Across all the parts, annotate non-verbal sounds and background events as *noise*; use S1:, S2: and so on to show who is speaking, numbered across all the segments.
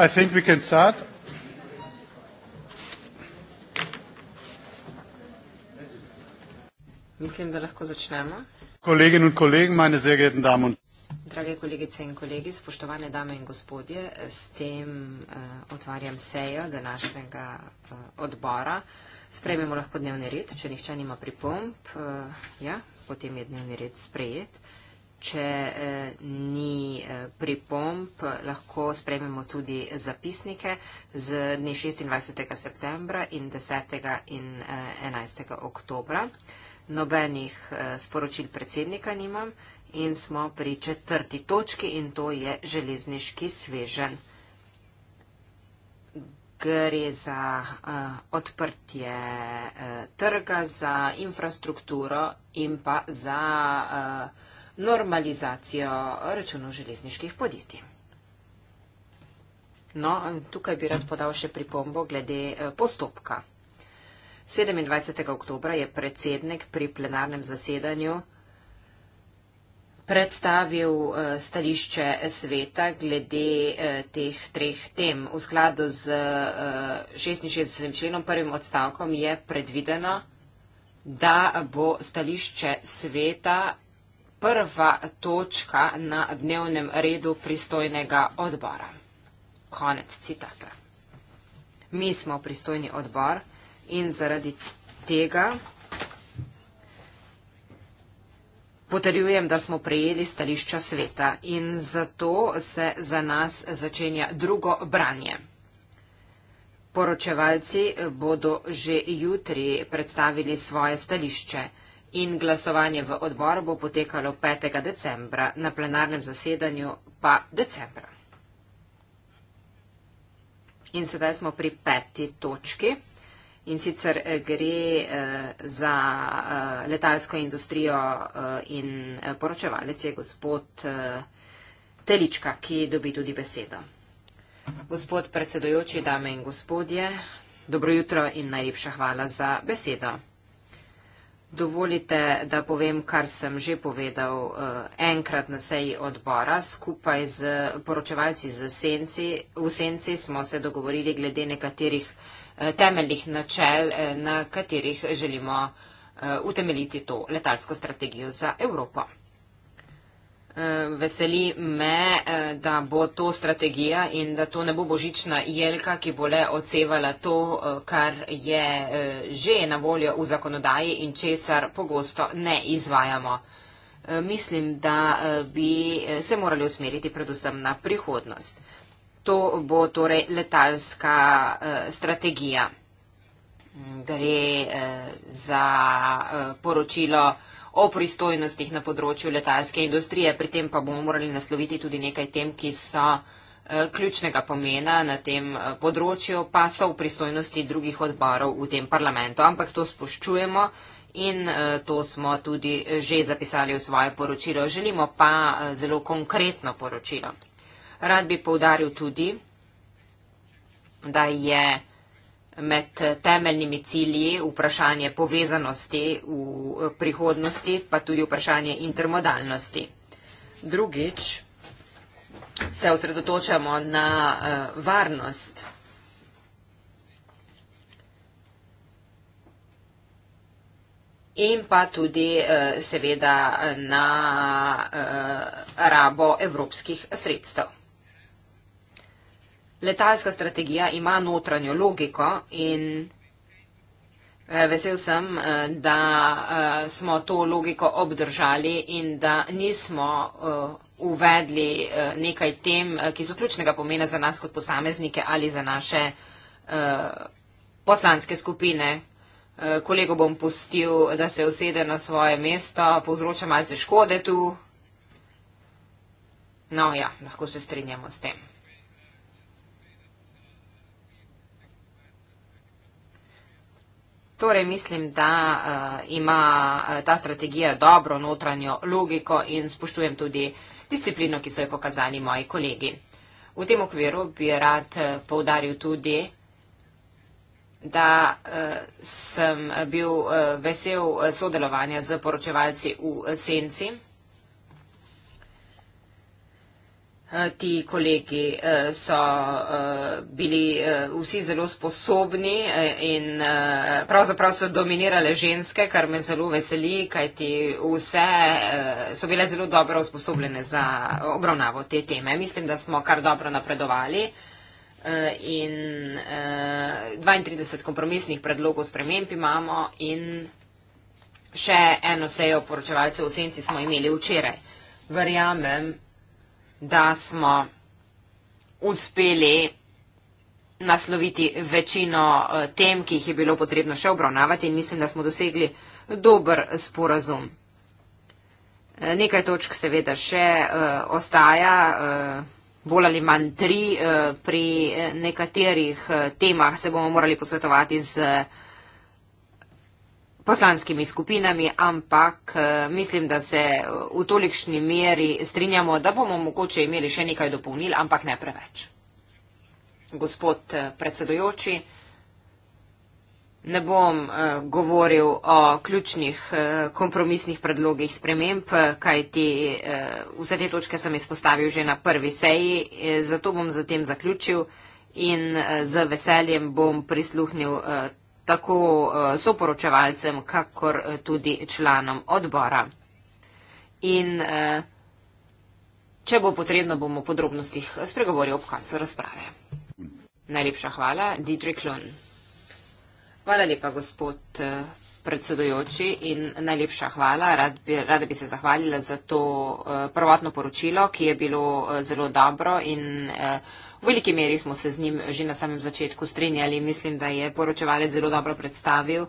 S1: I think we can start.
S2: Mislim, da lahko začnemo.
S1: Kolegin in kolegin, meine sehr geehrten Damen und
S2: Drage kolegice in kolegi, spoštovane dame in gospodje, s tem uh, otvarjam sejo današnjega uh, odbora. Sprejmemo lahko dnevni red, če nihče nima pripomp, uh, eh, ja, potem je dnevni red sprejet. Uh, Če eh, ni eh, pripomp, lahko sprememo tudi zapisnike z dni 26. septembra in 10. in eh, 11. oktobra. Nobenih eh, sporočil predsednika nimam in smo pri četrti točki in to je železniški svežen. Gre za eh, odprtje eh, trga, za infrastrukturo in pa za. Eh, normalizacijo računov železniških podjetij. No, tukaj bi rad podal še pripombo glede eh, postopka. 27. oktobra je predsednik pri plenarnem zasedanju predstavil eh, stališče sveta glede eh, teh treh tem. V skladu z 66. členom prvim odstavkom je predvideno, da bo stališče sveta prva točka na dnevnem redu pristojnega odbora. Konec citata. Mi smo pristojni odbor in zaradi tega potrjujem, da smo prejeli stališča sveta in zato se za nas začenja drugo branje. Poročevalci bodo že jutri predstavili svoje stališče. In glasovanje v odboru bo potekalo 5. decembra, na plenarnem zasedanju pa decembra. In sedaj smo pri peti točki. In sicer eh, gre eh, za eh, letalsko industrijo in poročevalec je gospod Telička, ki dobi tudi besedo. Gospod predsedojoči, dame in gospodje, dobro jutro in najlepša hvala za besedo. Dovolite, da povem, kar sem že povedal eh, enkrat na seji odbora. Skupaj z poročevalci z senci, v senci smo se dogovorili glede nekaterih eh, temeljnih načel, eh, na katerih želimo utemeliti to letalsko strategijo za Evropo. Eh, veseli me, eh, da bo to strategija in da to ne bo božična jelka, ki bo le odsevala to, eh, kar je že na voljo v zakonodaji in česar pogosto ne izvajamo. Mislim, da bi se morali usmeriti predvsem na prihodnost. To bo torej letalska strategija. Gre za poročilo o pristojnostih na področju letalske industrije. Pri tem pa bomo morali nasloviti tudi nekaj tem, ki so eh, ključnega pomena na tem eh, področju, pa so v pristojnosti drugih odborov v tem parlamentu. Ampak to spoščujemo in eh, to smo tudi že zapisali v svoje poročilo. Želimo pa zelo konkretno poročilo. Rad bi poudaril tudi, da je med temeljnimi cilji vprašanje povezanosti v eh, prihodnosti, pa tudi vprašanje intermodalnosti. Drugič se osredotočamo na eh, varnost. in pa tudi eh, seveda na rabo evropskih sredstev letalska strategija ima notranjo logiko in eh, vesel sem, eh, da eh, smo to logiko obdržali in da nismo uvedli nekaj tem, ki so ključnega pomena za nas kot posameznike ali za naše poslanske skupine. Kolego bom pustil, da se osede na svoje mesto, povzroča malce škode tu. No ja, lahko se strinjamo s tem. Torej, mislim, da uh, ima eh, ta strategija dobro notranjo logiko in spoštujem tudi disciplino, ki so jo pokazali moji kolegi. V tem okviru bi rad eh, poudaril tudi, da uh, sem bil uh, vesel sodelovanja z poročevalci v Senci. ti kolegi eh, so eh, bili eh, vsi zelo sposobni in pravzaprav so dominirale ženske, kar me zelo veseli, kajti vse so bile zelo dobro usposobljene za obravnavo te teme. Mislim, da smo kar dobro napredovali in 32 kompromisnih predlogov sprememb imamo in še eno sejo poročevalcev v senci smo imeli včeraj. Verjamem, da smo uspeli nasloviti večino eh, tem, ki jih je bilo potrebno še obravnavati in mislim, da smo dosegli dober sporazum. Eh, nekaj točk seveda še eh, ostaja, bolj ali manj tri, pri nekaterih temah se bomo morali posvetovati z poslanskimi skupinami, ampak eh, mislim, da se eh, v tolikšni meri strinjamo, da bomo mogoče imeli še nekaj dopolnil, ampak ne preveč. Gospod eh, predsedojoči, ne bom govoril o ključnih kompromisnih predlogih sprememb, kaj ti vse te točke sem izpostavil že na prvi seji, zato bom zatem zaključil in z veseljem bom prisluhnil tako eh, soporočevalcem, kakor eh, tudi članom odbora. In eh, če bo potrebno, bomo podrobnostih spregovoril ob koncu razprave. Najlepša hvala, Didrik Lun. Hvala lepa, gospod predsedujoči in najlepša hvala. Rad bi, rada bi se zahvalila za to prvotno poročilo, ki je bilo zelo dobro in V veliki meri smo se z njim že na samem začetku strinjali. Mislim, da je poročevalec zelo dobro predstavil uh,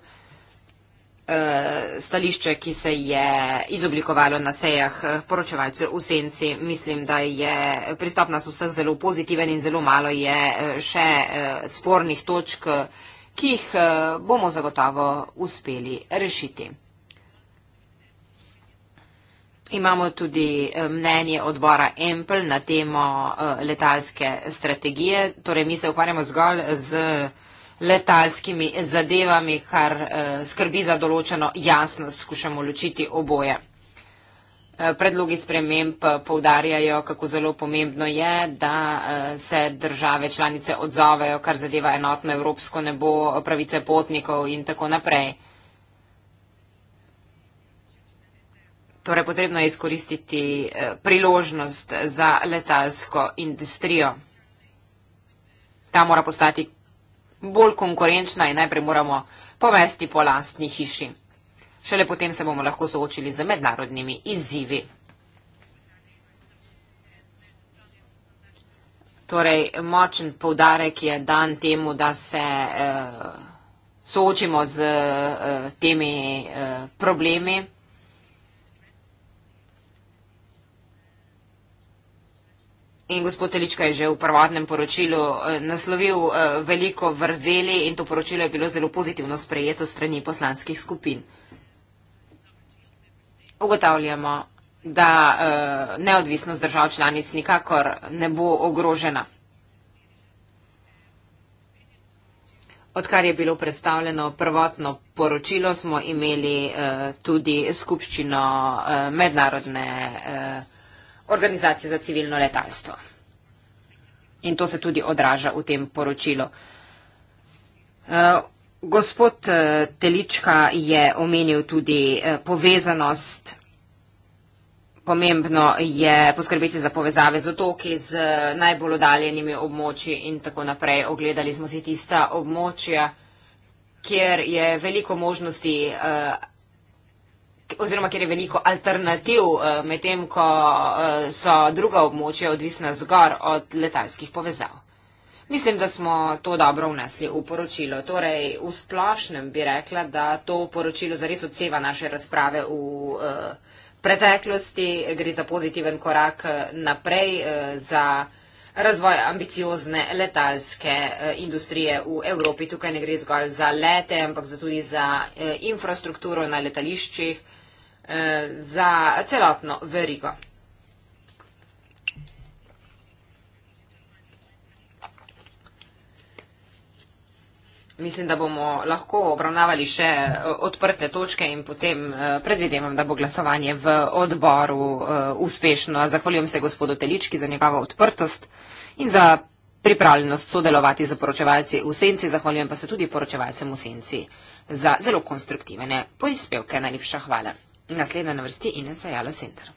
S2: stališče, ki se je izoblikovalo na sejah eh, poročevalcev v senci. Mislim, da je pristop nas vseh zelo pozitiven in zelo malo je eh, še uh, spornih točk, ki jih uh, bomo zagotovo uspeli rešiti. Imamo tudi eh, mnenje odbora Empel na temo eh, letalske strategije. Torej, mi se ukvarjamo zgolj z letalskimi zadevami, kar eh, skrbi za določeno jasnost, skušamo ločiti oboje. Predlogi sprememb poudarjajo, kako zelo pomembno je, da se države članice odzovejo, kar zadeva enotno evropsko nebo, pravice potnikov in tako naprej. torej potrebno je izkoristiti eh, priložnost za letalsko industrijo. Ta mora postati bolj konkurenčna in najprej moramo povesti po lastni hiši. Šele potem se bomo lahko soočili z mednarodnimi izzivi. Torej, močen poudarek je dan temu, da se eh, soočimo z eh, temi eh, problemi. In gospod Telička je že v prvotnem poročilu eh, naslovil eh, veliko vrzeli in to poročilo je bilo zelo pozitivno sprejeto strani poslanskih skupin. Ugotavljamo, da eh, neodvisnost držav članic nikakor ne bo ogrožena. Odkar je bilo predstavljeno prvotno poročilo, smo imeli tudi skupščino mednarodne skupine organizacije za civilno letalstvo. In to se tudi odraža v tem poročilu. Eh, gospod eh, Telička je omenil tudi eh, povezanost. Pomembno je poskrbeti za povezave z otoki, z najbolj odaljenimi območji in tako naprej. Ogledali smo si tista območja, kjer je veliko možnosti oziroma kjer je veliko alternativ, eh, medtem ko eh, so druga območja odvisna zgor od letalskih povezav. Mislim, da smo to dobro vnesli v poročilo. Torej, v splošnem bi rekla, da to poročilo zares odseva naše razprave v eh, preteklosti. Gre za pozitiven korak eh, naprej eh, za razvoj ambiciozne letalske eh, industrije v Evropi. Tukaj ne gre zgolj za lete, ampak tudi za eh, infrastrukturo na letališčih. Eh, za celotno verigo. Mislim, da bomo lahko obravnavali še eh, odprte točke in potem eh, predvidevam, da bo glasovanje v odboru uspešno. Zahvaljujem se gospodu Telički za njegovo odprtost in za pripravljenost sodelovati za poročevalci v Senci. Zahvaljujem pa se tudi poročevalcem v Senci za zelo konstruktivne poispevke. Najlepša hvala. Naslednja na vrsti Ines Ajala Center.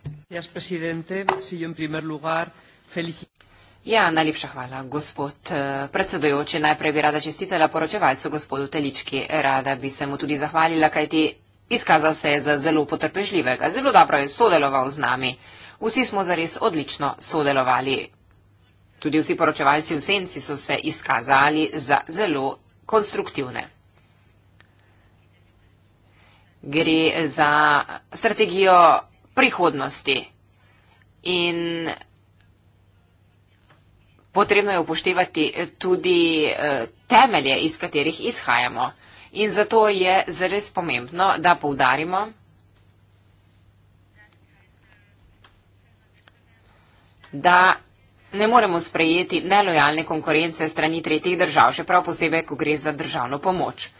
S2: Ja, najlepša hvala, gospod eh, predsedojoči. Najprej bi rada čestitela poročevalcu gospodu Telički. Rada bi se mu tudi zahvalila, kajti izkazal se je za zelo potrpežljivega. Zelo dobro je sodeloval z nami. Vsi smo zares odlično sodelovali. Tudi vsi poročevalci v senci so se izkazali za zelo konstruktivne gre za strategijo prihodnosti. In potrebno je upoštevati tudi eh, temelje, iz katerih izhajamo. In zato je zares pomembno, da poudarimo, da ne moremo sprejeti nelojalne konkurence strani tretjih držav, še prav posebej, ko gre za državno pomoč.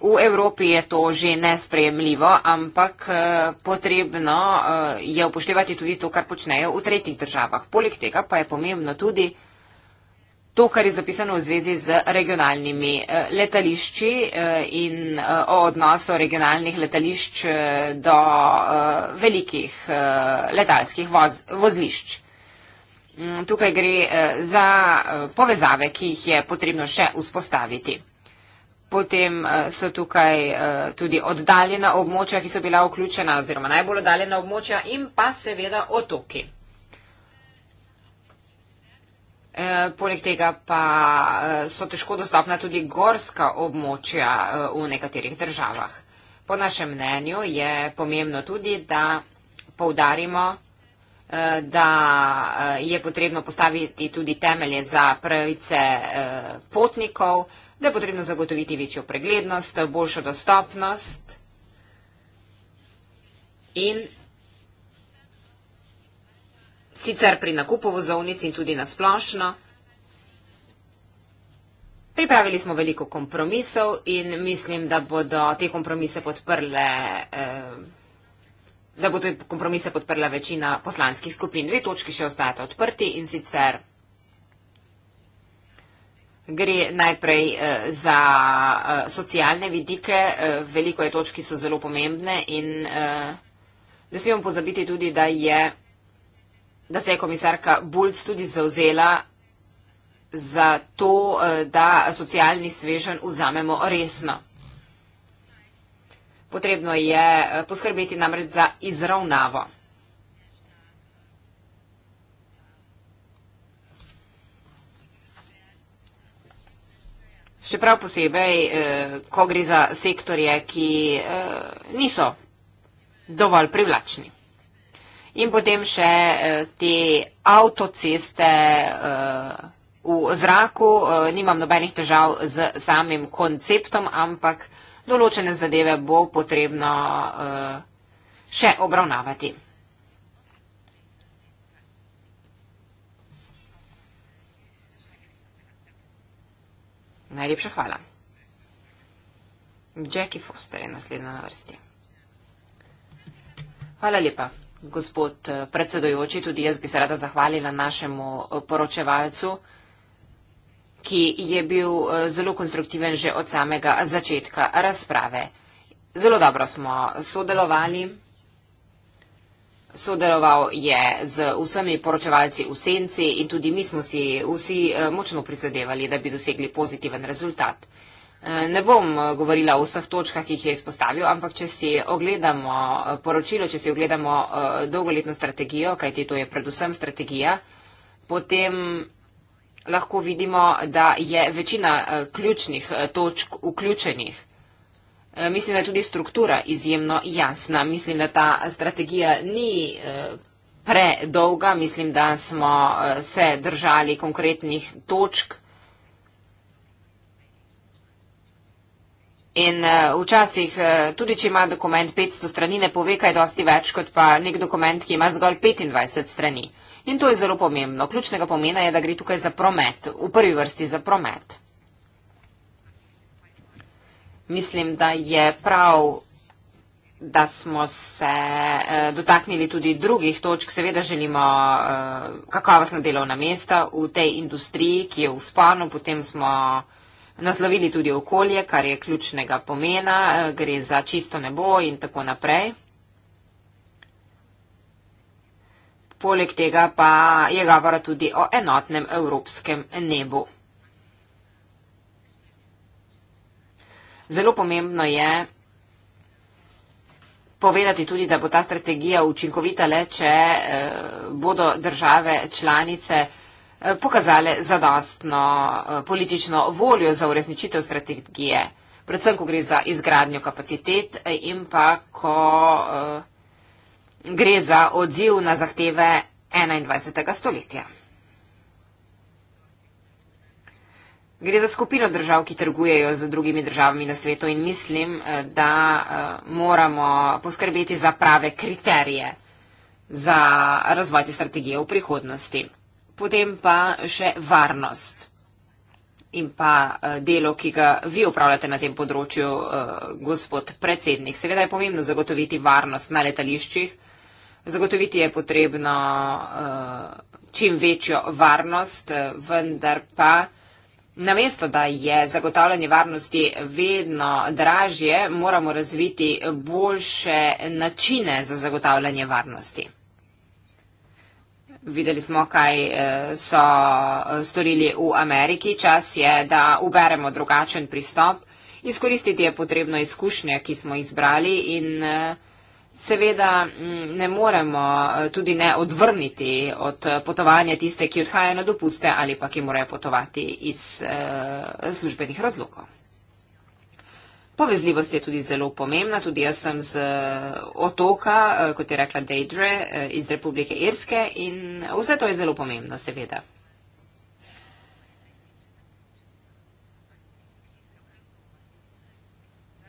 S2: V Evropi je to že nesprejemljivo, ampak eh, potrebno eh, je upoštevati tudi to, kar počnejo v tretjih državah. Poleg tega pa je pomembno tudi to, kar je zapisano v zvezi z regionalnimi eh, letališči in o odnosu regionalnih letališč do velikih letalskih voz, vozlišč. Mm, tukaj gre za povezave, ki jih je potrebno še vzpostaviti. Potem eh, so tukaj eh, tudi oddaljena območja, ki so bila vključena, oziroma najbolj oddaljena območja in pa seveda otoki. Eh, poleg tega pa so težko dostopna tudi gorska območja v nekaterih državah. Po našem mnenju je pomembno tudi, da poudarimo, da je potrebno postaviti tudi temelje za pravice potnikov, da je potrebno zagotoviti večjo preglednost, boljšo dostopnost in sicer pri nakupu vozovnic in tudi nasplošno. Pripravili smo veliko kompromisov in mislim, da bodo te kompromise podprle, eh, da bodo kompromise podprla večina poslanskih skupin. Dve točki še ostajata odprti in sicer gre najprej eh, za eh, socialne vidike, eh, veliko je točki, so zelo pomembne in eh, ne smemo pozabiti tudi, da, je, da se je komisarka Bulc tudi zauzela za to, eh, da socialni svežen vzamemo resno. Potrebno je eh, poskrbeti namreč za izravnavo. Še prav posebej, eh, ko gre za sektorje, ki eh, niso dovolj privlačni. In potem še eh, te avtoceste eh, v zraku. Eh, nimam nobenih težav z samim konceptom, ampak določene zadeve bo potrebno eh, še obravnavati. Najlepša hvala. Jackie Foster je naslednja na vrsti. Hvala lepa, gospod eh, predsedojoči. Tudi jaz bi se rada zahvalila našemu eh, poročevalcu, ki je bil eh, zelo konstruktiven že od samega začetka razprave. Zelo dobro smo sodelovali sodeloval je z vsemi poročevalci v senci in tudi mi smo si vsi eh, močno prisedevali, da bi dosegli pozitiven rezultat. Eh, ne bom eh, govorila o vseh točkah, ki jih je izpostavil, ampak če si ogledamo poročilo, če si ogledamo dolgoletno strategijo, kajti to je predvsem strategija, potem lahko vidimo, da je večina ključnih točk vključenih. Eh, mislim, da je tudi struktura izjemno jasna. Mislim, da ta strategija ni eh, predolga. Mislim, da smo eh, se držali konkretnih točk. In včasih, tudi če ima dokument 500 strani, ne pove, kaj je dosti več, kot pa nek dokument, ki ima zgolj 25 strani. In to je zelo pomembno. Ključnega pomena je, da gre tukaj za promet, v prvi vrsti za promet mislim, da je prav, da smo se eh, dotaknili tudi drugih točk. Seveda želimo eh, kakovostna delovna mesta v tej industriji, ki je v spanu. Potem smo naslovili tudi okolje, kar je ključnega pomena. Eh, gre za čisto nebo in tako naprej. Poleg tega pa je govora tudi o enotnem evropskem nebu. Zelo pomembno je povedati tudi, da bo ta strategija učinkovita le, če eh, bodo države članice eh, pokazale zadostno eh, politično voljo za uresničitev strategije, predvsem, ko gre za izgradnjo kapacitet in pa, ko gre za odziv na zahteve 21. stoletja. Gre za skupino držav, ki trgujejo z drugimi državami na svetu in mislim, eh, da eh, moramo poskrbeti za prave kriterije za razvoj te strategije v prihodnosti. Potem pa še varnost in pa eh, delo, ki ga vi upravljate na tem področju, gospod predsednik. Seveda je pomembno zagotoviti varnost na letališčih. Zagotoviti je potrebno čim večjo varnost, vendar pa. Namesto, da je zagotavljanje varnosti vedno dražje, moramo razviti boljše načine za zagotavljanje varnosti. Videli smo, kaj eh, so eh, storili v Ameriki. Čas je, da uberemo drugačen pristop. Izkoristiti je potrebno izkušnje, ki smo izbrali in eh, seveda mm, ne moremo eh, tudi ne odvrniti od eh, potovanja tiste, ki odhajajo na dopuste ali pa ki morajo potovati iz eh, službenih razlogov. Povezljivost je tudi zelo pomembna. Tudi jaz sem z eh, otoka, kot je rekla Deidre, iz Republike Irske in vse to je zelo pomembno, seveda.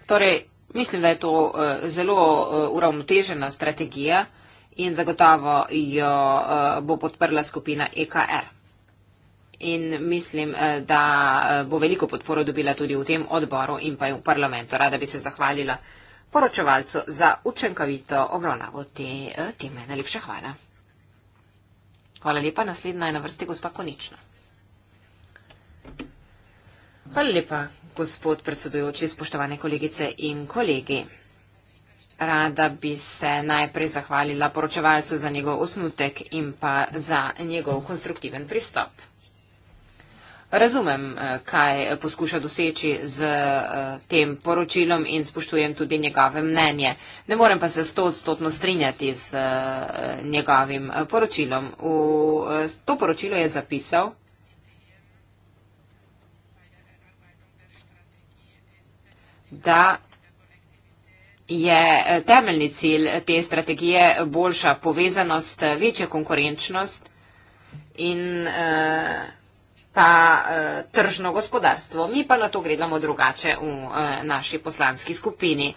S2: Torej, Mislim, da je to eh, zelo eh, uravnotežena strategija in zagotovo jo eh, bo podprla skupina EKR. In mislim, da bo veliko podporo dobila tudi v tem odboru in pa v parlamentu. Rada bi se zahvalila poročevalcu za učinkovito obravnavo te teme. Najlepša hvala. Hvala lepa. Naslednja je na vrsti gospa Konična. Hvala lepa, gospod predsedujoči, spoštovane kolegice in kolegi. Rada bi se najprej zahvalila poročevalcu za njegov osnutek in pa za njegov konstruktiven pristop. Razumem, eh, kaj poskuša doseči z eh, tem poročilom in spoštujem tudi njegove mnenje. Ne morem pa se stotstotno strinjati z eh, njegovim poročilom. V to poročilo je zapisal, da je eh, temeljni cilj te strategije boljša povezanost, večja konkurenčnost in eh, pa eh, tržno gospodarstvo. Mi pa na to gledamo drugače v naši poslanski skupini.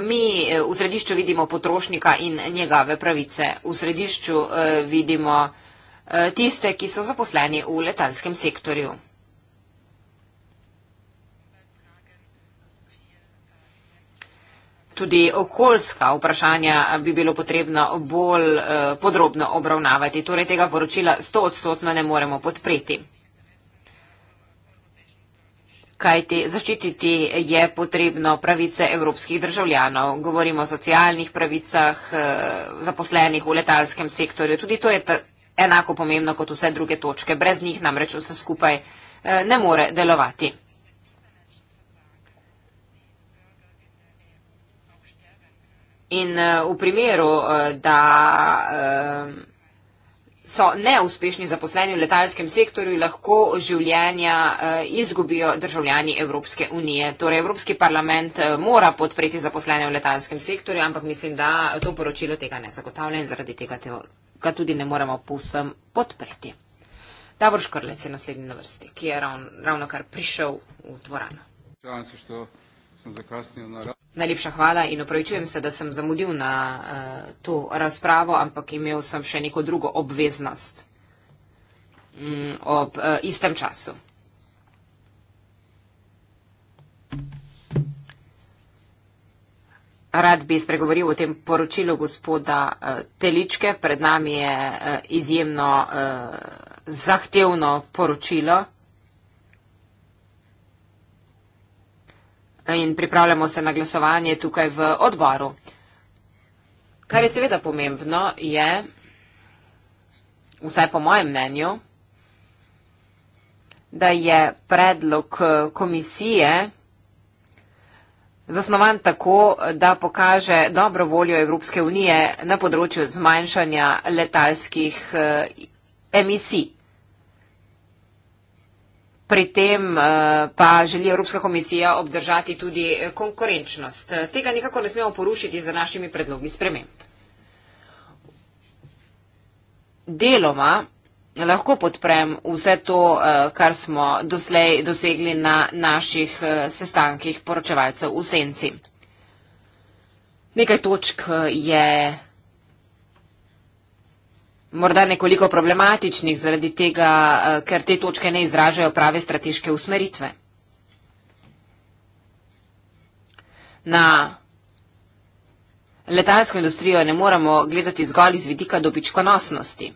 S2: Mi v središču vidimo potrošnika in njegove pravice. V središču vidimo tiste, ki so zaposleni v letalskem sektorju. tudi okoljska vprašanja bi bilo potrebno bolj eh, podrobno obravnavati. Torej tega poročila sto odstotno ne moremo podpreti. Kajti zaščititi je potrebno pravice evropskih državljanov. Govorimo o socialnih pravicah eh, zaposlenih v letalskem sektorju. Tudi to je enako pomembno kot vse druge točke. Brez njih namreč vse skupaj eh, ne more delovati. In eh, v primeru, eh, da eh, so neuspešni zaposleni v letalskem sektorju, lahko življenja izgubijo državljani Evropske unije. Torej, Evropski parlament mora podpreti zaposlene v letalskem sektorju, ampak mislim, da to poročilo tega ne zagotavlja in zaradi tega te, ga tudi ne moremo povsem podpreti. Davor Škrlec je naslednji na vrsti, ki je ravno, ravno kar prišel v dvorano.
S1: Čavam se, što...
S2: Najlepša hvala in opravičujem se, da sem zamudil na uh, to razpravo, ampak imel sem še neko drugo obveznost mm, ob uh, istem času. Rad bi spregovoril o tem poročilu gospoda uh, Teličke. Pred nami je uh, izjemno uh, zahtevno poročilo. in pripravljamo se na glasovanje tukaj v odboru. Kar je seveda pomembno, je, vsaj po mojem mnenju, da je predlog eh, komisije zasnovan tako, da pokaže dobro voljo Evropske unije na področju zmanjšanja letalskih eh, emisij. Pri tem eh, pa želi Evropska komisija obdržati tudi eh, konkurenčnost. Tega nekako ne smemo porušiti za našimi predlogi sprememb. Deloma lahko podprem vse to, eh, kar smo doslej dosegli na naših sestankih poročevalcev v Senci. Nekaj točk je morda nekoliko problematičnih zaradi tega, eh, ker te točke ne izražajo prave strateške usmeritve. Na letalsko industrijo ne moramo gledati zgolj iz vidika dobičkonosnosti.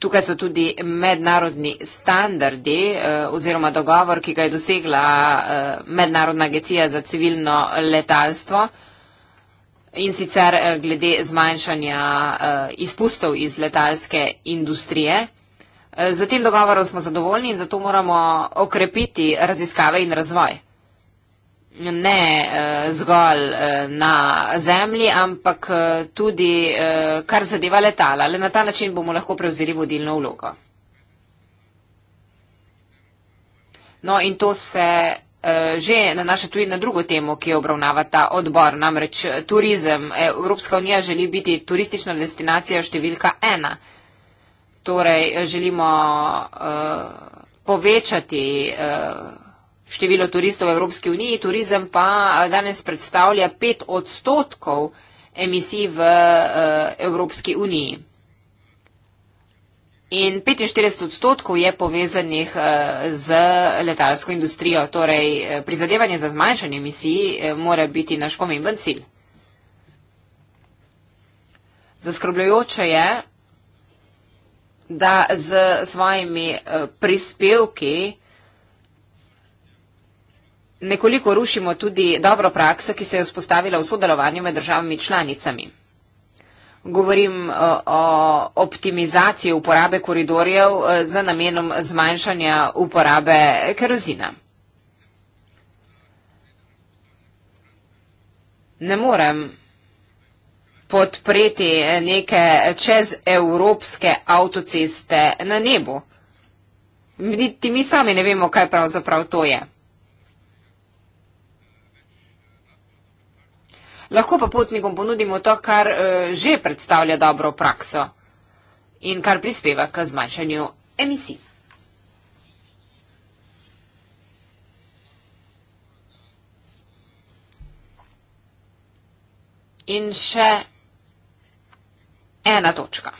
S2: Tukaj so tudi mednarodni standardi eh, oziroma dogovor, ki ga je dosegla eh, Mednarodna agencija za civilno letalstvo, in sicer eh, glede zmanjšanja eh, izpustov iz letalske industrije. Eh, za tem dogovorom smo zadovoljni in zato moramo okrepiti raziskave in razvoj. Ne zgolj na zemlji, ampak tudi kar zadeva letala. Le na ta način bomo lahko prevzeli vodilno vlogo. No in to se Eh, že na našo tudi na drugo temo, ki jo obravnava ta odbor, namreč turizem. Evropska unija želi biti turistična destinacija številka ena. Torej, želimo uh, povečati uh, število turistov v Evropski uniji. Turizem pa danes predstavlja pet odstotkov emisij v uh, Evropski uniji. In 45 odstotkov je povezanih eh, z letalsko industrijo, torej eh, prizadevanje za zmanjšanje emisij eh, mora biti naš pomemben cilj. Zaskrbljajoče je, da z svojimi prispevki nekoliko rušimo tudi dobro prakso, ki se je vzpostavila v sodelovanju med državami članicami govorim eh, o optimizaciji uporabe koridorjev eh, za namenom zmanjšanja uporabe kerozina. Ne morem podpreti neke čezevropske avtoceste na nebu. Mi sami ne vemo, kaj pravzaprav to je. lahko pa potnikom ponudimo to, kar eh, že predstavlja dobro prakso in kar prispeva k zmanjšanju emisij. In še ena točka.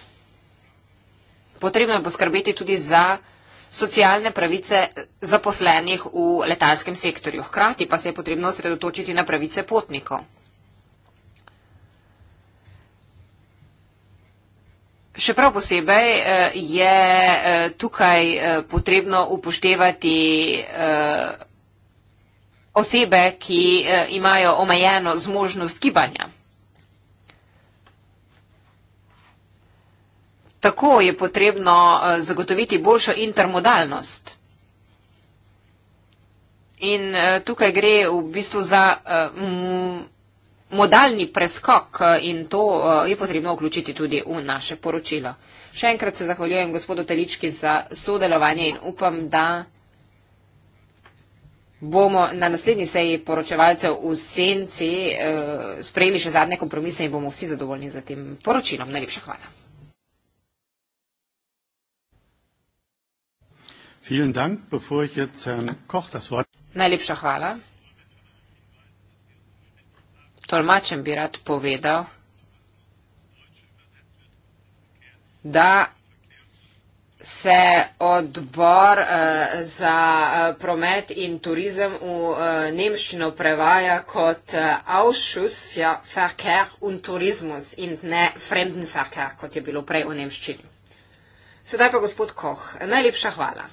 S2: Potrebno je poskrbeti tudi za socialne pravice zaposlenih v letalskem sektorju. Hkrati pa se je potrebno osredotočiti na pravice potnikov. Še prav posebej eh, je eh, tukaj eh, potrebno upoštevati osebe, ki imajo omejeno zmožnost gibanja. Tako je potrebno zagotoviti boljšo intermodalnost. In tukaj gre v bistvu za modalni preskok eh, in to eh, je potrebno vključiti tudi v naše poročilo. Še enkrat se zahvaljujem gospodu Telički za sodelovanje in upam, da bomo na naslednji seji poročevalcev v senci eh, sprejeli še zadnje kompromise in bomo vsi zadovoljni za tem poročilom. Najlepša hvala. Najlepša hvala tolmačem bi rad povedal, da se odbor eh, za eh, promet in turizem v eh, Nemščino prevaja kot Ausschuss für Verkehr und Tourismus in ne Fremdenverkehr, kot je bilo prej v Nemščini. Sedaj pa gospod Koch, najlepša hvala.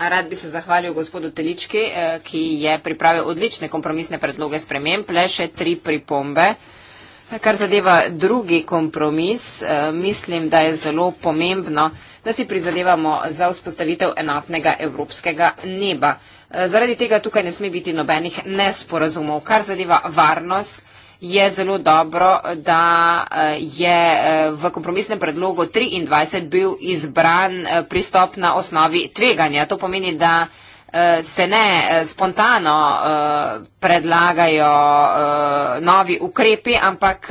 S2: Rad bi se zahvalil gospodu Telički, eh, ki je pripravil odlične kompromisne predloge sprememb, le še tri pripombe. Kar zadeva drugi kompromis, eh, mislim, da je zelo pomembno, da si prizadevamo za vzpostavitev enotnega evropskega neba. Eh, zaradi tega tukaj ne sme biti nobenih nesporazumov. Kar zadeva varnost, je zelo dobro, da eh, je eh, v kompromisnem predlogu 23 bil izbran eh, pristop na osnovi tveganja. To pomeni, da se ne spontano predlagajo novi ukrepi, ampak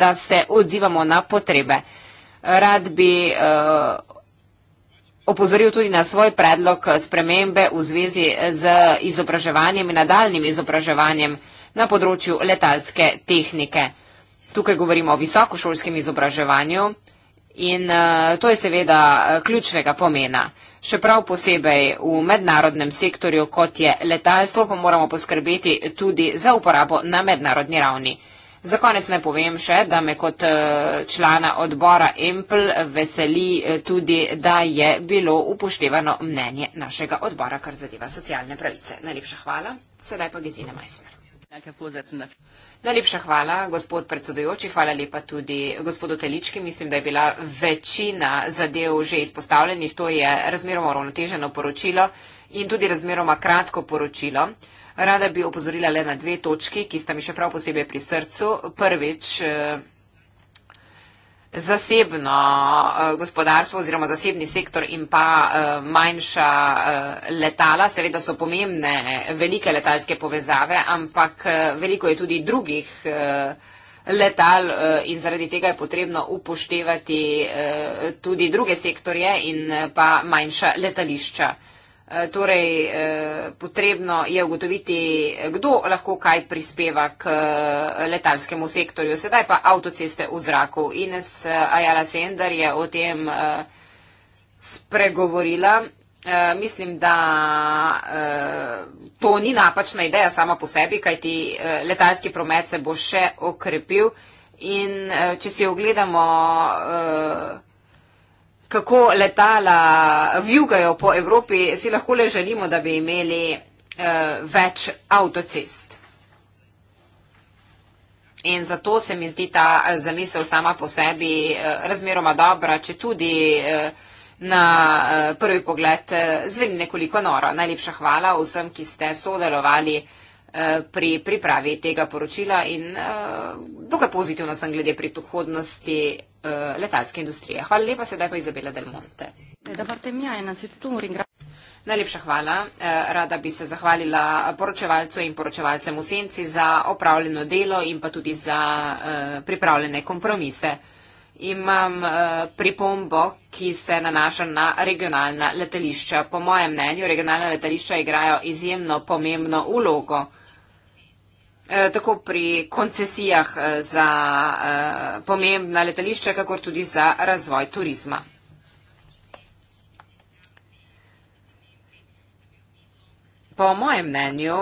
S2: da se odzivamo na potrebe. Rad bi opozoril tudi na svoj predlog spremembe v zvezi z izobraževanjem in nadaljnim izobraževanjem na področju letalske tehnike. Tukaj govorimo o visokošolskem izobraževanju in eh, to je seveda eh, ključnega pomena. Še prav posebej v mednarodnem sektorju, kot je letalstvo, pa moramo poskrbeti tudi za uporabo na mednarodni ravni. Za konec naj povem še, da me kot eh, člana odbora Empl veseli tudi, da je bilo upoštevano mnenje našega odbora, kar zadeva socialne pravice. Najlepša hvala, sedaj pa Gizine Majsner. Najlepša hvala, gospod predsedujoči, hvala lepa tudi gospodu Telički. Mislim, da je bila večina zadev že izpostavljenih. To je razmeroma ravnoteženo poročilo in tudi razmeroma kratko poročilo. Rada bi opozorila le na dve točki, ki sta mi še prav posebej pri srcu. Prvič, eh, zasebno eh, gospodarstvo oziroma zasebni sektor in pa eh, manjša eh, letala. Seveda so pomembne velike letalske povezave, ampak veliko je tudi drugih letal in zaradi tega je potrebno upoštevati tudi druge sektorje in pa manjša letališča. Eh, torej, eh, potrebno je ugotoviti, kdo lahko kaj prispeva k eh, letalskemu sektorju. Sedaj pa avtoceste v zraku. Ines Ajala Sender je o tem spregovorila. Mislim, da to ni napačna ideja sama po sebi, kajti letalski promet se bo še okrepil. In če si ogledamo kako letala vjugajo po Evropi, si lahko le želimo, da bi imeli uh, več avtocest. In zato se mi zdi ta eh, zamisel sama po sebi eh, razmeroma dobra, če tudi na prvi pogled zveni nekoliko noro. Najlepša hvala vsem, ki ste sodelovali. Eh, pri pripravi tega poročila in eh, dokaj pozitivna sem glede prihodnosti eh, letalske industrije. Hvala lepa, sedaj pa Izabela Del Monte. Najlepša hvala. Rada bi se zahvalila poročevalcu in poročevalcem v Senci za opravljeno delo in pa tudi za pripravljene kompromise. Imam pripombo, ki se nanaša na regionalna letališča. Po mojem mnenju regionalna letališča igrajo izjemno pomembno ulogo. Eh, tako pri koncesijah eh, za eh, pomembna letališča, kakor tudi za razvoj turizma. Po mojem mnenju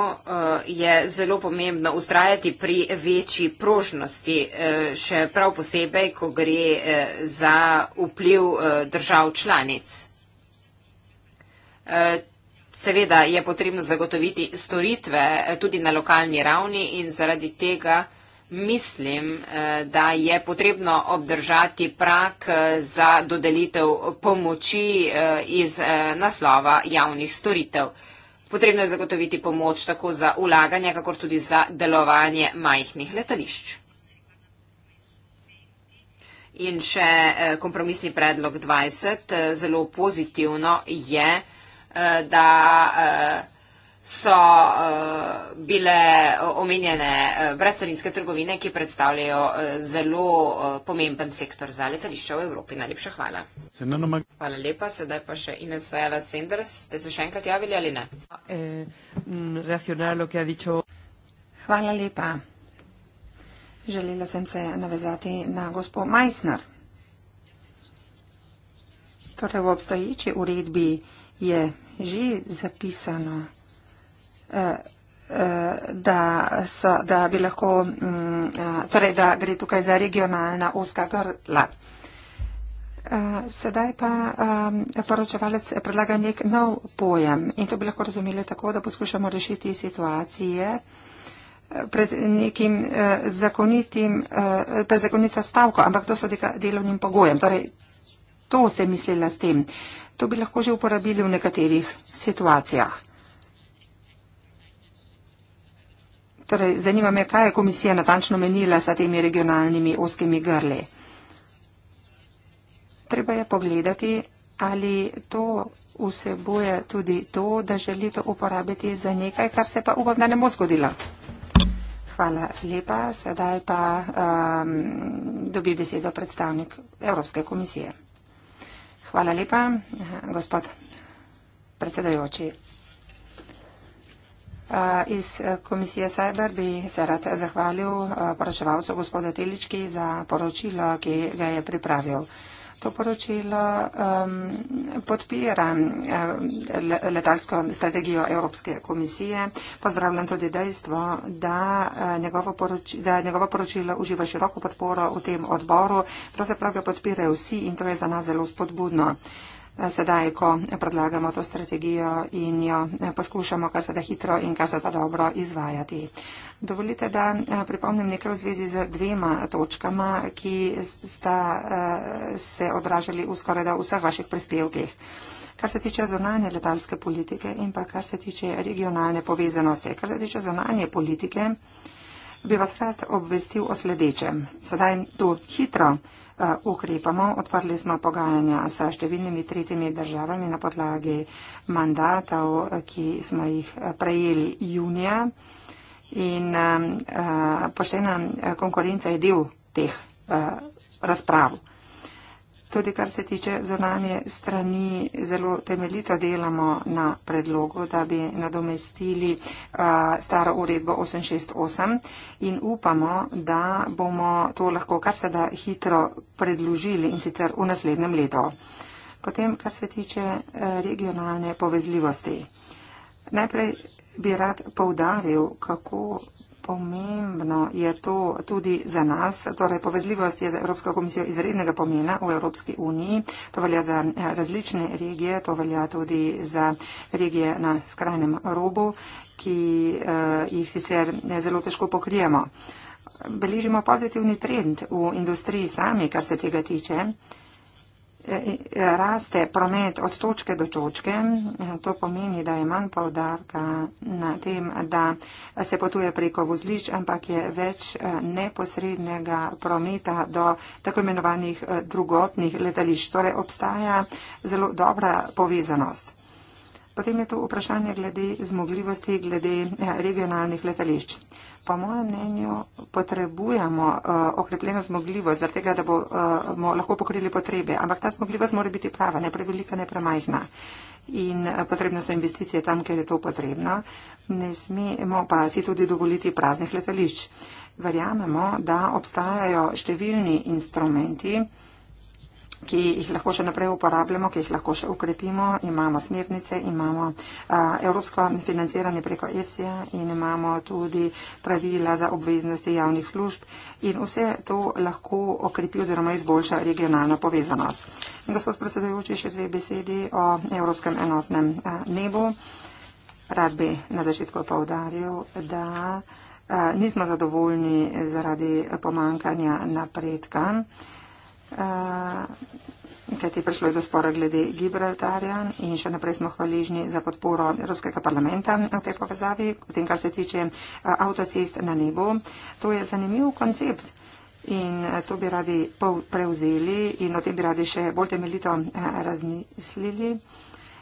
S2: je zelo pomembno ustrajati pri večji prožnosti, še prav posebej, ko gre za vpliv držav članic. Seveda je potrebno zagotoviti storitve eh, tudi na lokalni ravni in zaradi tega mislim, eh, da je potrebno obdržati prak eh, za dodelitev pomoči iz naslova javnih storitev. Potrebno je zagotoviti pomoč tako za ulaganje, kakor tudi za delovanje majhnih letališč. In še kompromisni predlog 20 zelo pozitivno je vsega, Eh, da eh, so eh, bile omenjene brezcarinske trgovine, ki predstavljajo zelo pomemben sektor za letališče v Evropi. Najlepša hvala.
S1: Hvala
S2: lepa, sedaj pa še Ines Ayala Sanders. Ste se še enkrat javili ali ne?
S3: Hvala lepa. Želela sem se navezati na gospod Meissner. Torej v obstoječi uredbi je že zapisano, eh, eh, da, so, da, bi lahko, mm, eh, torej, da gre tukaj za regionalna oska grla. Sedaj pa poročevalec predlaga nek nov pojem in to bi lahko razumeli tako, da poskušamo rešiti situacije pred nekim zakonitim, pred zakonito stavko, ampak to so delovnim pogojem. Torej, to se je mislila s tem. To bi lahko že uporabili v nekaterih situacijah. Torej, zanima me, kaj je komisija natančno menila sa temi regionalnimi oskimi grli. Treba je pogledati, ali to vseboje tudi to, da želi to uporabiti za nekaj, kar se pa upam, da ne bo zgodilo. Hvala lepa. Sedaj pa um, dobi besedo predstavnik Evropske komisije. Hvala lepa, gospod predsedajoči. Eh, iz komisije Cyber bi se rad zahvalil eh, poročevalcu gospodu Telički za poročilo, ki ga je pripravil to poročilo um, podpira um, letalsko strategijo Evropske komisije. Pozdravljam tudi dejstvo, da uh, njegovo, poroč, da njegovo poročilo uživa široko podporo v tem odboru. Pravzaprav ga podpirajo vsi in to je za nas zelo spodbudno sedaj, ko predlagamo to strategijo in jo poskušamo kar se da hitro in kar se da dobro izvajati. Dovolite, da eh, pripomnim nekaj v zvezi z dvema točkama, ki sta eh, se odražali v skoraj da vseh vaših prispevkih. Kar se tiče zonanje letalske politike in pa kar se tiče regionalne povezanosti. Kar se tiče zonanje politike, bi vas rad obvestil o sledečem. Sedaj tu hitro. Eh, ukrepamo. Odprli smo pogajanja s številnimi tretjimi državami na podlagi mandatov, eh, ki smo jih eh, prejeli junija. In poštena konkurenca je del teh razprav. Tudi kar se tiče zonanje strani, zelo temeljito delamo na predlogu, da bi nadomestili uh, staro uredbo 868 in upamo, da bomo to lahko kar se da hitro predložili in sicer v naslednjem letu. Potem, kar se tiče e, regionalne povezljivosti. Najprej bi rad povdaril, kako pomembno je to tudi za nas. Torej, povezljivost je za Evropsko komisijo izrednega pomena v Evropski uniji. To velja za eh, različne regije, to velja tudi za regije na skrajnem robu, ki eh, jih sicer eh, zelo težko pokrijemo. Beležimo pozitivni trend v industriji sami, kar se tega tiče raste promet od točke do točke, to pomeni, da je manj povdarka na tem, da se potuje preko vozlišč, ampak je več eh, neposrednega prometa do tako imenovanih eh, drugotnih letališč. Torej obstaja zelo dobra povezanost. Potem je to vprašanje glede zmogljivosti, glede eh, regionalnih letališč po mojem mnenju, potrebujemo uh, okrepljeno zmogljivost, tega, da bomo eh, uh, lahko pokrili potrebe. Ampak ta zmogljivost mora biti prava, ne prevelika, ne premajhna. In uh, potrebne so investicije tam, kjer je to potrebno. Ne smemo pa si tudi dovoliti praznih letališč. Verjamemo, da obstajajo številni instrumenti, uh, ki jih lahko še naprej uporabljamo, ki jih lahko še ukrepimo. Imamo smernice, imamo a, evropsko financiranje preko EFSI-ja in imamo tudi pravila za obveznosti javnih služb in vse to lahko okrepi oziroma izboljša regionalno povezanost. Gospod predsedujoči, še dve besedi o evropskem enotnem a, nebu. Rad bi na začetku povdaril, da a, nismo zadovoljni zaradi pomankanja napredka. Eh, kajti prišlo je do spora glede Gibraltarja in še naprej smo hvaližni za podporo Evropskega parlamenta v tej povezavi. V tem, kar se tiče eh, avtocest na nebo, to je zanimiv koncept in eh, to bi radi prevzeli in o tem bi radi še bolj temeljito razmislili.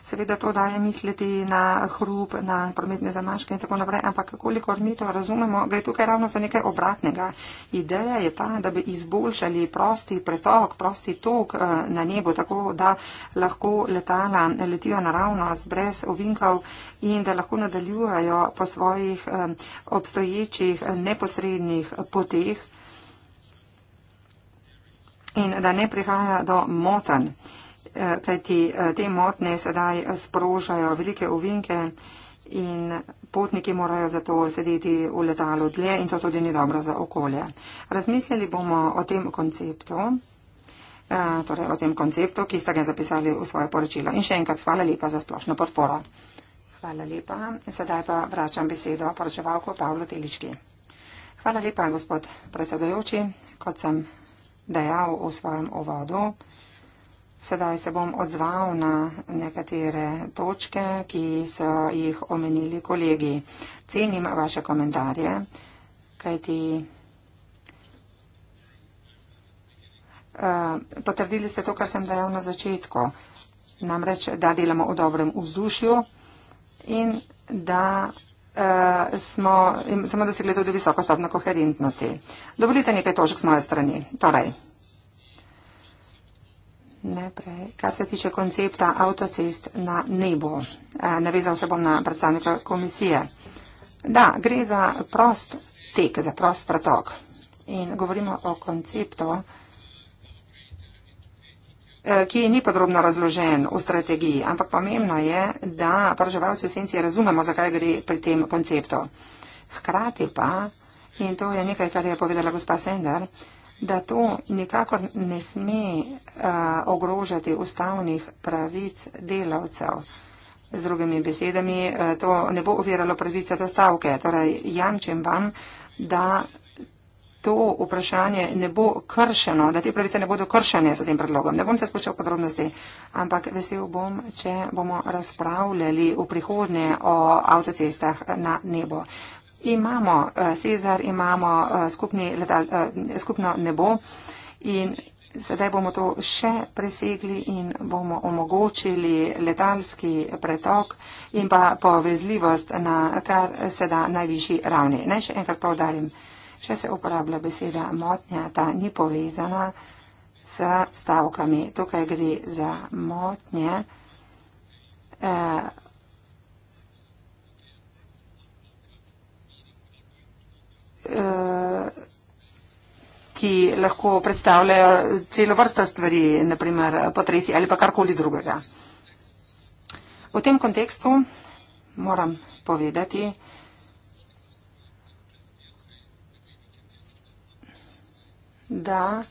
S3: Seveda to daje misliti na hrup, na prometne zamaške in tako naprej, ampak kolikor mi to razumemo, gre tukaj ravno za nekaj obratnega. Ideja je ta, da bi izboljšali prosti pretok, prosti tok eh, na nebo, tako da lahko letala letijo naravnost brez ovinkov in da lahko nadaljujejo po svojih eh, obstoječih eh, neposrednih poteh in da ne prihaja do motanj kajti eh, te motne sedaj sprožajo velike ovinke in potniki morajo zato sedeti v letalu dlje in to tudi ni dobro za okolje. Razmislili bomo o tem konceptu, eh, torej o tem konceptu, ki ste ga zapisali v svoje poročilo. In še enkrat hvala lepa za splošno podporo. Hvala lepa. Sedaj pa vračam besedo poročevalko Pavlo Telički. Hvala lepa, gospod predsedojoči, kot sem dejal v svojem uvodu. Sedaj se bom odzval na nekatere točke, ki so jih omenili kolegi. Cenim vaše komentarje, kajti eh, potrdili ste to, kar sem dejal na začetku. Namreč, da delamo v dobrem vzdušju in da eh, smo, smo dosegli tudi visoko stopno koherentnosti. Dovolite nekaj točk z moje strani. Torej ne prej. Kar se tiče koncepta avtocest na nebo, e, navezal se bom na predstavnika komisije. Da, gre za prost tek, za prost pretok. In govorimo o konceptu, e, ki ni podrobno razložen v strategiji, ampak pomembno je, da proževalci v senci razumemo, zakaj gre pri tem konceptu. Hkrati pa, in to je nekaj, kar je povedala gospa Sender, da to nikakor ne sme uh, ogrožati ustavnih pravic delavcev. Z drugimi besedami, uh, to ne bo oviralo pravice do stavke. Torej, jamčem vam, da to vprašanje ne bo kršeno, da te pravice ne bodo kršene s tem predlogom. Ne bom se spuščal podrobnosti, ampak vesel bom, če bomo razpravljali v prihodnje o avtocestah na nebo imamo Sezar, eh, imamo eh, letal, eh, skupno nebo in sedaj bomo to še presegli in bomo omogočili letalski pretok in pa povezljivost na kar se da najvišji ravni. Naj še enkrat to darim. Še se uporablja beseda motnja, ta ni povezana s stavkami. Tukaj gre za motnje. Eh, Eh, ki lahko predstavljajo celo vrsto stvari, naprimer potresi ali pa karkoli drugega. V tem kontekstu moram povedati, da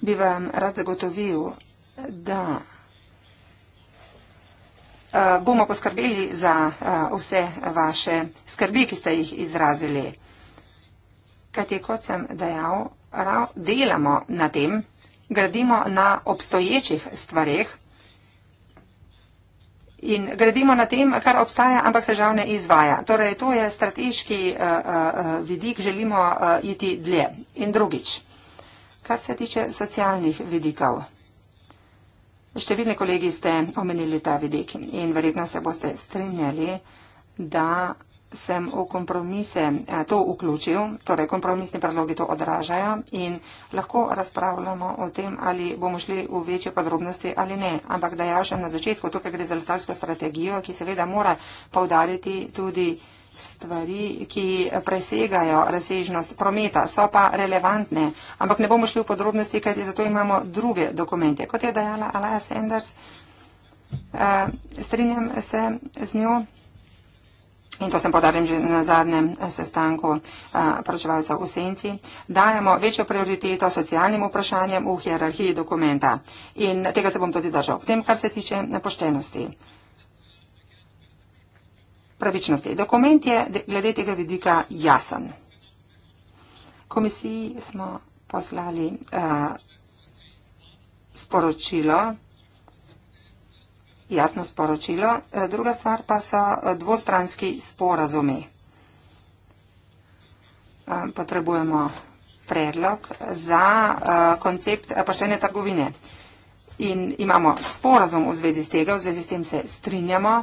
S3: bi vam rad zagotovil, da Eh, bomo poskrbeli za eh, vse vaše skrbi, ki ste jih izrazili. Kajti, kot sem dejal, delamo na tem, gradimo na obstoječih stvareh in gradimo na tem, kar obstaja, ampak se žal ne izvaja. Torej, to je strateški eh, vidik, želimo iti dlje. In drugič, kar se tiče socialnih vidikov. Številni kolegi ste omenili ta vidik in verjetno se boste strinjali, da sem v kompromise eh, to vključil, torej kompromisni predlogi to odražajo in lahko razpravljamo o tem, ali bomo šli v večje podrobnosti ali ne. Ampak da ja, še na začetku, tukaj gre za letalsko strategijo, ki seveda mora povdariti tudi stvari, ki presegajo razsežnost prometa, so pa relevantne, ampak ne bomo šli v podrobnosti, kajti zato imamo druge dokumente. Kot je dejala Alaja Sanders, eh, strinjam se z njo. In to sem podarjam že na zadnjem eh, sestanku eh, proračevalcev v Senci, dajemo večjo prioriteto socialnim vprašanjem v hierarhiji dokumenta. In tega se bom tudi držal. K tem, kar se tiče poštenosti pravičnosti. Dokument je glede tega vidika jasen. Komisiji smo poslali uh, sporočilo, jasno sporočilo, uh, druga stvar pa so eh, dvostranski sporazumi. Uh, potrebujemo predlog za uh, koncept poštene trgovine. In imamo sporazum v zvezi s tega, v zvezi s tem se strinjamo.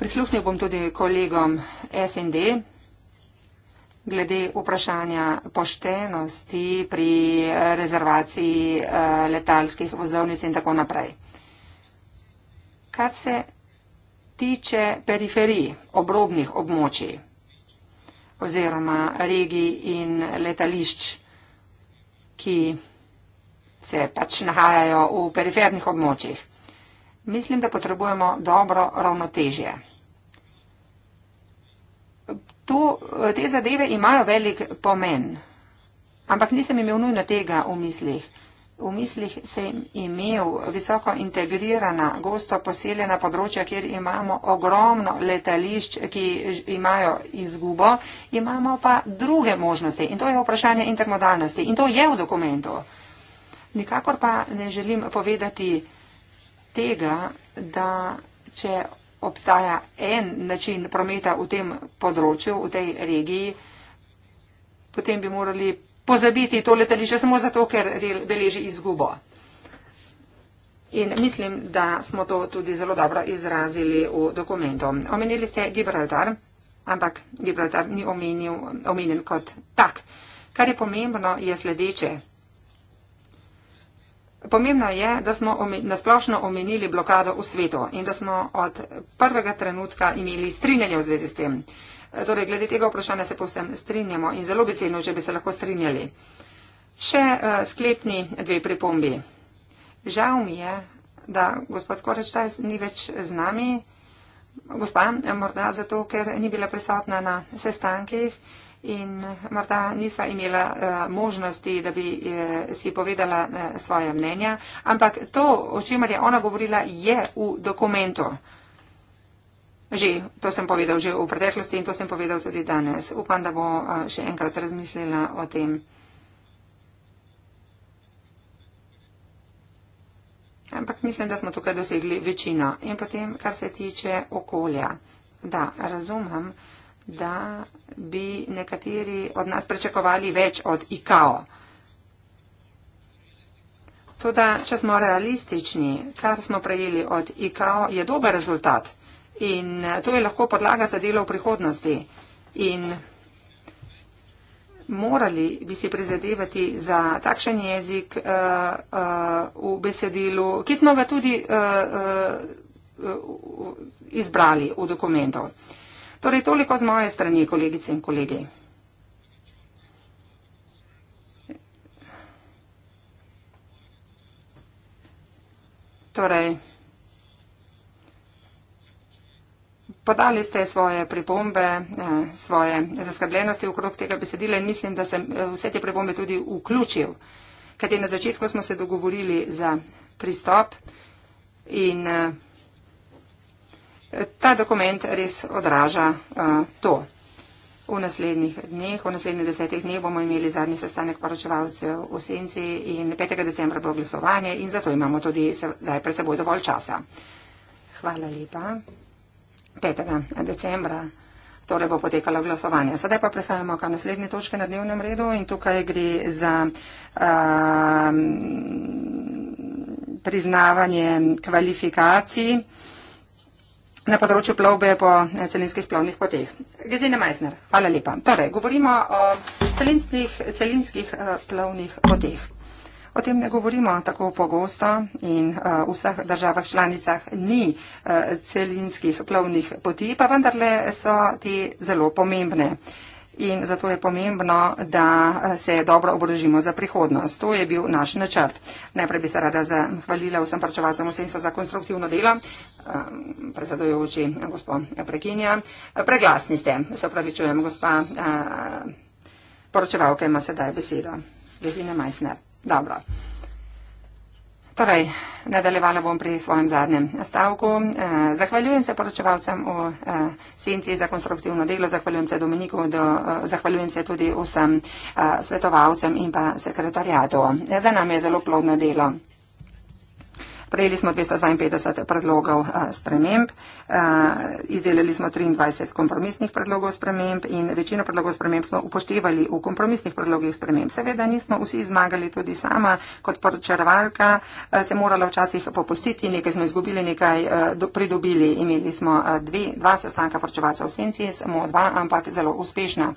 S3: Prisluhnil bom tudi kolegom SND glede vprašanja poštenosti pri rezervaciji eh, letalskih vozovnic in tako naprej. Kar se tiče periferij obrobnih območij oziroma regij in letališč, ki se pač nahajajo v perifernih območjih. Mislim, da potrebujemo dobro ravnotežje to, eh, te zadeve imajo velik pomen. Ampak nisem imel nujno tega v mislih. V mislih sem imel visoko integrirana, gosto poseljena področja, kjer imamo ogromno letališč, ki imajo izgubo, imamo pa druge možnosti. In to je vprašanje intermodalnosti. In to je v dokumentu. Nikakor pa ne želim povedati tega, da če obstaja en način prometa v tem področju, v tej regiji, potem bi morali pozabiti to letališče samo zato, ker beleži izgubo. In mislim, da smo to tudi zelo dobro izrazili v dokumentu. Omenili ste Gibraltar, ampak Gibraltar ni omenil, omenjen kot tak. Kar je pomembno, je sledeče. Pomembno je, da smo nasplošno omenili blokado v svetu in da smo od prvega trenutka imeli strinjanje v zvezi s tem. Torej, glede tega vprašanja se povsem strinjamo in zelo bi ceno, če bi se lahko strinjali. Še uh, sklepni dve pripombi. Žal mi je, da gospod Korečtajs ni več z nami. Gospa, morda zato, ker ni bila prisotna na sestankih. Uh, in morda nisva imela uh, možnosti, da bi uh, si povedala uh, eh, svoje mnenja, ampak to, o čemer je ona govorila, je v dokumentu. Že to sem povedal že v preteklosti in to sem povedal tudi danes. Upam, da bo uh, še enkrat razmislila o tem. Ampak mislim, da smo tukaj dosegli večino. In potem, kar se tiče okolja. Da, razumem. Uh, da bi nekateri od nas prečakovali več od IKO. Tudi, če smo realistični, kar smo prejeli od IKO je dober rezultat in to je lahko podlaga za delo v prihodnosti in morali bi si prizadevati za takšen jezik uh, uh, v besedilu, ki smo ga tudi uh, uh, izbrali v dokumentu. Uh, Torej, toliko z moje strani, kolegice in kolegi. Torej, podali ste svoje pripombe, eh, svoje zaskrbljenosti okrog tega besedila in mislim, da sem eh, vse te pripombe tudi vključil, kajti na začetku smo se dogovorili za pristop in eh, ta dokument res odraža uh, to. V naslednjih dneh, v naslednjih desetih dneh bomo imeli zadnji sestanek poročevalcev v Senci in 5. decembra bo glasovanje in zato imamo tudi zdaj pred seboj dovolj časa. Hvala lepa. 5. decembra torej bo potekalo glasovanje. Sedaj pa prehajamo k naslednji točki na dnevnem redu in tukaj gre za um, priznavanje kvalifikacij na področju plovbe po eh, celinskih plovnih poteh. Gezine Meissner, hvala lepa. Torej, govorimo o celinskih, celinskih plovnih poteh. O tem ne govorimo tako pogosto in eh, v vseh državah članicah ni eh, celinskih plovnih poti, pa vendarle so te zelo pomembne in zato je pomembno, da eh, se dobro oborožimo za prihodnost. To je bil naš načrt. Najprej bi se rada zahvalila vsem parčevalcem osebstva za konstruktivno delo, ehm, predsedojoči gospod Prekinja. Eh, preglasni ste, se opravičujem, gospa eh, poročevalka ima sedaj besedo. Gesine Meissner. Dobro. Torej, nadaljevala bom pri svojem zadnjem stavku. Eh, zahvaljujem se poročevalcem v eh, Senci za konstruktivno delo, zahvaljujem se Dominiku, do, eh, zahvaljujem se tudi vsem eh, svetovalcem in pa sekretarjatu. Eh, za nami je zelo plodno delo. Prejeli smo 252 predlogov eh, sprememb, eh, izdelali smo 23 kompromisnih predlogov sprememb in večino predlogov sprememb smo upoštevali v kompromisnih predlogih sprememb. Seveda nismo vsi zmagali, tudi sama kot poročarvalka eh, se morala včasih popustiti, nekaj smo izgubili, nekaj pridobili. Imeli smo dve, dva sestanka poročevalcev v senci, samo dva, ampak zelo uspešna.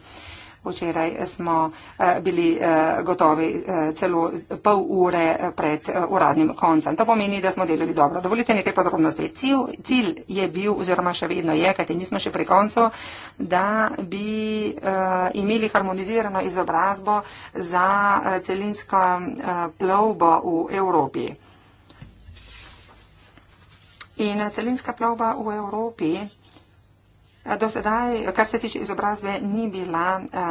S3: Včeraj smo eh, bili eh, gotovi eh, celo pol ure pred uradnim koncem. To pomeni, da smo delali dobro. Dovolite nekaj podrobnosti. Cilj, cilj je bil oziroma še vedno je, kajti nismo še pri koncu, da bi imeli harmonizirano izobrazbo za celinsko plovbo v Evropi. In celinska plovba v Evropi. Eh, do sedaj, kar se tiče izobrazbe, ni bila uh,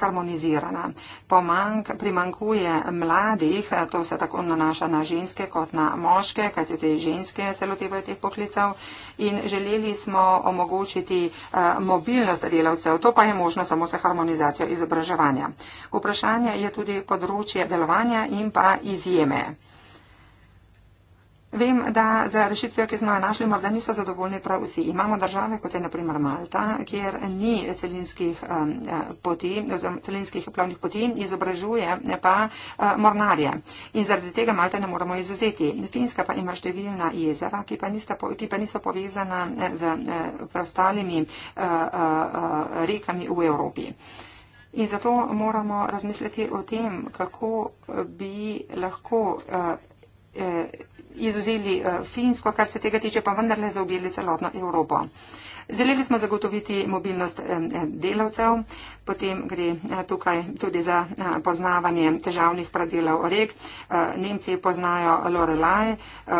S3: harmonizirana. Pomank, primankuje mladih, eh, to se tako nanaša na ženske kot na moške, kajti te ženske se lotevajo teh poklicev in želeli smo omogočiti uh, mobilnost delavcev, to pa je možno samo s harmonizacijo izobraževanja. Vprašanje je tudi področje delovanja in pa izjeme. Vem, da za rešitvijo, ki smo jo našli, morda niso zadovoljni prav vsi. Imamo države, kot je naprimer Malta, kjer ni celinskih um, eh, poti, oziroma celinskih plavnih poti, izobražuje pa uh, mornarje. In zaradi tega Malta ne moramo izuzeti. Finska pa ima številna jezera, ki pa, nista, ki pa niso povezana eh, z uh, preostalimi uh, uh, rekami v Evropi. In zato moramo razmisliti o tem, kako bi lahko. Uh, uh, izuzeli eh, Finsko, kar se tega tiče, pa vendarle zaobjeli celotno Evropo. Želeli smo zagotoviti mobilnost delavcev, potem gre eh, tukaj tudi za eh, poznavanje težavnih pravilov rek. Nemci poznajo Lorelaj,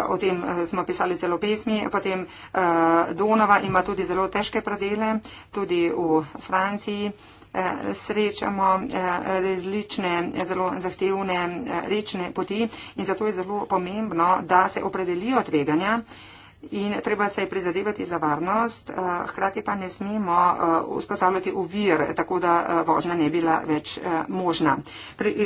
S3: o tem smo pisali celo pesmi, potem Donova ima tudi zelo težke pravile, tudi v Franciji srečamo eh, različne zelo zahtevne eh, rečne poti in zato je zelo pomembno, da se opredelijo tveganja. In treba se je prizadevati za varnost, eh, hkrati pa ne smemo vzpostavljati uvir, tako da vožnja ne bila več možna.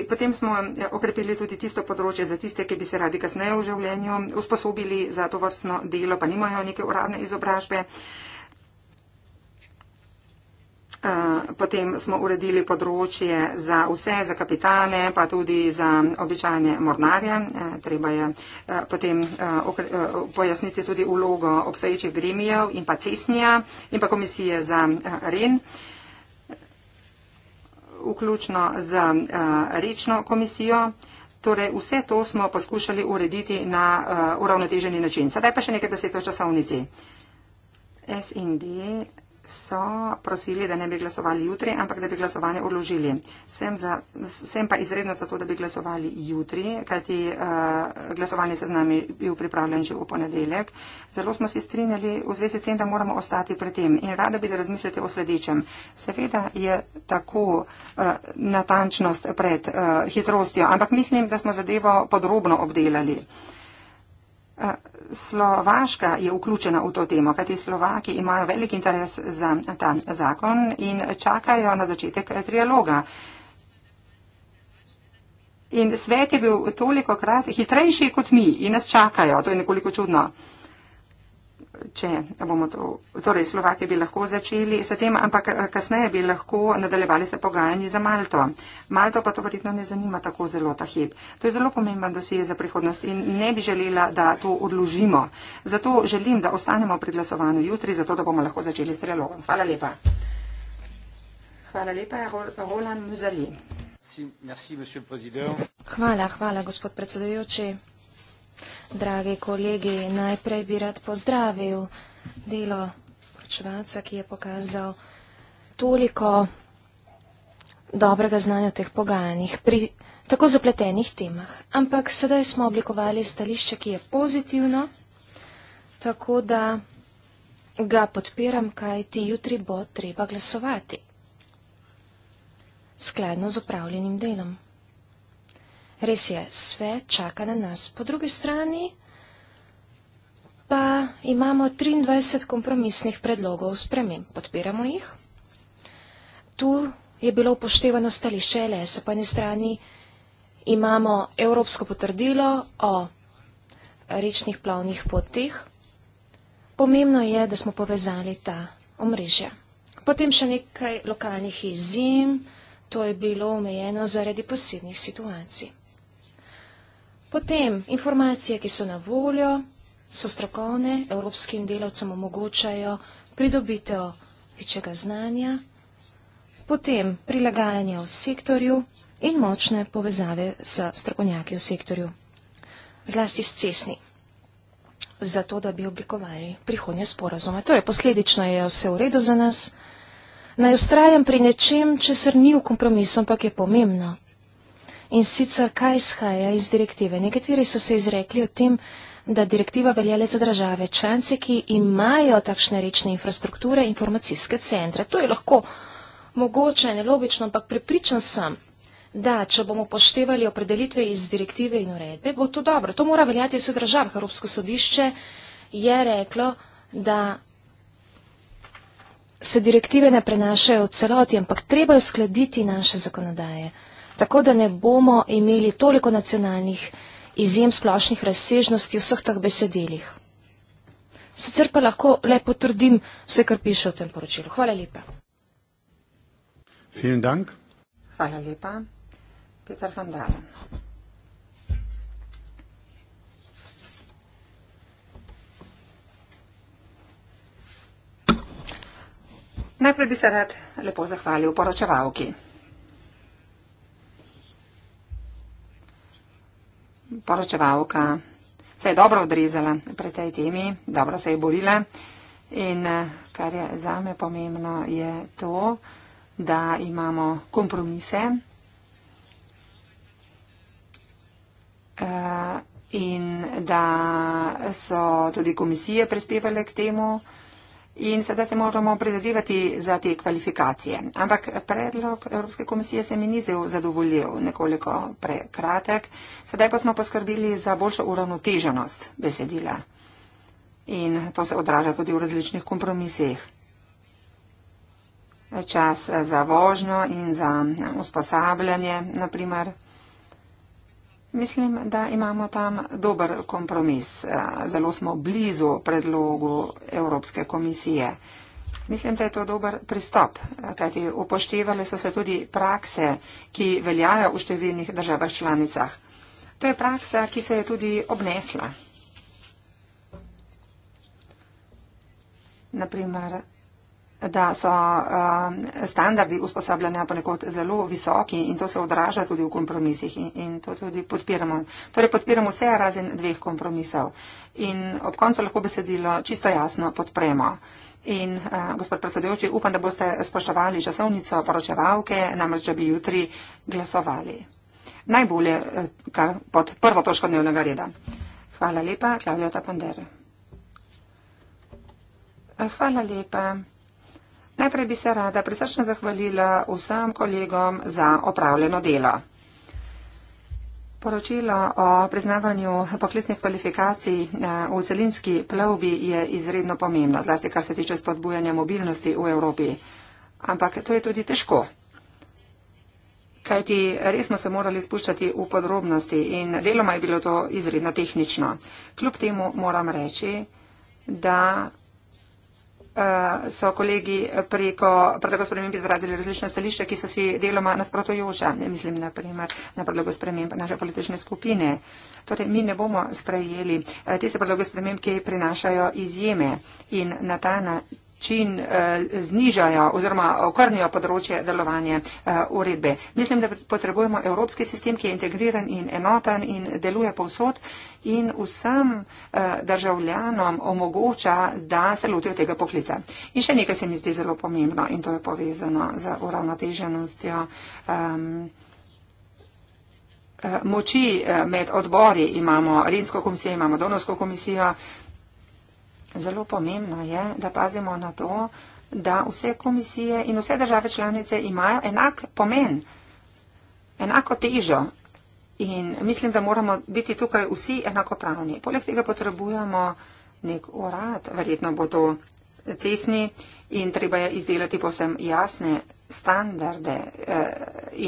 S3: Potem smo okrepili tudi tisto področje za tiste, ki bi se radi kasneje v življenju usposobili za to vrstno delo, pa nimajo neke uradne izobražbe. Eh, potem smo uredili področje za vse, za kapitane, pa tudi za običajne mornarje. Eh, treba je eh, potem pojasniti tudi ulogo obstoječih gremijev in pa cesnija in pa komisije za REN, vključno z rečno komisijo. Torej, vse to smo poskušali urediti na uravnoteženi način. Sedaj pa še nekaj besed o časovnici. S in D so prosili, da ne bi glasovali jutri, ampak da bi glasovanje odložili. Sem, za, sem pa izredno za to, da bi glasovali jutri, kajti uh, eh, glasovanje se z nami bil pripravljen že v ponedeljek. Zelo smo se strinjali v zvezi s tem, da moramo ostati pri tem in rada bi, da razmislite o sledečem. Seveda je tako uh, natančnost pred uh, hitrostjo, ampak mislim, da smo zadevo podrobno obdelali. Uh, Eh, Slovaška je vključena v to temo, kajti Slovaki imajo velik interes za ta zakon in čakajo na začetek trialoga. In svet je bil toliko krat hitrejši kot mi in nas čakajo, to je nekoliko čudno če bomo to, torej Slovake bi lahko začeli s tem, ampak eh, kasneje bi lahko nadaljevali se pogajanji za Malto. Malto pa to verjetno ne zanima tako zelo ta hip. To je zelo pomemben dosije za prihodnost in ne bi želela, da to odložimo. Zato želim, da ostanemo pri glasovanju jutri, zato da bomo lahko začeli s trialogom. Hvala lepa. Hvala lepa, Roland Muzali.
S4: Hvala, hvala, gospod predsedujoči. Dragi kolegi, najprej bi rad pozdravil delo pročevalca, ki je pokazal toliko dobrega znanja o teh pogajanjih pri tako zapletenih temah. Ampak sedaj smo oblikovali stališče, ki je pozitivno, tako da ga podpiram, kaj ti jutri bo treba glasovati skladno z upravljenim delom. Res je, svet čaka na nas. Po drugi strani pa imamo 23 kompromisnih predlogov spremem. Podpiramo jih. Tu je bilo upoštevano stališče LS. Po eni strani imamo evropsko potrdilo o rečnih plavnih potih. Pomembno je, da smo povezali ta omrežja. Potem še nekaj lokalnih izim. To je bilo omejeno zaradi posebnih situacij. Potem informacije, ki so na voljo, so strokovne, evropskim delavcem omogočajo pridobitev večjega znanja, potem prilagajanje v sektorju in močne povezave s strokovnjaki v sektorju, zlasti s cesni, zato da bi oblikovali prihodnje sporazume. Torej, posledično je vse v redu za nas. Naj ustrajam pri nečem, če se ni v kompromisu, ampak je pomembno, in sicer kaj izhaja iz direktive. Nekateri so se izrekli o tem, da direktiva velja le za države članice, ki imajo takšne rečne infrastrukture, informacijske centre. To je lahko mogoče, nelogično, ampak prepričan sem, da če bomo poštevali opredelitve iz direktive in uredbe, bo to dobro. To mora veljati v vseh državah. Evropsko sodišče je reklo, da se direktive ne prenašajo v celoti, ampak treba uskladiti naše zakonodaje tako da ne bomo imeli toliko nacionalnih izjem splošnih razsežnosti v vseh teh besedilih. Sicer pa lahko le potrdim vse, kar piše v tem poročilu. Hvala lepa. Hvala lepa. Petar van Dalen.
S3: Najprej bi se rad lepo zahvalil poročevalki. poročevalka. Se je dobro odrezala pri tej temi, dobro se je borila in eh, kar je za me pomembno je to, da imamo kompromise eh, in da so tudi komisije prispevale k temu. In sedaj se moramo prizadevati za te kvalifikacije. Ampak predlog Evropske komisije se mi ni zelo zadovoljil, nekoliko prekratek. Sedaj pa smo poskrbeli za boljšo uravnoteženost besedila. In to se odraža tudi v različnih kompromisih. Čas za vožnjo in za usposabljanje, naprimer. Mislim, da imamo tam dober kompromis. Eh, zelo smo blizu predlogu Evropske komisije. Mislim, da je to dober pristop, eh, kajti upoštevali so se tudi prakse, ki veljajo v številnih državah članicah. To je praksa, ki se je tudi obnesla. Naprimer, da so um, standardi usposabljanja ponekod zelo visoki in to se odraža tudi v kompromisih in, in to tudi podpiramo. Torej podpiramo vse razen dveh kompromisov in ob koncu lahko besedilo čisto jasno podpremo. In uh, gospod predsedujoči, upam, da boste spoštovali časovnico poročevalke, namreč, da bi jutri glasovali. Najbolje uh, kar pod prvo točko dnevnega reda. Hvala lepa, Klaudija Tapander. Hvala lepa. Najprej bi se rada presrčno zahvalila vsem kolegom za opravljeno delo. Poročilo o priznavanju poklesnih kvalifikacij eh, v celinski plovbi je izredno pomembno, zlasti kar se tiče spodbujanja mobilnosti v Evropi. Ampak to je tudi težko. Kajti res smo se morali spuščati v podrobnosti in deloma je bilo to izredno tehnično. Kljub temu moram reči, da Eh, so kolegi preko predlogov sprememb izrazili različne stališče, ki so si deloma nasprotujoča, mislim naprimer na predlogov sprememb naše politične skupine. Torej, mi ne bomo sprejeli eh, tiste predloge sprememb, ki prinašajo izjeme in na ta način način eh, znižajo oziroma okrnijo področje delovanja eh, uredbe. Mislim, da potrebujemo evropski sistem, ki je integriran in enoten in deluje povsod in vsem eh, državljanom omogoča, da se lotijo tega poklica. In še nekaj se mi zdi zelo pomembno in to je povezano z uravnoteženostjo. Um, Moči med odbori imamo Rinsko komisijo, imamo Donovsko komisijo, Zelo pomembno je, da pazimo na to, da vse komisije in vse države članice imajo enak pomen, enako težo. In mislim, da moramo biti tukaj vsi enakopravni. Poleg tega potrebujemo nek urad, verjetno bo to cesni in treba je izdelati posem jasne standarde. Eh,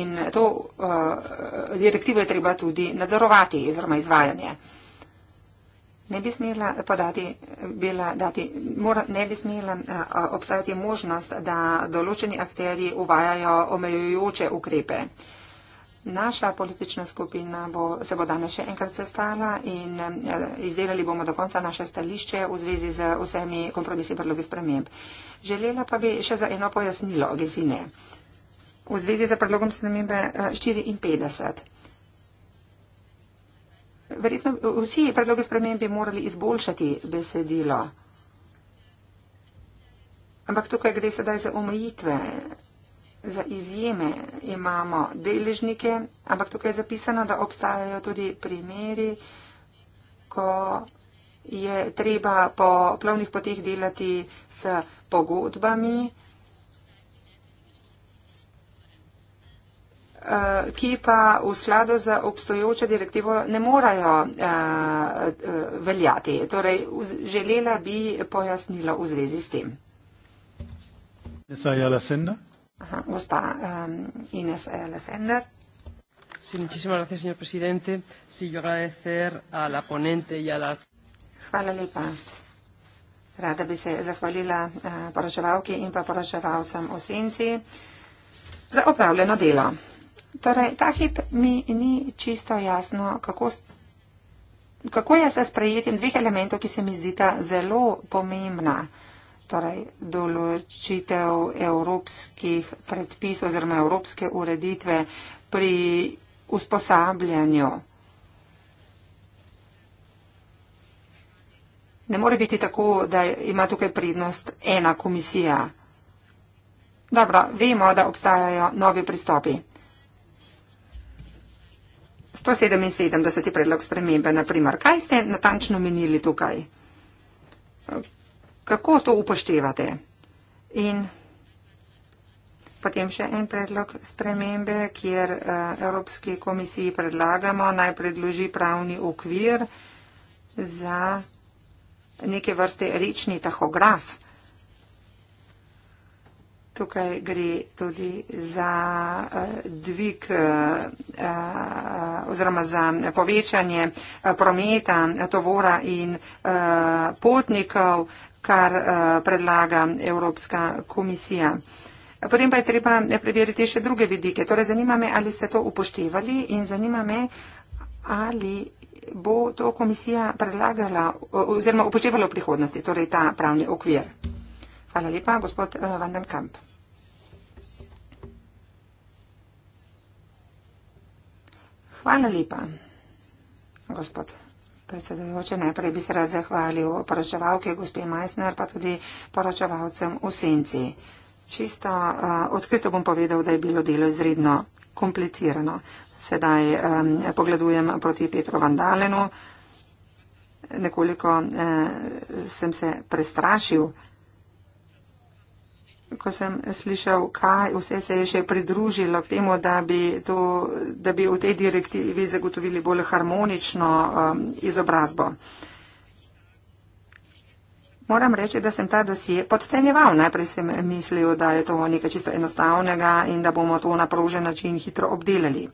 S3: in to eh, direktivo je treba tudi nadzorovati, oziroma izvajanje ne bi smela podati, bila dati, mora, ne bi smela eh, obstajati možnost, da določeni akteri uvajajo omejujoče ukrepe. Naša politična skupina bo, se bo danes še enkrat sestala in eh, izdelali bomo do konca naše stališče v zvezi z vsemi kompromisi predlogi sprememb. Želela pa bi še za eno pojasnilo vizine v zvezi z predlogom spremembe 54. Eh, Verjetno vsi predloge sprememb bi morali izboljšati besedilo. Ampak tukaj gre sedaj za omejitve, za izjeme. Imamo deležnike, ampak tukaj je zapisano, da obstajajo tudi primeri, ko je treba po plovnih poteh delati s pogodbami, Eh, ki pa v skladu z obstojočo direktivo ne morajo eh, eh, veljati. Torej, želela bi pojasnilo v zvezi s tem. Hvala lepa. Rada bi se zahvalila poročevalki in pa poročevalcem v senci za opravljeno delo. Torej, ta hip mi ni čisto jasno, kako, kako je se sprejetjem dveh elementov, ki se mi zdita zelo pomembna. Torej, določitev evropskih predpisov oziroma evropske ureditve pri usposabljanju. Ne more biti tako, da ima tukaj prednost ena komisija. Dobro, vemo, da obstajajo novi pristopi. 177 predlog spremembe, naprimer. Kaj ste natančno menili tukaj? Kako to upoštevate? In potem še en predlog spremembe, kjer eh, Evropski komisiji predlagamo naj predloži pravni okvir za neke vrste rečni tahograf. Tukaj gre tudi za eh, dvig eh, eh, oziroma za povečanje prometa tovora in potnikov, kar predlaga Evropska komisija. Potem pa je treba preveriti še druge vidike. Torej zanima me, ali ste to upoštevali in zanima me, ali bo to komisija predlagala oziroma upoštevala v prihodnosti, torej ta pravni okvir. Hvala lepa, gospod Vandenkamp. Uh, Hvala lepa, gospod. Predsedujoče, najprej bi se rad zahvalil poročevalke gospe Majsner, pa tudi poročevalcem v senci. Čisto uh, odkrito bom povedal, da je bilo delo izredno komplicirano. Sedaj um, pogledujem proti Petru Vandalenu. Nekoliko uh, sem se prestrašil ko sem slišal, kaj vse se je še pridružilo k temu, da bi, to, da bi v tej direktivi zagotovili bolj harmonično um, izobrazbo. Moram reči, da sem ta dosje podcenjeval. Najprej sem mislil, da je to nekaj čisto enostavnega in da bomo to na prožen način hitro obdelali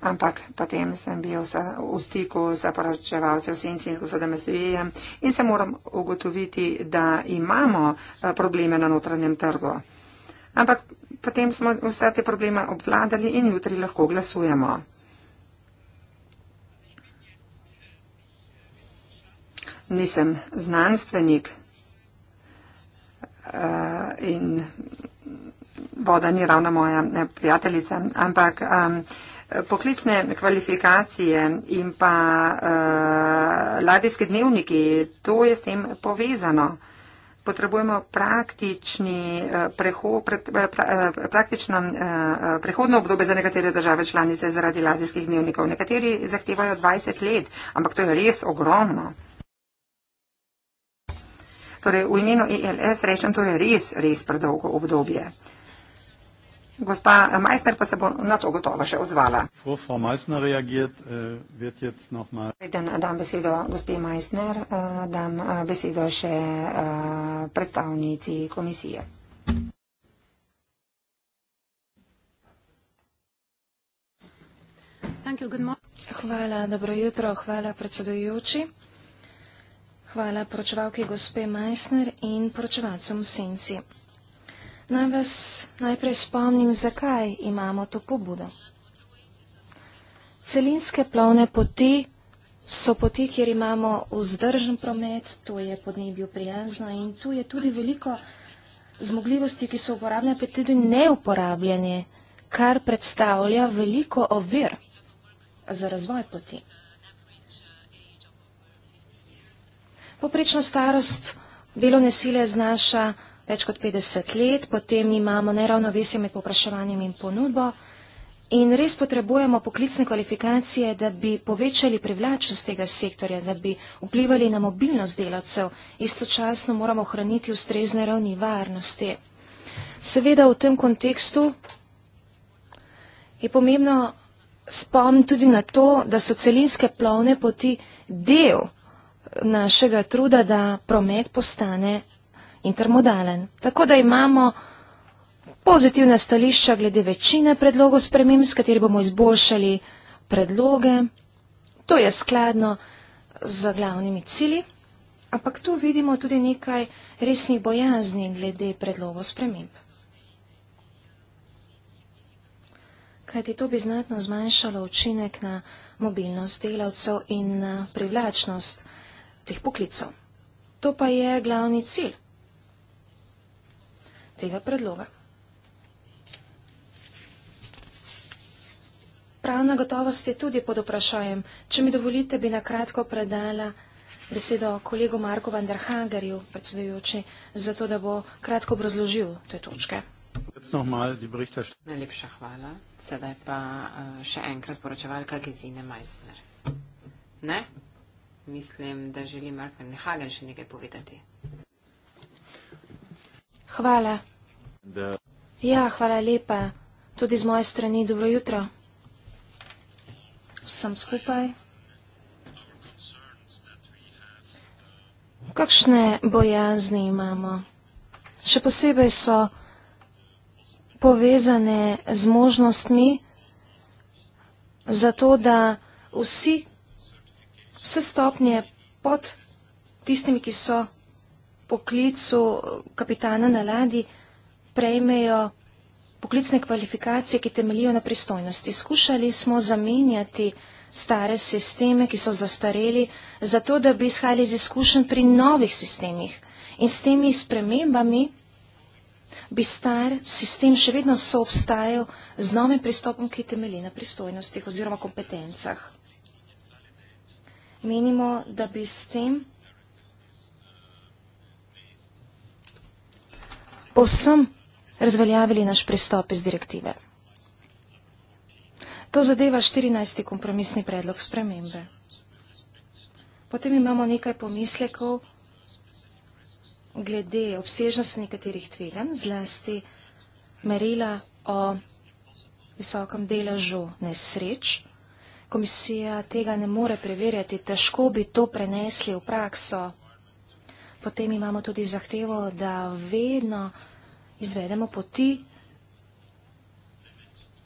S3: ampak potem sem bil v stiku z poročevalcem Sinci in z gospodom Svijem in se moram ugotoviti, da imamo eh, probleme na notranjem trgu. Ampak potem smo vse te probleme obvladali in jutri lahko glasujemo. Nisem znanstvenik uh, in voda ni ravno moja ne, eh, prijateljica, ampak um, uh, poklicne kvalifikacije in pa uh, ladijski dnevniki, to je s tem povezano. Potrebujemo praktični, eh, preho, pre, eh, pra, praktično prehodno obdobje za nekatere države članice zaradi ladijskih dnevnikov. Nekateri zahtevajo 20 let, ampak to je res ogromno. Torej, v imenu ELS rečem, to je res, res predolgo obdobje. Gospa Meissner pa se bo na to gotovo še odzvala.
S1: Äh,
S3: Preden dam besedo gospe Meissner, äh, dam äh, besedo še predstavnici komisije.
S4: Hvala, dobro jutro, hvala predsedujoči. Hvala poročevalki gospe Meissner in poročevalcem v senci. Naj vas najprej spomnim, zakaj imamo to pobudo. Celinske plovne poti so poti, kjer imamo vzdržen promet, to je podnebju prijazno in tu je tudi veliko zmogljivosti, ki so uporabljene, pa tudi neuporabljene, kar predstavlja veliko ovir za razvoj poti. Poprečna starost delovne sile znaša vsega, več kot 50 let, potem imamo neravnovesje med popraševanjem in ponudbo in res potrebujemo poklicne kvalifikacije, da bi povečali privlačnost tega sektorja, da bi vplivali na mobilnost delavcev. Istočasno moramo ohraniti ustrezne ravni varnosti. Seveda v tem kontekstu je pomembno spomniti tudi na to, da so celinske plovne poti del našega truda, da promet postane intermodalen. Tako da imamo pozitivna stališča glede večine predlogov sprememb, s kateri bomo izboljšali predloge. To je skladno z glavnimi cili, ampak tu vidimo tudi nekaj resnih bojazni glede predlogov sprememb. Kajti to bi znatno zmanjšalo učinek na mobilnost delavcev in na privlačnost teh poklicov. To pa je glavni cilj tega predloga. Pravna gotovost je tudi pod vprašajem. Če mi dovolite, bi nakratko predala besedo kolegu Marku van der Hangerju, predsedujoči, zato da bo kratko obrazložil te točke.
S2: Najlepša hvala. Sedaj pa eh, še enkrat poročevalka Gizine Meissner. Ne? Mislim, da želi Marko van der Hagen še nekaj povedati.
S4: Hvala. Ja, hvala lepa. Tudi z moje strani dobro jutro. Vsem skupaj. Kakšne bojazni imamo? Še posebej so povezane z možnostmi za to, da vsi, vse stopnje pod tistimi, ki so poklicu kapitana na ladji prejmejo poklicne kvalifikacije, ki temelijo na pristojnosti. Skušali smo zamenjati stare sisteme, ki so zastareli, zato da bi izhajali iz izkušenj pri novih sistemih. In s temi spremembami bi star sistem še vedno soobstajal z novim pristopom, ki temelji na pristojnostih oziroma kompetencah. Menimo, da bi s tem povsem razveljavili naš pristop iz direktive. To zadeva 14. kompromisni predlog spremembe. Potem imamo nekaj pomislekov glede obsežnosti nekaterih tvegan, zlasti merila o visokem deležu nesreč. Komisija tega ne more preverjati, težko bi to prenesli v prakso potem imamo tudi zahtevo, da vedno izvedemo poti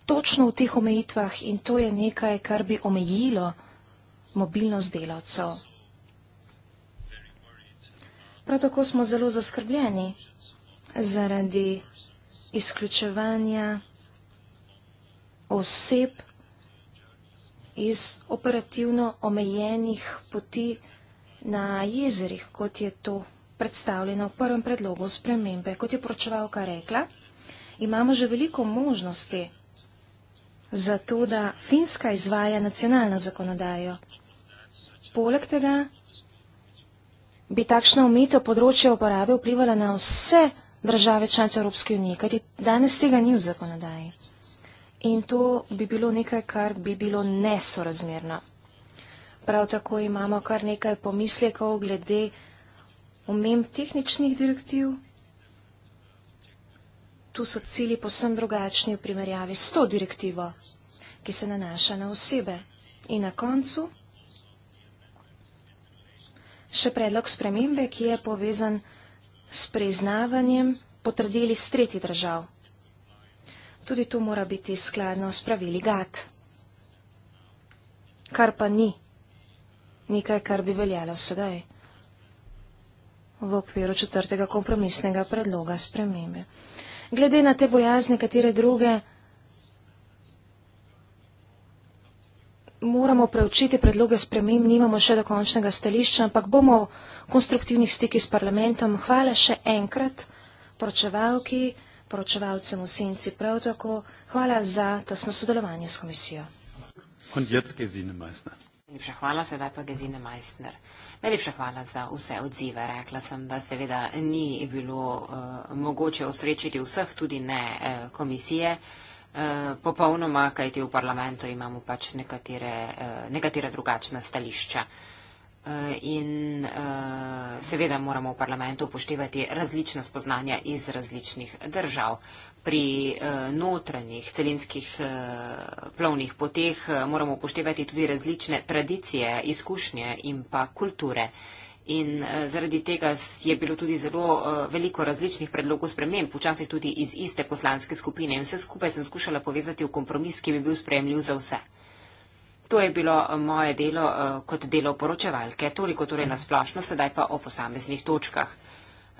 S4: točno v teh omejitvah in to je nekaj, kar bi omejilo mobilnost delavcev. Prav tako smo zelo zaskrbljeni zaradi izključevanja oseb iz operativno omejenih poti, na jezerih, kot je to predstavljeno v prvem predlogu spremembe. Kot je pročevalka rekla, imamo že veliko možnosti za to, da Finska izvaja nacionalno zakonodajo. Poleg tega bi takšna omejitev področja uporabe vplivala na vse države članice Evropske unije, kajti danes tega ni v zakonodaji. In to bi bilo nekaj, kar bi bilo nesorazmerno. Prav tako imamo kar nekaj pomislekov glede omemb tehničnih direktiv. Tu so cili posem drugačni v primerjavi s to direktivo, ki se nanaša na osebe. In na koncu še predlog spremembe, ki je povezan s priznavanjem potrdili s tretji držav. Tudi tu mora biti skladno s pravili GAT, kar pa ni nekaj, kar bi veljalo sedaj v okviru četrtega kompromisnega predloga spremembe. Glede na te bojazne, katere druge, moramo preučiti predloge sprememb, nimamo še dokončnega stališča, ampak bomo v konstruktivnih stikih s parlamentom. Hvala še enkrat poročevalki, poročevalcem v senci prav tako. Hvala za tasno sodelovanje s komisijo.
S1: Und jetzt geht sie in den Meister.
S2: Najlepša hvala, sedaj pa Gezine Majstner. Najlepša hvala za vse odzive. Rekla sem, da seveda ni bilo uh, mogoče osrečiti vseh, tudi ne uh, komisije. Eh, popolnoma, kajti v parlamentu imamo pač nekatere, nekatere drugačne stališča. Eh, in eh, seveda moramo v parlamentu upoštevati različna spoznanja iz različnih držav. Pri eh, notranjih celinskih plovnih poteh moramo upoštevati tudi različne tradicije, izkušnje in pa kulture. In zaradi tega je bilo tudi zelo veliko različnih predlogov sprememb, včasih tudi iz iste poslanske skupine. In vse skupaj sem skušala povezati v kompromis, ki bi bil sprejemljiv za vse. To je bilo eh, moje delo eh, kot delo poročevalke, toliko torej nasplošno, sedaj pa o posameznih točkah.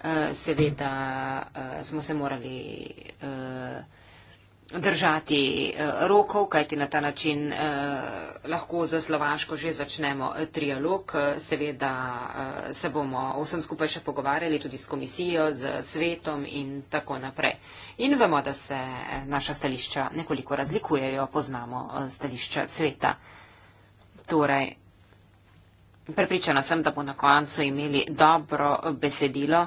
S2: Eh, seveda smo se morali držati eh, rokov, kajti na ta način eh, lahko za Slovaško že začnemo eh, trialog. Seveda se bomo vsem skupaj še pogovarjali tudi s komisijo, z svetom in tako naprej. In vemo, da se naša stališča nekoliko razlikujejo, poznamo stališča sveta. Torej, prepričana sem, da bo na koncu imeli dobro besedilo.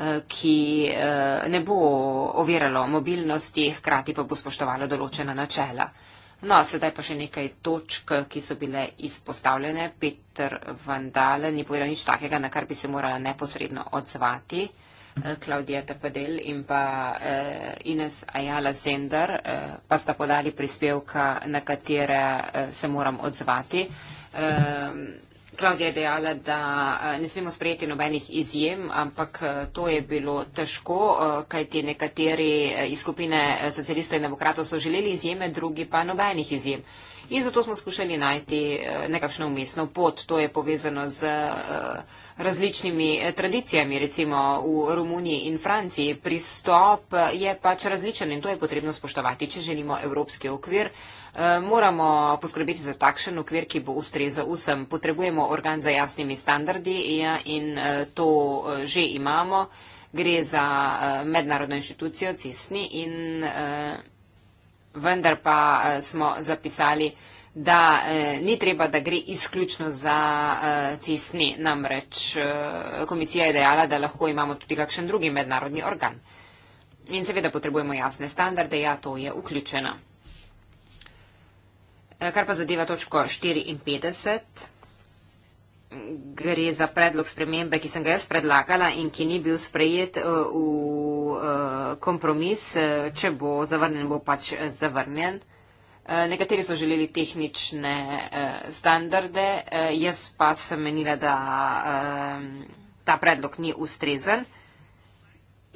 S2: Eh, ki eh, ne bo oviralo mobilnosti, hkrati pa bo spoštovalo določena načela. No, sedaj pa še nekaj točk, ki so bile izpostavljene. Peter Vandale ni povedal nič takega, na kar bi se morala neposredno odzvati. Klaudija eh, Tapadel in pa Ines Ajala Sender pa sta podali prispevka, na katere se moram odzvati. Klaudija je dejala, da eh, ne smemo sprejeti nobenih izjem, ampak eh, to je bilo težko, eh, kajti nekateri iz skupine socialistov in demokratov so želeli izjeme, drugi pa nobenih izjem in zato smo skušali najti eh, nekakšno umestno pot. To je povezano z eh, različnimi eh, tradicijami, recimo v Romuniji in Franciji. Pristop je pač različen in to je potrebno spoštovati, če želimo evropski okvir. Moramo poskrbeti za takšen okvir, ki bo ustrezal vsem. Potrebujemo organ za jasnimi standardi ja, in to že imamo. Gre za mednarodno inštitucijo, cestni in vendar pa eh, smo zapisali, da eh, ni treba, da gre izključno za eh, cisni. Namreč eh, komisija je dejala, da lahko imamo tudi kakšen drugi mednarodni organ. In seveda potrebujemo jasne standarde, ja, to je vključeno. Eh, kar pa zadeva točko 54 gre za predlog spremembe, ki sem ga jaz predlagala in ki ni bil sprejet eh, v eh, kompromis. Eh, če bo zavrnjen, bo pač zavrnjen. Nekateri so želeli tehnične standarde, jaz pa sem menila, da ta predlog ni ustrezen.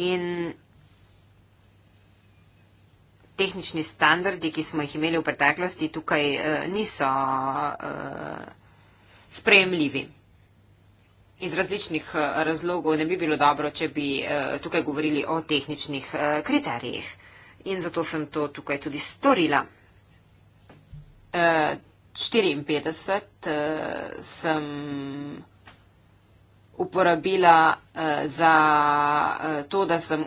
S2: In tehnični standardi, ki smo jih imeli v preteklosti, tukaj niso sprejemljivi. Iz različnih eh, razlogov ne bi bilo dobro, če bi eh, tukaj govorili o tehničnih eh, kriterijih. In zato sem to tukaj tudi storila. 54 sem uporabila eh, za eh, to, da sem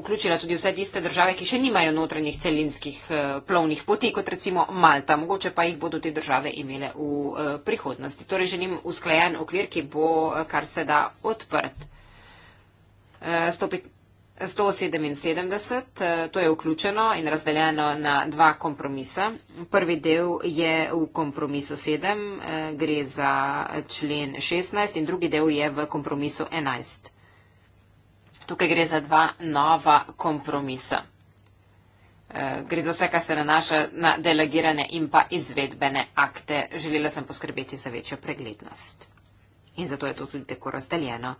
S2: vključila tudi vse tiste države, ki še nimajo notranjih celinskih eh, plovnih poti, kot recimo Malta. Mogoče pa jih bodo te države imele v prihodnosti. Torej želim usklajen okvir, ki bo kar se da odprt. 177, eh, to je vključeno in razdeljeno na dva kompromisa. Prvi del je v kompromisu 7, eh, gre za člen 16 in drugi del je v kompromisu 11. Tukaj gre za dva nova kompromisa. Eh, gre za vse, kar se nanaša na delegirane in pa izvedbene akte. Želela sem poskrbeti za večjo preglednost. In zato je to tudi tako razdeljeno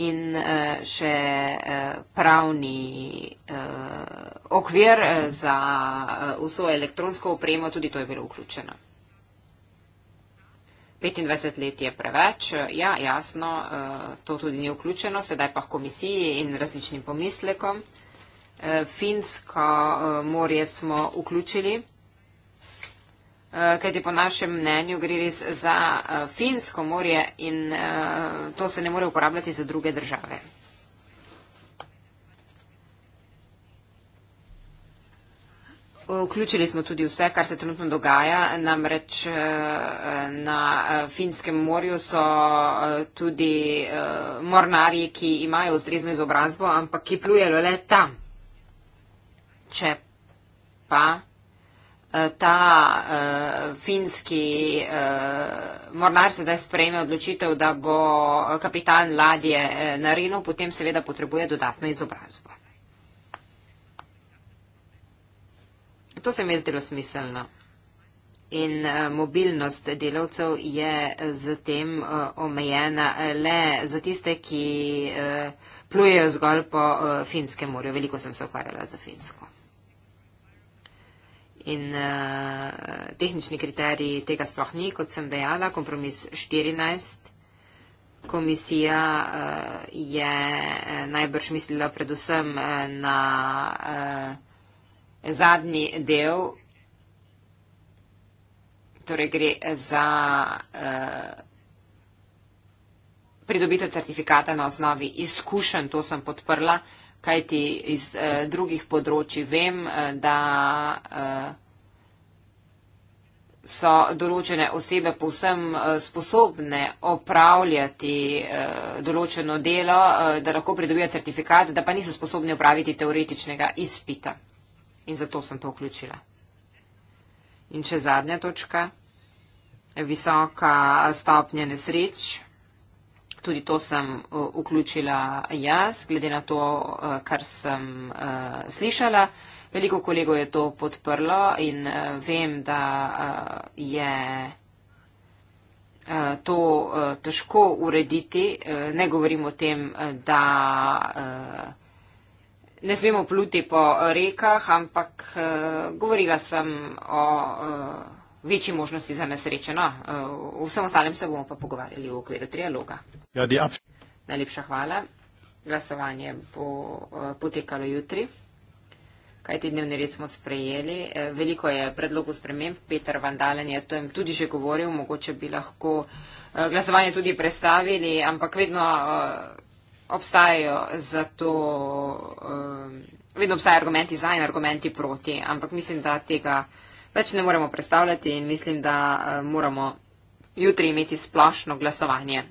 S2: in uh, še uh, pravni uh, okvir uh, za uh, vso elektronsko opremo, tudi to je bilo vključeno. 25 let je preveč, ja, jasno, uh, to tudi ni vključeno, sedaj pa komisiji in različnim pomislekom. Uh, Finsko uh, morje smo vključili. Eh, kajti po našem mnenju gre res za eh, Finsko morje in eh, to se ne more uporabljati za druge države. Vključili smo tudi vse, kar se trenutno dogaja, namreč na Finskem morju so tudi mornarji, ki imajo ustrezno izobrazbo, ampak ki plujejo le tam. Če pa ta uh, finski uh, mornar sedaj sprejme odločitev, da bo kapitan ladje eh, na Rinu, potem seveda potrebuje dodatno izobrazbo. To se mi je zdelo smiselno. In uh, mobilnost delavcev je z tem uh, omejena le za tiste, ki uh, plujejo zgolj po uh, finskem morju. Veliko sem se ukvarjala za finsko. In uh, tehnični kriteriji tega sploh ni, kot sem dejala, kompromis 14. Komisija uh, je eh, najbrž mislila predvsem uh, na uh, zadnji del, torej gre za uh, pridobitev certifikata na osnovi izkušenj, to sem podprla. Uh, kajti iz eh, drugih področji vem, eh, da eh, so določene osebe povsem eh, sposobne opravljati eh, določeno delo, eh, da lahko pridobijo certifikat, da pa niso sposobne opraviti teoretičnega izpita. In zato sem to vključila. In še zadnja točka. Visoka stopnja nesreč. Tudi to sem uh, vključila jaz, glede na to, uh, kar sem uh, slišala. Veliko kolego je to podprlo in vem, da je to težko urediti. Ne govorim o tem, da ne smemo pluti po rekah, ampak govorila sem o večje možnosti za nesrečo. No, eh, vsem ostalim se bomo pa pogovarjali v okviru trialoga. Ja, Najlepša hvala. Glasovanje bo eh, potekalo jutri. Kaj ti dnevni red smo sprejeli? Eh, veliko je predlogov sprememb. Peter Vandalen je o tem tudi že govoril. Mogoče bi lahko glasovanje tudi predstavili, ampak vedno obstajajo za to. Vedno obstajajo argumenti za in argumenti proti, ampak mislim, da tega več ne moremo predstavljati in mislim, da eh, moramo jutri imeti splošno glasovanje.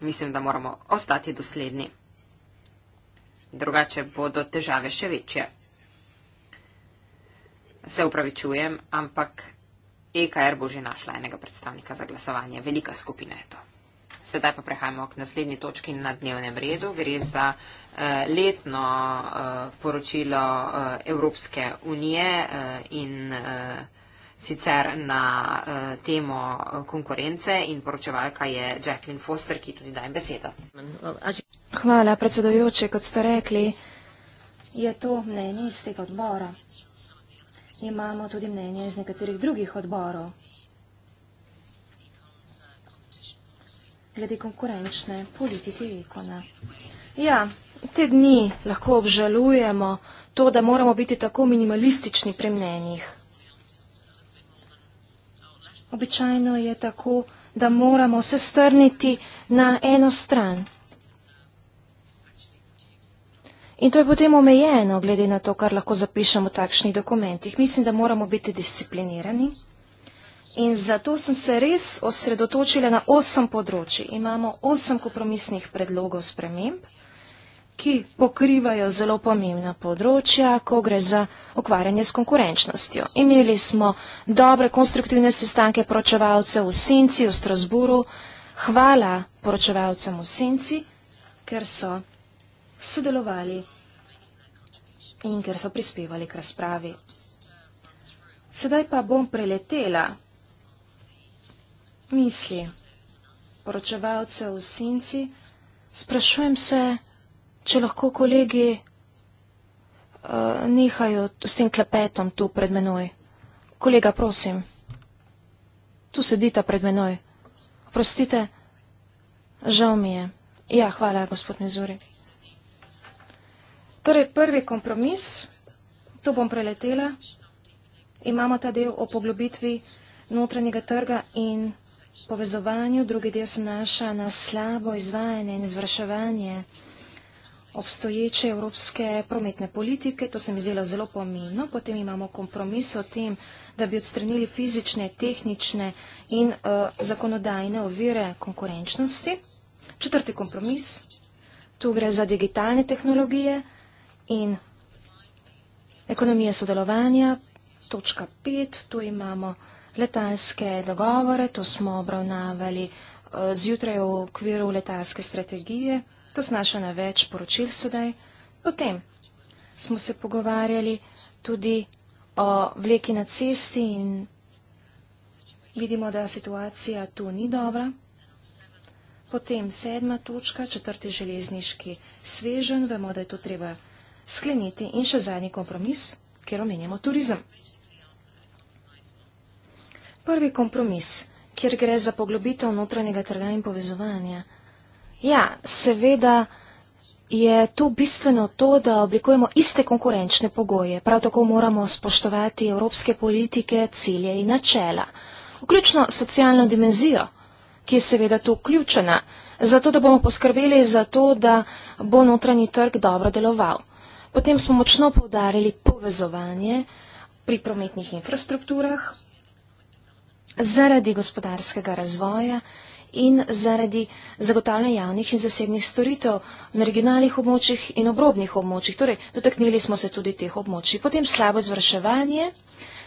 S2: Mislim, da moramo ostati dosledni. Drugače bodo težave še večje. Se upravičujem, ampak EKR bo že našla enega predstavnika za glasovanje. Velika skupina je to. Sedaj pa prehajamo k naslednji točki na dnevnem redu. Gre za eh, letno eh, poročilo eh, Evropske unije eh, in. Eh, sicer na uh, temo eh, konkurence in poročevalka je Jacqueline Foster, ki tudi dajem
S4: besedo. Hvala, predsedojoče, kot ste rekli, je to mnenje iz tega odbora. Imamo tudi mnenje iz nekaterih drugih odborov. glede konkurenčne politike ekona. Ja, te dni lahko obžalujemo to, da moramo biti tako minimalistični pri mnenjih. Običajno je tako, da moramo se strniti na eno stran. In to je potem omejeno, glede na to, kar lahko zapišemo v takšnih dokumentih. Mislim, da moramo biti disciplinirani. In zato sem se res osredotočila na osem področji. Imamo osem kompromisnih predlogov sprememb ki pokrivajo zelo pomembna področja, ko gre za okvarjanje s konkurenčnostjo. Imeli smo dobre konstruktivne sestanke poročevalcev v Senci, v Strasburu. Hvala poročevalcem v Senci, ker so sodelovali in ker so prispevali k razpravi. Sedaj pa bom preletela misli poročevalcev v Senci. Sprašujem se, če lahko kolegi uh, nehajo s tem klepetom tu pred menoj. Kolega, prosim, tu sedita pred menoj. Prostite, žal mi je. Ja, hvala, gospod Mizuri. Torej, prvi kompromis, to bom preletela, imamo ta del o poglobitvi notranjega trga in povezovanju, drugi del se naša na slabo izvajanje in izvrševanje obstoječe evropske prometne politike, to se mi zdelo zelo pomembno. Potem imamo kompromis o tem, da bi odstranili fizične, tehnične in uh, zakonodajne ovire konkurenčnosti. Četrti kompromis, tu gre za digitalne tehnologije in ekonomije sodelovanja, točka pet, tu imamo letalske dogovore, to smo obravnavali uh, zjutraj v okviru letalske strategije. To znaša na več poročil sedaj. Potem smo se pogovarjali tudi o vleki na cesti in vidimo, da situacija tu ni dobra. Potem sedma točka, četrti železniški svežen, vemo, da je to treba skleniti in še zadnji kompromis, kjer omenjamo turizem. Prvi kompromis, kjer gre za poglobitev notranjega trga in povezovanja. Ja, seveda je tu bistveno to, da oblikujemo iste konkurenčne pogoje. Prav tako moramo spoštovati evropske politike, cilje in načela. Vključno socialno dimenzijo, ki je seveda tu vključena, zato da bomo poskrbeli za to, da bo notranji trg dobro deloval. Potem smo močno povdarili povezovanje pri prometnih infrastrukturah zaradi gospodarskega razvoja in zaradi zagotavljanja javnih in zasebnih storitev na regionalnih območjih in obrobnih območjih. Torej, dotaknili smo se tudi teh območij. Potem slabo izvrševanje,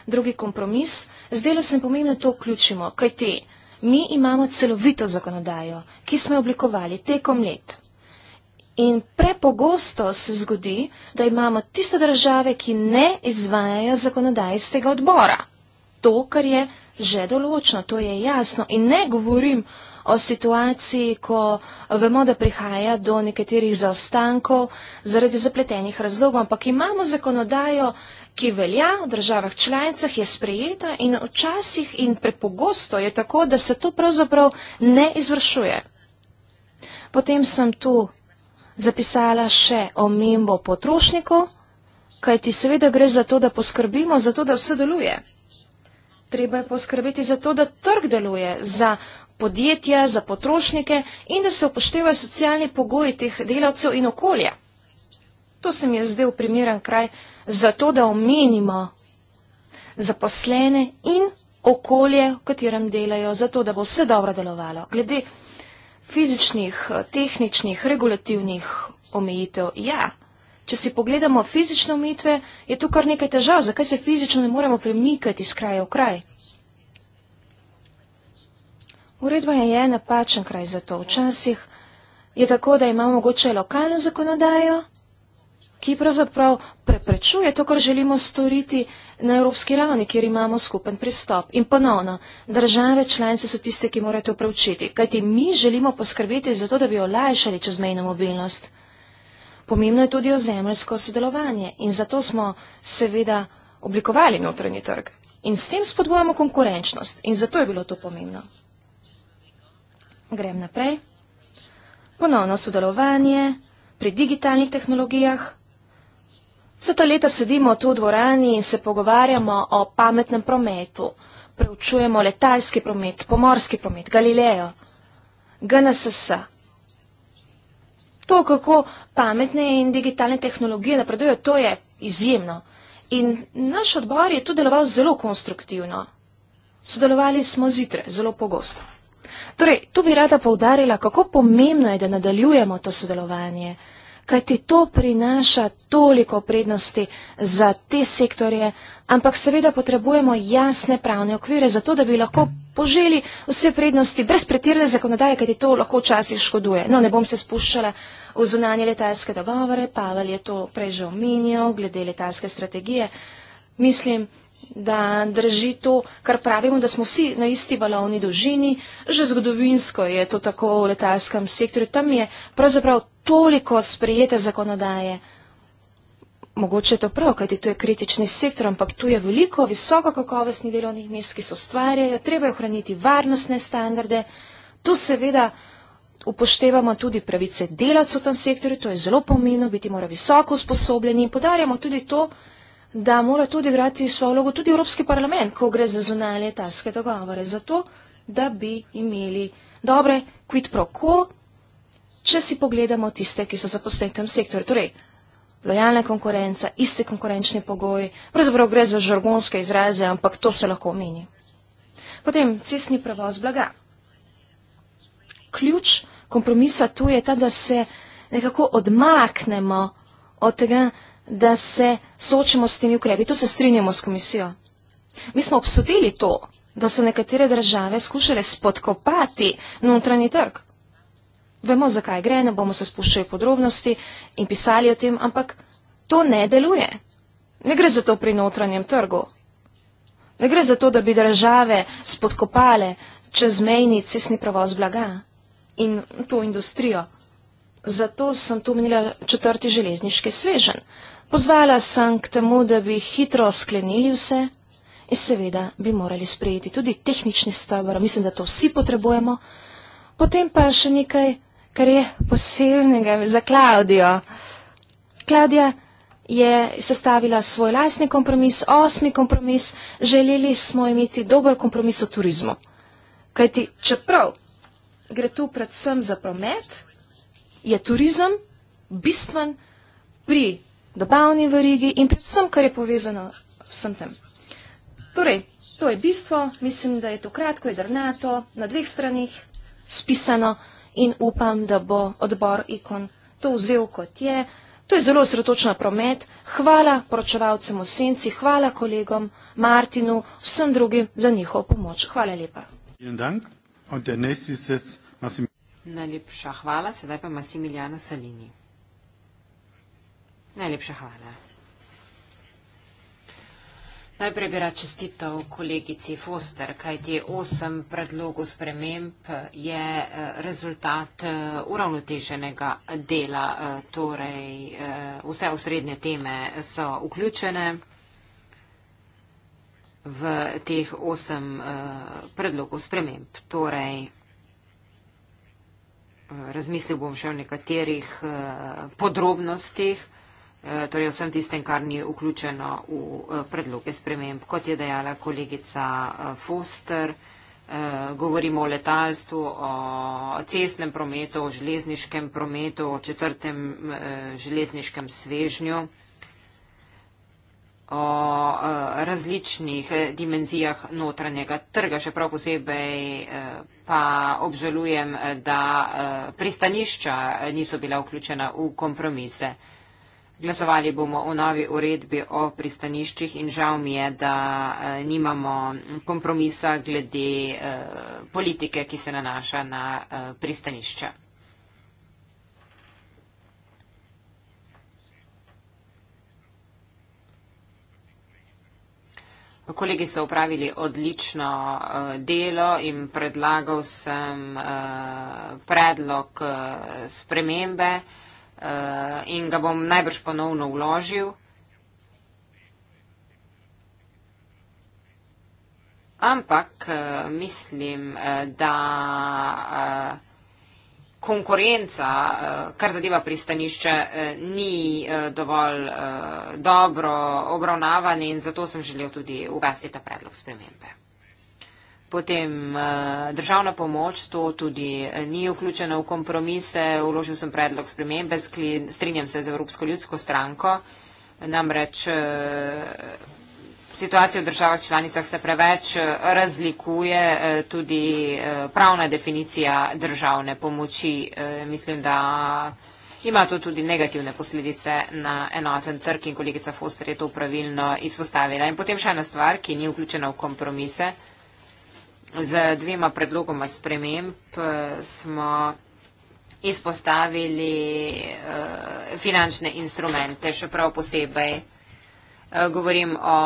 S4: drugi kompromis. Zdelo se pomembno, to vključimo, kaj ti. Mi imamo celovito zakonodajo, ki smo jo oblikovali tekom let. In prepogosto se zgodi, da imamo tiste države, ki ne izvajajo zakonodaje iz tega odbora. To, kar je že določno, to je jasno. In ne govorim o situaciji, ko vemo, da prihaja do nekaterih zaostankov zaradi zapletenih razlogov, ampak imamo zakonodajo, ki velja v državah članicah, je sprejeta in včasih in prepogosto je tako, da se to pravzaprav ne izvršuje. Potem sem tu zapisala še omembo potrošnikov, kajti seveda gre za to, da poskrbimo za to, da vse deluje. Treba je poskrbeti za to, da trg deluje za podjetja, za potrošnike in da se upoštevajo socialni pogoji teh delavcev in okolja. To se mi je zdel primeren kraj za to, da omenimo zaposlene in okolje, v katerem delajo, zato da bo vse dobro delovalo. Glede fizičnih, tehničnih, regulativnih omejitev, ja, če si pogledamo fizične omitve, je tu kar nekaj težav, zakaj se fizično ne moremo premikati iz kraja v kraj. Uredba je napačen kraj za to. Včasih je tako, da imamo mogoče lokalno zakonodajo, ki pravzaprav preprečuje to, kar želimo storiti na evropski ravni, kjer imamo skupen pristop. In ponovno, države članice so tiste, ki morajo to preučiti, kajti mi želimo poskrbeti za to, da bi olajšali čezmejno mobilnost. Pomembno je tudi ozemljsko sodelovanje in zato smo seveda oblikovali notranji trg in s tem spodbujamo konkurenčnost in zato je bilo to pomembno. Grem naprej. Ponovno sodelovanje pri digitalnih tehnologijah. Vse ta leta sedimo tu v dvorani in se pogovarjamo o pametnem prometu. Preučujemo letalski promet, pomorski promet, Galileo, GNSS, to, kako pametne in digitalne tehnologije napredujejo, to je izjemno. In naš odbor je tu deloval zelo konstruktivno. Sodelovali smo zjutraj, zelo pogosto. Torej, tu bi rada poudarila, kako pomembno je, da nadaljujemo to sodelovanje. Uh, kaj ti to prinaša toliko prednosti za te sektorje, ampak seveda potrebujemo jasne pravne okvire za to, da bi lahko poželi vse prednosti brez pretirne zakonodaje, kaj ti to lahko včasih škoduje. No, ne bom se spuščala v zunanje letalske dogovore, Pavel je to prej že omenjal, glede letalske strategije. Mislim, da drži to, kar pravimo, da smo vsi na isti valovni dolžini. Že zgodovinsko je to tako v letalskem sektorju. Tam je pravzaprav toliko sprejete zakonodaje. Mogoče je to prav, kajti tu je kritični sektor, ampak tu je veliko visoko kakovostnih delovnih mest, ki se ustvarjajo, treba je ohraniti varnostne standarde. Tu seveda upoštevamo tudi pravice delavcev v tem sektorju, to je zelo pomembno, biti mora visoko usposobljeni in podarjamo tudi to, da mora tudi igrati svojo vlogo tudi Evropski parlament, ko gre za zunanje taske dogovore, zato da bi imeli dobre quid pro quo če si pogledamo tiste, ki so zaposleni v tem sektorju. Torej, lojalna konkurenca, iste konkurenčne pogoji, pravzaprav gre za žargonske izraze, ampak to se lahko omeni. Potem cestni prevoz blaga. Ključ kompromisa tu je ta, da se nekako odmaknemo od tega, da se soočimo s temi ukrepi. Tu se strinjamo s komisijo. Mi smo obsodili to, da so nekatere države skušale spodkopati notranji trg. Vemo, zakaj gre, ne bomo se spuščali podrobnosti in pisali o tem, ampak to ne deluje. Ne gre za to pri notranjem trgu. Ne gre za to, da bi države spodkopale čezmejni cestni prevoz blaga in to industrijo. Zato sem tu menila četrti železniški svežen. Pozvala sem k temu, da bi hitro sklenili vse in seveda bi morali sprejeti tudi tehnični stavar. Mislim, da to vsi potrebujemo. Potem pa še nekaj kar je posebnega za Klaudijo. Klaudija je sestavila svoj lasni kompromis, osmi kompromis, želeli smo imeti dober kompromis o turizmu. Kajti, čeprav gre tu predvsem za promet, je turizem bistven pri dobavni verigi in predvsem, kar je povezano vsem tem. Torej, to je bistvo, mislim, da je to kratko, jedrnato, na dveh stranih spisano in upam, da bo odbor ikon to vzel kot je. To je zelo sretočna promet. Hvala poročevalcem v senci, hvala kolegom Martinu, vsem drugim za njihov pomoč. Hvala lepa.
S2: Najlepša hvala, sedaj pa Masimiliano Salini. Najlepša hvala. Najprej bi rad čestitev kolegici Foster, kajti osem predlogov sprememb je eh, rezultat eh, uravnoteženega dela, eh, torej vse osrednje teme so vključene v teh osem predlogov sprememb. Torej, razmislil bom še o nekaterih podrobnostih, torej vsem tistem, kar ni vključeno v eh, predloge sprememb. Kot je dejala kolegica eh, Foster, eh, govorimo o letalstvu, o cestnem prometu, o železniškem prometu, o četrtem železniškem svežnju o različnih dimenzijah notranjega trga. Še prav posebej pa obžalujem, da pristanišča niso bila vključena v kompromise. Glasovali bomo o novi uredbi o pristaniščih in žal mi je, da eh, nimamo kompromisa glede eh, politike, ki se nanaša na eh, pristanišča. Kolegi so upravili odlično delo in predlagal sem predlog spremembe. Eh, in ga bom najbrž ponovno vložil. Ampak eh, mislim, eh, da konkurenca, kar zadeva pristanišče, ni dovolj dobro obravnavana in zato sem želel tudi uvesti ta predlog spremembe. Potem eh, državna pomoč, to tudi eh, ni vključeno v kompromise, uložil sem predlog spremembe, strinjam se z Evropsko ljudsko stranko, namreč eh, situacija v državah članicah se preveč razlikuje, tudi pravna definicija državne pomoči, mislim, da ima to tudi negativne posledice na enoten trg in kolegica Foster je to pravilno izpostavila. In potem še ena stvar, ki ni vključena v kompromise, Z dvema predlogoma sprememb eh, smo izpostavili eh, finančne instrumente, še prav posebej. Eh, govorim o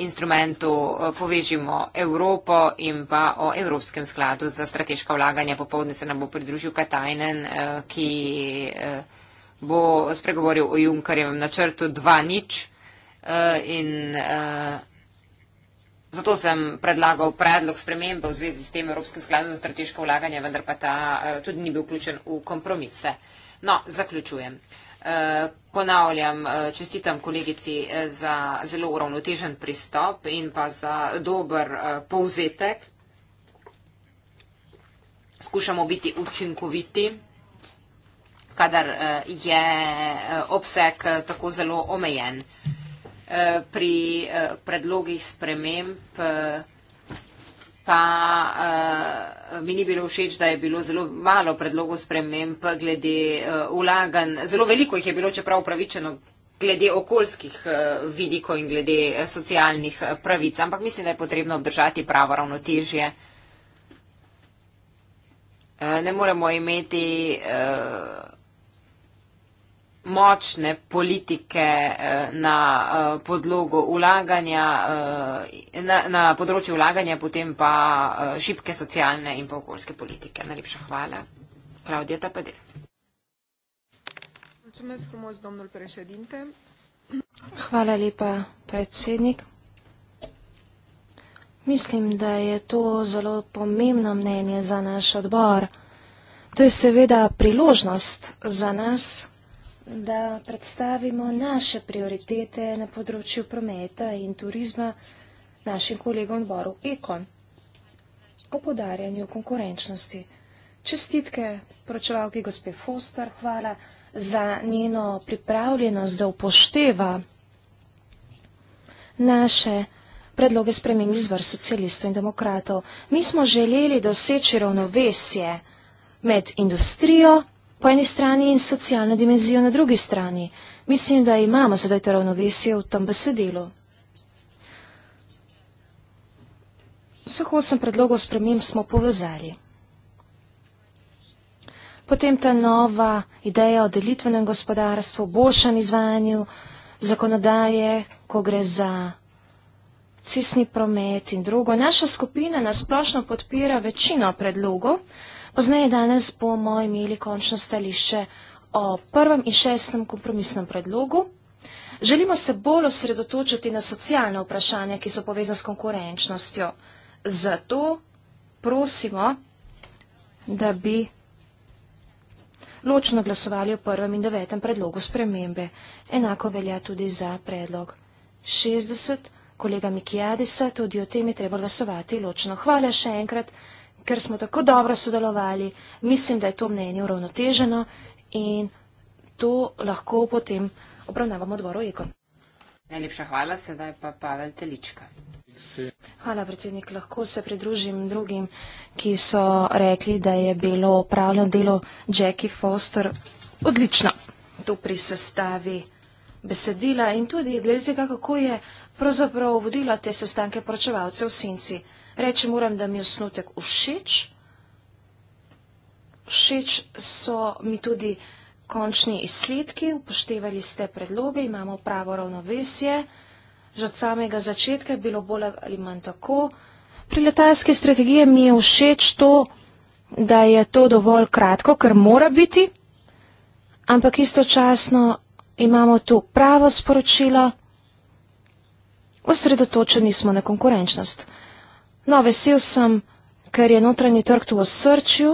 S2: instrumentu Povežimo Evropo in pa o Evropskem skladu za strateška vlaganja. Popovdne se nam bo pridružil Katajnen, ki bo spregovoril o Junkarjevem načrtu 2.0 in 2.0. Zato sem predlagal predlog spremembe v zvezi s tem Evropskim skladom za strateško vlaganje, vendar pa ta eh, tudi ni bil vključen v kompromise. No, zaključujem. Eh, ponavljam, eh, čestitam kolegici za zelo uravnotežen pristop in pa za dober povzetek. Skušamo biti učinkoviti, kadar je obseg tako zelo omejen. Eh, pri eh, predlogih sprememb eh, pa mi ni bilo všeč, da je bilo zelo malo predlogov sprememb glede ulagan. Zelo veliko jih je bilo, čeprav upravičeno glede okoljskih vidikov in glede socialnih pravic, ampak mislim, da je potrebno obdržati pravo ravnotežje. Ne moremo imeti močne politike eh, na eh, podlogu ulaganja, eh, na, na področju ulaganja, potem pa šibke socialne in pa okoljske politike. Najlepša hvala. Klaudija Tapadel.
S4: Hvala lepa, predsednik. Mislim, da je to zelo pomembno mnenje za naš odbor. To je seveda priložnost za nas, da predstavimo naše prioritete na področju prometa in turizma našim kolegom odboru Ekon o podarjanju konkurenčnosti. Čestitke pročevalki gospe Foster, hvala za njeno pripravljenost, da upošteva naše predloge spremem izvr socialistov in demokratov. Mi smo želeli doseči ravnovesje med industrijo, po eni strani in socialno dimenzijo na drugi strani. Mislim, da imamo sedaj to ravnovesje v tem besedilu. Vseh osem predlogov spremem smo povezali. Potem ta nova ideja o delitvenem gospodarstvu, boljšem izvajanju zakonodaje, ko gre za cesni promet in drugo. Naša skupina nasplošno podpira večino predlogov. Pozneje danes bomo imeli končno stališče o prvem in šestem kompromisnem predlogu. Želimo se bolj osredotočiti na socialne vprašanja, ki so povezane s konkurenčnostjo. Zato prosimo, da bi ločno glasovali o prvem in devetem predlogu spremembe. Enako velja tudi za predlog 60. Kolega Mikijadisa, tudi o tem je treba glasovati ločno. Hvala še enkrat ker smo tako dobro sodelovali, mislim, da je to mnenje uravnoteženo in to lahko potem obravnavamo odboru Eko.
S2: Najlepša hvala, sedaj pa Pavel Telička.
S4: Hvala, predsednik. Lahko se pridružim drugim, ki so rekli, da je bilo upravljeno delo Jackie Foster odlično. To pri sestavi besedila in tudi gledite, kako je pravzaprav vodila te sestanke poročevalcev v Sinci. Reči moram, da mi je osnutek všeč. Všeč so mi tudi končni izsledki, upoštevali ste predloge, imamo pravo ravnovesje. Že od samega začetka je bilo bolj ali manj tako. Pri letalske strategije mi je všeč to, da je to dovolj kratko, kar mora biti, ampak istočasno imamo tu pravo sporočilo, osredotočeni smo na konkurenčnost. No, vesel sem, ker je notranji trg tu v srčju.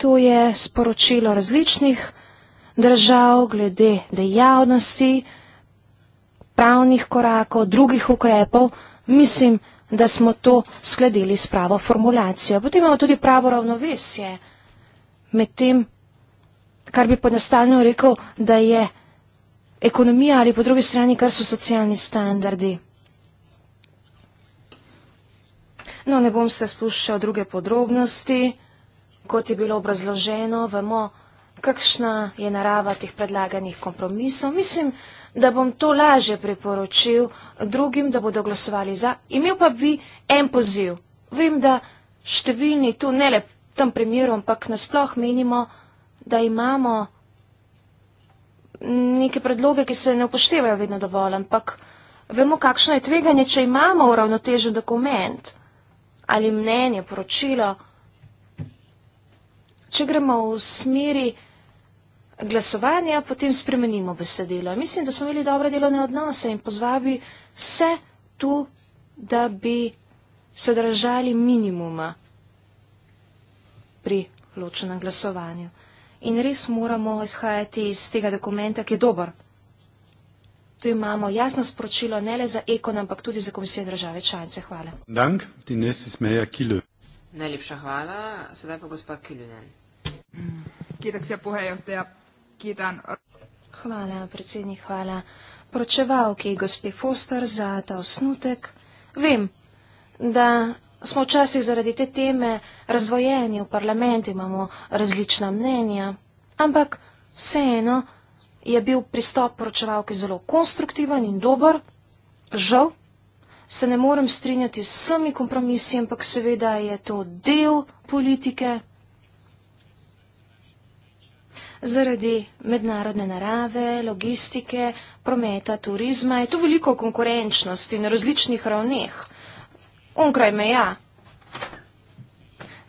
S4: Tu je sporočilo različnih držav glede dejavnosti, pravnih korakov, drugih ukrepov. Mislim, da smo to skladili s pravo formulacijo. Potem imamo tudi pravo ravnovesje med tem, kar bi podnastalno rekel, da je ekonomija ali po drugi strani, kar so socialni standardi. No, ne bom se spuščal druge podrobnosti, kot je bilo obrazloženo, vemo, kakšna je narava teh predlaganih kompromisov. Mislim, da bom to laže priporočil drugim, da bodo glasovali za. Imel pa bi en poziv. Vem, da številni tu ne le v tem primeru, ampak nasploh menimo, da imamo neke predloge, ki se ne upoštevajo vedno dovolj, ampak vemo, kakšno je tveganje, če imamo uravnotežen dokument ali mnenje, poročilo. Če gremo v smeri glasovanja, potem spremenimo besedilo. Mislim, da smo imeli dobre delovne odnose in pozvabi vse tu, da bi se držali minimuma pri ločenem glasovanju in res moramo izhajati iz tega dokumenta, ki je dober. Tu imamo jasno sporočilo ne le za ekon, ampak tudi za komisijo države članice. Hvala.
S1: Dank, ti nesi smeja kilo.
S4: Najlepša
S2: hvala, sedaj pa gospa Kiljunen.
S4: Kitak se pohajo, te ja, kitan. Hvala, predsednik, hvala. Pročevalki, gospe Foster, za ta osnutek. Vem, da smo včasih zaradi te teme razvojeni v parlamentu, imamo različna mnenja, ampak vseeno je bil pristop poročevalke zelo konstruktiven in dober. Žal se ne morem strinjati s vsemi kompromisi, ampak seveda je to del politike. Zaradi mednarodne narave, logistike, prometa, turizma je tu veliko konkurenčnosti na različnih ravneh onkraj meja.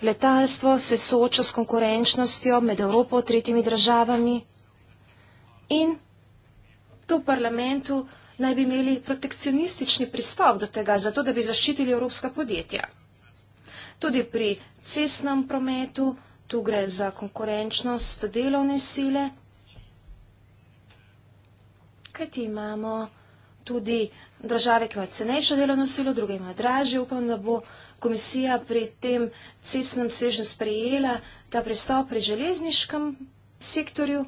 S4: Letalstvo se sooča s konkurenčnostjo med Evropo in tretjimi državami in to v parlamentu naj bi imeli protekcionistični pristop do tega, zato da bi zaščitili evropska podjetja. Tudi pri cestnem prometu, tu gre za konkurenčnost delovne sile, kajti imamo tudi države, ki imajo cenejšo delovno silo, druge imajo dražje. Upam, da bo komisija pri tem cestnem svežnju sprejela ta pristop pri železniškem sektorju,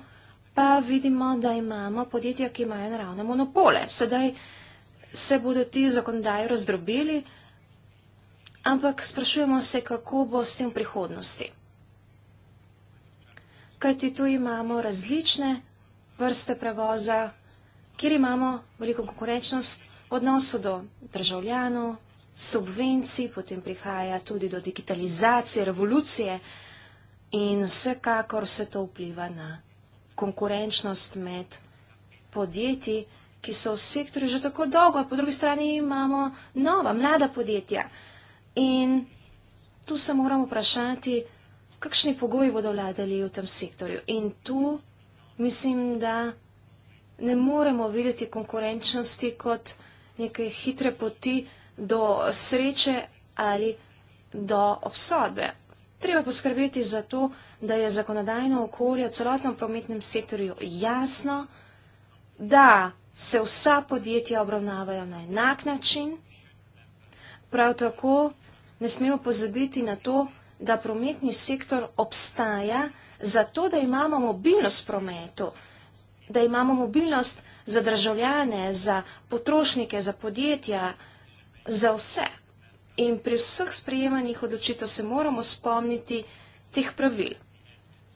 S4: pa vidimo, da imamo podjetja, ki imajo naravne monopole. Sedaj se bodo ti zakonodaji razdrobili, ampak sprašujemo se, kako bo s tem v prihodnosti. Kajti tu imamo različne vrste prevoza, kjer imamo veliko konkurenčnost odnosu do državljanov, subvencij, potem prihaja tudi do digitalizacije, revolucije in vsekakor se to vpliva na konkurenčnost med podjetji, ki so v sektorju že tako dolgo, a po drugi strani imamo nova, mlada podjetja. In tu se moramo vprašati, kakšni pogoji bodo vladali v tem sektorju. In tu mislim, da ne moremo videti konkurenčnosti kot neke hitre poti do sreče ali do obsodbe. Treba poskrbeti za to, da je zakonodajno okolje v celotnem prometnem sektorju jasno, da se vsa podjetja obravnavajo na enak način. Prav tako ne smemo pozabiti na to, da prometni sektor obstaja zato, da imamo mobilnost prometu, da imamo mobilnost prometu za državljane, za potrošnike, za podjetja, za vse. In pri vseh sprejemanjih odločitev se moramo spomniti teh pravil.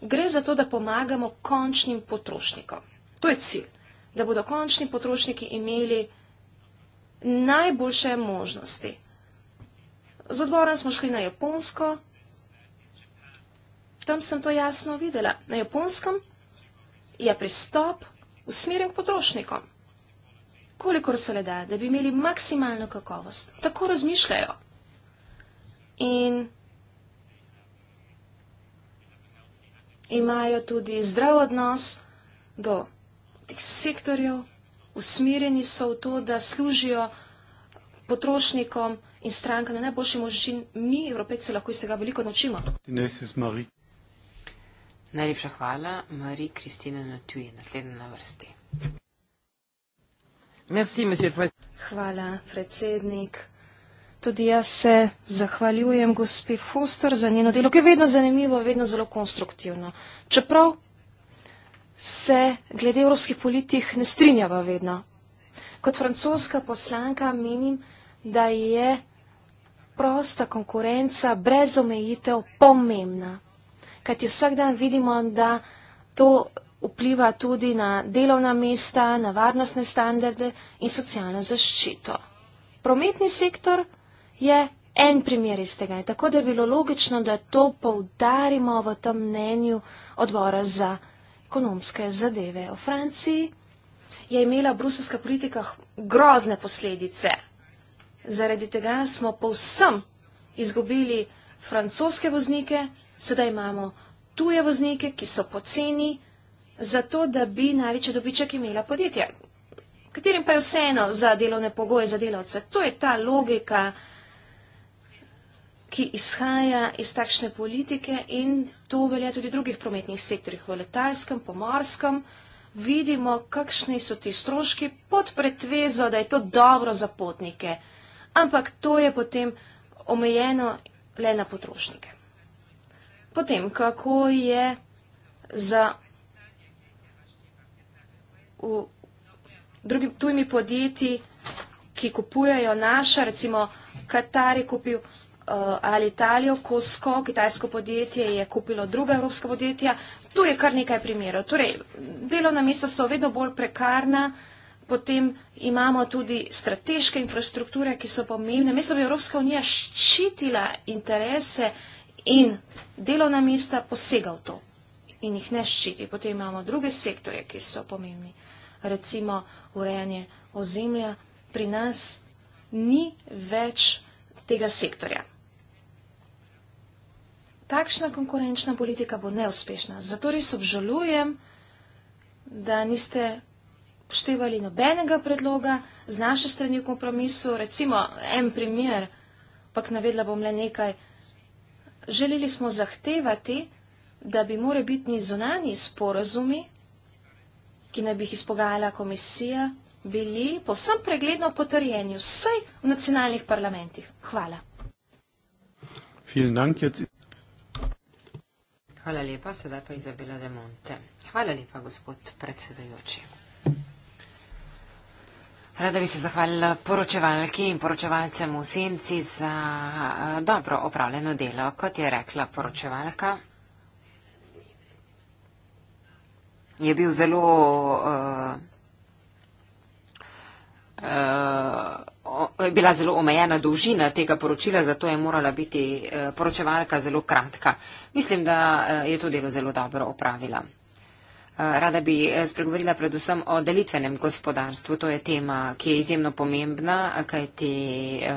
S4: Gre za to, da pomagamo končnim potrošnikom. To je cilj, da bodo končni potrošniki imeli najboljše možnosti. Z odborom smo šli na Japonsko, tam sem to jasno videla. Na Japonskem je pristop usmerjen k potrošnikom. Kolikor se le da, da bi imeli maksimalno kakovost. Tako razmišljajo. In imajo tudi zdrav odnos do teh sektorjev, usmerjeni so v to, da služijo potrošnikom in strankam na najboljši možni. Mi, evropejci, lahko iz tega veliko naučimo.
S2: Najlepša hvala. Mari Kristina Natuj je naslednja na vrsti.
S4: Hvala, predsednik. Tudi jaz se zahvaljujem gospi Fuster za njeno delo, ki je vedno zanimivo, vedno zelo konstruktivno. Čeprav se glede evropskih politik ne strinjava vedno. Kot francoska poslanka menim, da je prosta konkurenca brez omejitev pomembna kajti vsak dan vidimo, da to vpliva tudi na delovna mesta, na varnostne standarde in socialno zaščito. Prometni sektor je en primer iz tega, tako da je bilo logično, da to poudarimo v tem mnenju odbora za ekonomske zadeve. V Franciji je imela bruselska politika grozne posledice. Zaradi tega smo povsem izgubili francoske voznike, Sedaj imamo tuje voznike, ki so poceni, zato da bi največji dobiček imela podjetja, katerim pa je vseeno za delovne pogoje za delavce. To je ta logika, ki izhaja iz takšne politike in to velja tudi v drugih prometnih sektorjih, v letalskem, pomorskem. Vidimo, kakšni so ti stroški pod pretvezo, da je to dobro za potnike. Ampak to je potem omejeno le na potrošnike. Potem, kako je za v drugim tujimi podjetji, ki kupujejo naša, recimo Katar je kupil uh, ali Italijo, Kosko, kitajsko podjetje je kupilo druga evropska podjetja. Tu je kar nekaj primerov. Torej, delovna mesta so vedno bolj prekarna, potem imamo tudi strateške infrastrukture, ki so pomembne. Mesto bi Evropska unija ščitila interese uh, in delovna mesta posega v to in jih ne ščiti. Potem imamo druge sektore, ki so pomembni, recimo urejanje ozemlja. Pri nas ni več tega sektorja. Takšna konkurenčna politika bo neuspešna. Zato res obžalujem, da niste poštevali nobenega predloga z naše strani v kompromisu. Recimo en primer, pa navedla bom le nekaj, želeli smo zahtevati, da bi morebitni zunani sporazumi, ki naj bi jih izpogajala komisija, bili povsem pregledno potrjeni vsaj v nacionalnih parlamentih. Hvala.
S2: Hvala lepa, sedaj pa Izabela Demonte. Hvala lepa, gospod
S4: predsedajoči.
S2: Rada bi se zahvalila poročevalki in poročevalcem v senci za eh, dobro opravljeno delo, kot je rekla poročevalka. Je bil zelo eh, eh, je bila zelo omejena dolžina tega poročila, zato je morala biti poročevalka zelo kratka. Mislim, da je to delo zelo dobro opravila. Rada bi eh, spregovorila predvsem o delitvenem gospodarstvu. To je tema, ki je izjemno pomembna, kaj ti eh,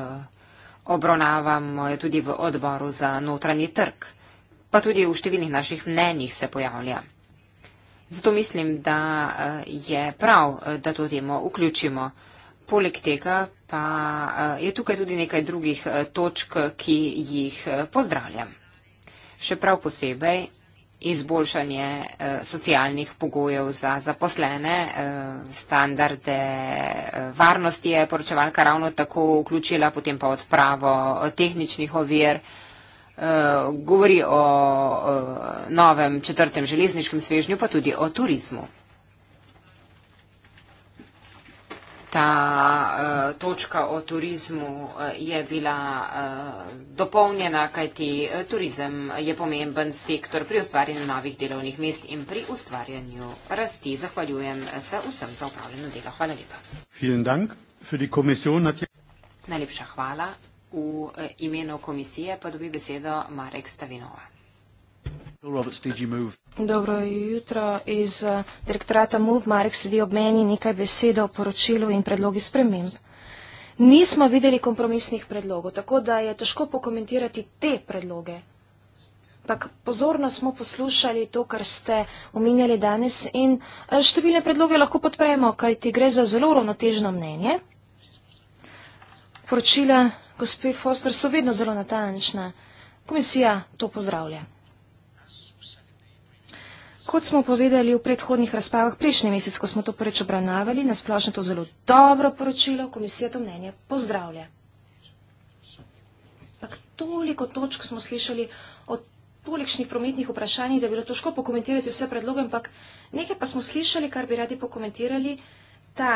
S2: obravnavamo jo tudi v odboru za notranji trg, pa tudi v številnih naših mnenjih se pojavlja. Zato mislim, da eh, je prav, da to temo vključimo. Poleg tega pa je tukaj tudi nekaj drugih točk, ki jih pozdravljam. Še prav posebej izboljšanje eh, socialnih pogojev za zaposlene, eh, standarde eh, varnosti je poročevalka ravno tako vključila, potem pa odpravo tehničnih ovir. Govori o novem četrtem železniškem svežnju, pa tudi o turizmu. ta uh, točka o turizmu eh, je bila uh, dopolnjena, kajti turizem je pomemben sektor pri ustvarjanju novih delovnih mest in pri ustvarjanju rasti. Zahvaljujem se vsem za upravljeno delo. Hvala
S1: lepa.
S2: Najlepša hvala. V imenu komisije pa dobi besedo Marek Stavinova.
S4: Dobro jutro iz eh, direktorata MUV. Marek sedi ob meni, nekaj besede o poročilu in predlogi sprememb. Nismo videli kompromisnih predlogov, tako da je težko pokomentirati te predloge. Pak pozorno smo poslušali to, kar ste omenjali danes in eh, številne predloge lahko podpremo, kaj ti gre za zelo ravnotežno mnenje. Poročila gospe Foster so vedno zelo natančna. Komisija to pozdravlja. Kot smo povedali v predhodnih razpravah, prejšnji mesec, ko smo to poreč obravnavali, nasplošno to zelo dobro poročilo, komisija to mnenje pozdravlja. Pak toliko točk smo slišali o tolikšnih prometnih vprašanjih, da je bilo težko pokomentirati vse predloge, ampak nekaj pa smo slišali, kar bi radi pokomentirali, ta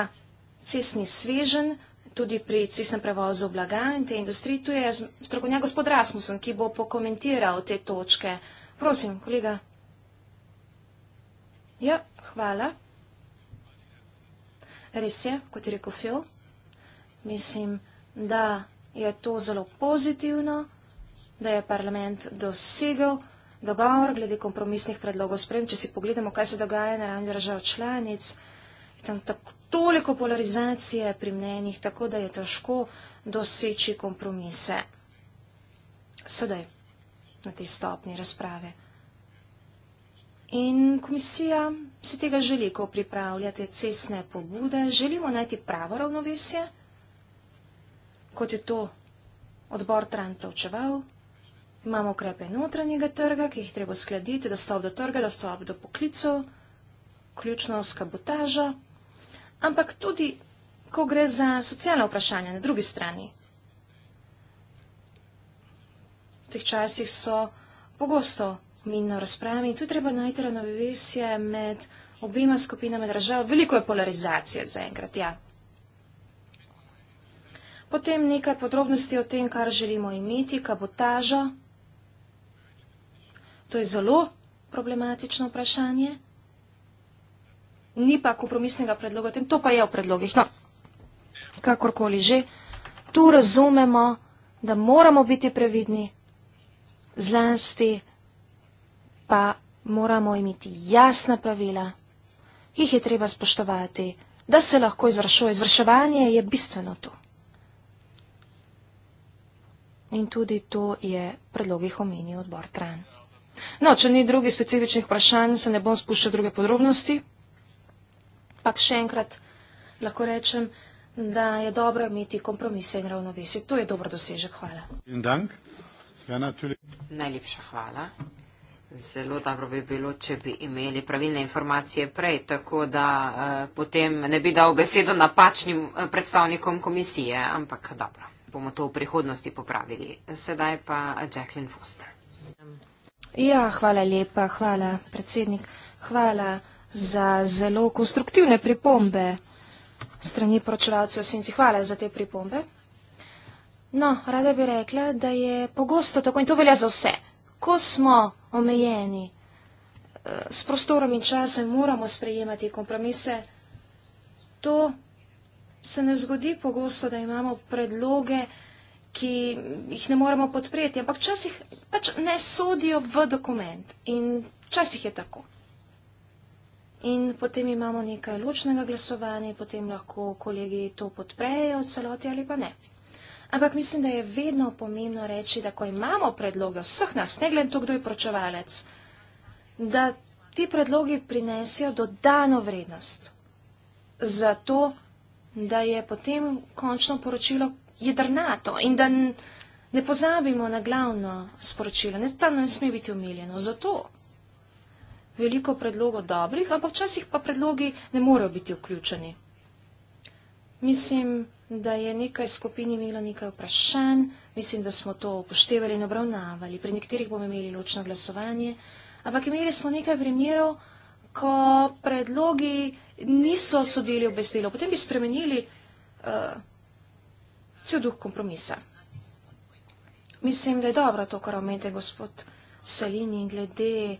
S4: cestni svežen, tudi pri cestnem prevozu blaga in te industrije, tu je strokovnja gospod Rasmussen, ki bo pokomentiral te točke. Prosim, kolega. Ja, hvala. Res je, kot je rekel Phil, mislim, da je to zelo pozitivno, da je parlament dosegel dogovor glede kompromisnih predlogov. Sprem, če si pogledamo, kaj se dogaja na ravni držav članic, je tam tako, toliko polarizacije pri mnenjih, tako da je težko doseči kompromise. Sedaj na tej stopni razprave. In komisija si tega želi, ko pripravljate cesne pobude, želimo najti pravo ravnovesje, kot je to odbor tran pravčeval. Imamo ukrepe notranjega trga, ki jih treba skladiti, dostop do trga, dostop do poklicov, ključno s kabotažo, ampak tudi, ko gre za socialne vprašanja na drugi strani. V teh časih so pogosto vprašanje minno razpravami. Tu treba najti ravnovesje med obima skupinama držav. Veliko je polarizacije zaenkrat, ja. Potem nekaj podrobnosti o tem, kar želimo imeti, kabotažo. To je zelo problematično vprašanje. Ni pa kompromisnega predloga o tem, to pa je v predlogih. No, kakorkoli že, tu razumemo, da moramo biti previdni, zlasti pa moramo imeti jasna pravila, ki jih je treba spoštovati, da se lahko izvršuje. Izvrševanje je bistveno tu. In tudi to je predlogih omenil odbor Tran. No, če ni drugih specifičnih vprašanj, se ne bom spuščal druge podrobnosti. Pak še enkrat lahko rečem, da je dobro imeti kompromise in ravnovesje. To je dobro dosežek. Hvala.
S2: Najlepša hvala. Zelo dobro bi bilo, če bi imeli pravilne informacije prej, tako da eh, potem ne bi dal besedo napačnim eh, predstavnikom komisije, ampak dobro, bomo to v prihodnosti popravili. Sedaj pa Jacqueline Foster.
S4: Ja, hvala lepa, hvala predsednik, hvala za zelo konstruktivne pripombe strani poročevalcev v Senci. Hvala za te pripombe. No, rada bi rekla, da je pogosto tako in to velja za vse kako smo omejeni eh, s prostorom in časom, moramo sprejemati kompromise. To se ne zgodi pogosto, da imamo predloge, ki jih ne moremo podpreti, ampak časih pač ne sodijo v dokument in časih je tako. In potem imamo nekaj ločnega glasovanja, potem lahko kolegi to podprejo v celoti ali pa ne. Ampak mislim, da je vedno pomembno reči, da ko imamo predloge vseh nas, ne glede to, kdo je pročevalec, da ti predlogi prinesijo dodano vrednost. Zato, da je potem končno poročilo jedrnato in da ne pozabimo na glavno sporočilo. Ne, tam ne sme biti umiljeno. Zato veliko predlogov dobrih, ampak včasih pa predlogi ne morejo biti vključeni. Mislim, da je nekaj skupin imelo nekaj vprašanj. Mislim, da smo to upoštevali in obravnavali. Pri nekaterih bomo imeli ločno glasovanje. Ampak imeli smo nekaj primerov, ko predlogi niso sodili v besedilo. Potem bi spremenili uh, cel duh kompromisa. Mislim, da je dobro to, kar omete gospod Salini in glede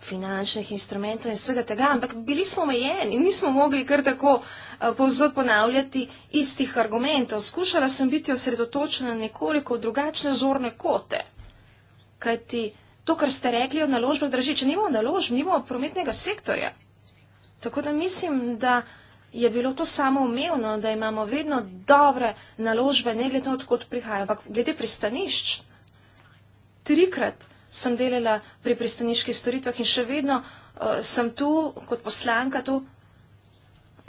S4: finančnih instrumentov in vsega tega, ampak bili smo omejeni in nismo mogli kar tako eh, povzod ponavljati istih argumentov. Skušala sem biti osredotočena nekoliko v drugačne zorne kote, kajti to, kar ste rekli o naložbah drži, če nimamo naložb, nimamo prometnega sektorja. Tako da mislim, da je bilo to samo umevno, da imamo vedno dobre naložbe, ne glede na odkot prihajajo, ampak glede pristanišč, trikrat sem delala pri pristaniških storitvah in še vedno uh, sem tu kot poslanka. Tu.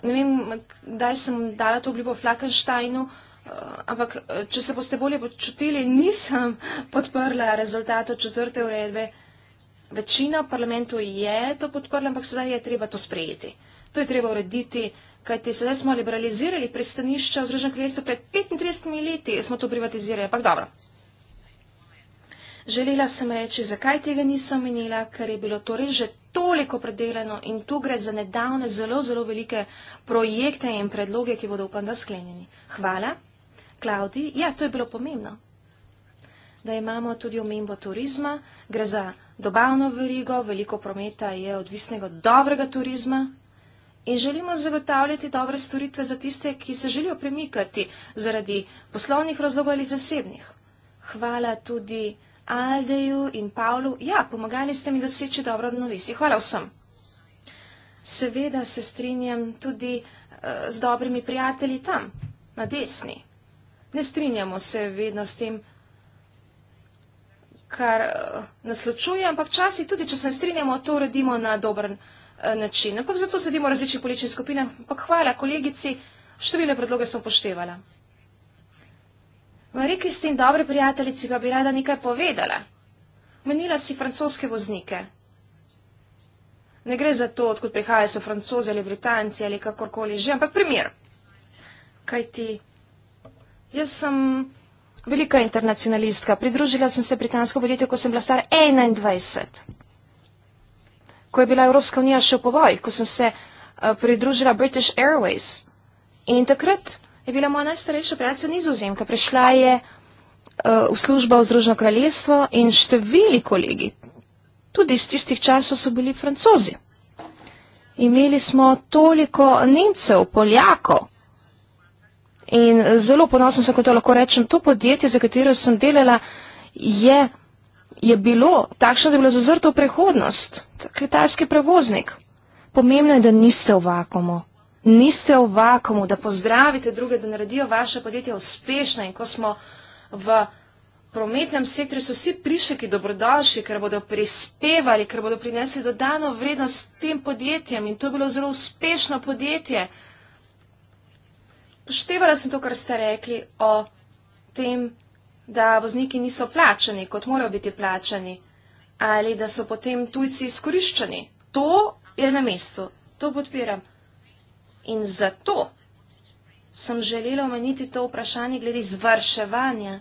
S4: Ne vem, kdaj sem dala to obljubo Flakensteinu, eh, ampak eh, če se boste bolje počutili, nisem *laughs* podprla rezultatov četrte uredbe. Večina v parlamentu je to podprla, ampak sedaj je treba to sprejeti. To je treba urediti, kajti sedaj smo liberalizirali pristanišča v Združenem kraljestvu pred 35 leti, smo to privatizirali, ampak dobro. Želela sem reči, zakaj tega nisem omenila, ker je bilo to res že toliko predelano in tu gre za nedavne zelo, zelo velike projekte in predloge, ki bodo upam, da sklenjeni. Hvala, Klaudi. Ja, to je bilo pomembno, da imamo tudi omembo turizma. Gre za dobavno verigo, veliko prometa je odvisnega od dobrega turizma. In želimo zagotavljati dobre storitve za tiste, ki se želijo premikati zaradi poslovnih razlogov ali zasebnih. Hvala tudi. Aldeju in Pavlu, ja, pomagali ste mi doseči dobro ravnovesje. Hvala vsem. Seveda se strinjam tudi eh, z dobrimi prijatelji tam, na desni. Ne strinjamo se vedno s tem, kar eh, naslučuje, ampak časi tudi, če se ne strinjamo, to uredimo na dober eh, način. Ampak zato sedimo v različnih političnih skupinah. Ampak hvala kolegici, številne predloge sem upoštevala. Mariki s tem dobre prijateljici pa bi rada nekaj povedala. Menila si francoske voznike. Ne gre za to, odkud prihajajo so francozi ali britanci ali kakorkoli že, ampak primer. Kaj ti? Jaz sem velika internacionalistka. Pridružila sem se britansko podjetje, ko sem bila star 21. Ko je bila Evropska unija še v povoj, ko sem se uh, pridružila British Airways. In takrat je bila moja najstarejša prijateljica nizozemka. Prišla je eh, v službo v Združeno kraljestvo in številni kolegi, tudi iz tistih časov so bili francozi. Imeli smo toliko Nemcev, Poljakov in zelo ponosno sem, ko to lahko rečem, to podjetje, za katero sem delala, je, je bilo takšno, da je bilo zazrto v prihodnost. Kletarski prevoznik. Pomembno je, da niste v vakomu niste v vakumu, da pozdravite druge, da naredijo vaše podjetje uspešno in ko smo v prometnem sektorju, so vsi prišeki dobrodošli, ker bodo prispevali, ker bodo prinesli dodano vrednost tem podjetjem in to je bilo zelo uspešno podjetje. Poštevala sem to, kar ste rekli o tem, da vozniki niso plačani, kot morajo biti plačani, ali da so potem tujci izkoriščeni. To je na mestu. To podpiram. In zato sem želela omeniti to vprašanje glede izvrševanja.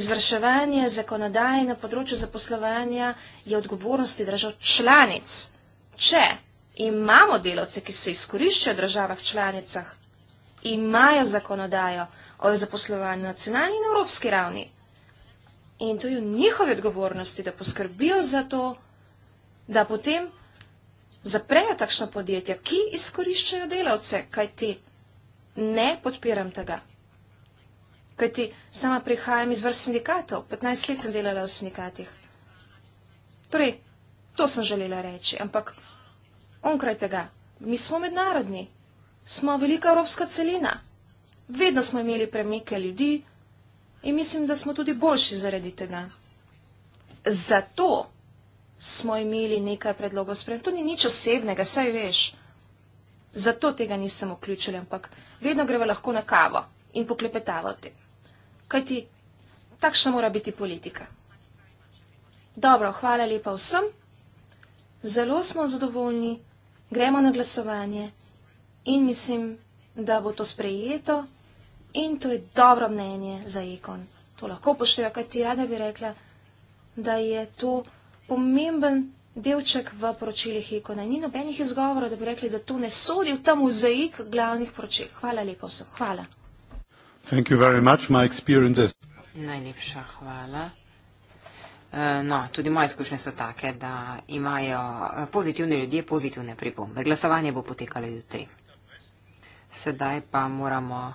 S4: Izvrševanje zakonodaje na področju zaposlovanja je odgovornosti držav članic. Če imamo delavce, ki se izkoriščajo v državah članicah, imajo zakonodajo o zaposlovanju na nacionalni in evropski ravni. In to je v njihovi odgovornosti, da poskrbijo za to, da potem zaprejo takšna podjetja, ki izkoriščajo delavce, kaj ti ne podpiram tega. Kaj ti sama prihajam iz vrst sindikatov, 15 let sem delala v sindikatih. Torej, to sem želela reči, ampak onkraj tega, mi smo mednarodni, smo velika evropska celina, vedno smo imeli premike ljudi in mislim, da smo tudi boljši zaradi tega. Zato smo imeli nekaj predlogov sprem. To ni nič osebnega, saj veš. Zato tega nisem vključila, ampak vedno greva lahko na kavo in poklepetava o tem. Kaj ti, takšna mora biti politika. Dobro, hvala lepa vsem. Zelo smo zadovoljni, gremo na glasovanje in mislim, da bo to sprejeto in to je dobro mnenje za Ekon. To lahko pošteva, kaj ti rada bi rekla, da je to pomemben delček v poročilih ikone. Ni nobenih izgovorov, da bi rekli, da to ne sodi v ta muzejik glavnih poročil. Hvala lepo vsem. Hvala. Much, Najlepša hvala. Eh,
S2: no, tudi moje izkušnje so take, da imajo eh, pozitivni ljudje pozitivne pripombe. Glasovanje bo potekalo jutri. Sedaj pa moramo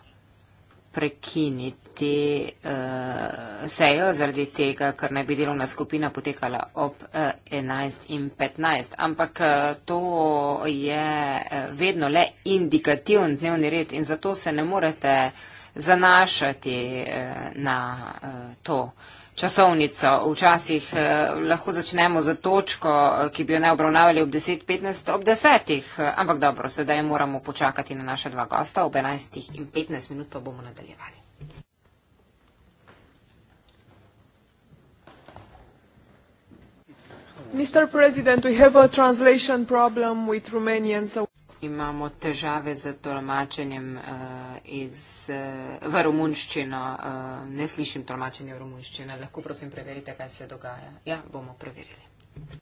S2: prekiniti te uh, sejo, zaradi tega, ker naj bi delovna skupina potekala ob uh, eh, 11 in 15. Ampak uh, to je uh, vedno le indikativen dnevni red in zato se ne morete zanašati uh, na uh, to. Časovnico. Včasih eh, lahko začnemo za točko, ki bi jo naj obravnavali ob 10.15, ob 10. Ampak dobro, sedaj moramo počakati na naše dva gosta, ob 11.15 minut pa bomo nadaljevali. Mr. President, we have a translation problem with Romanian, so... Imamo težave z tolmačenjem uh, iz, uh, v romunščino. Uh, ne slišim tolmačenja v romunščino. Lahko prosim preverite, kaj se dogaja. Ja, bomo preverili.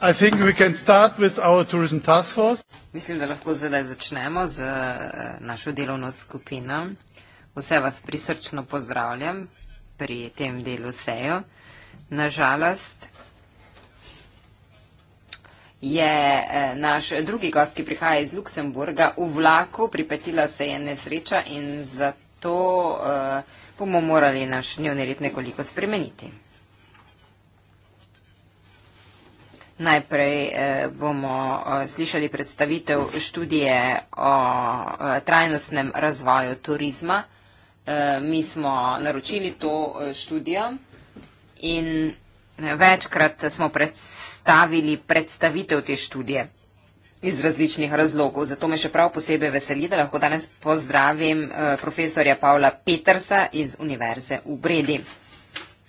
S1: I think we can start with our tourism task force.
S2: Mislim, da lahko zdaj začnemo z eh, našo delovno skupino. Vse vas prisrčno pozdravljam pri tem delu sejo. Nažalost je eh, naš drugi gost, ki prihaja iz Luksemburga, v vlaku pripetila se je nesreča in zato eh, bomo morali naš dnevni red nekoliko spremeniti. Najprej eh, bomo eh, slišali predstavitev študije o eh, trajnostnem razvoju turizma. Mi smo naročili to študijo in večkrat smo predstavili predstavitev te študije iz različnih razlogov. Zato me še prav posebej veseli, da lahko danes pozdravim profesorja Pavla Petersa iz Univerze v Bredi.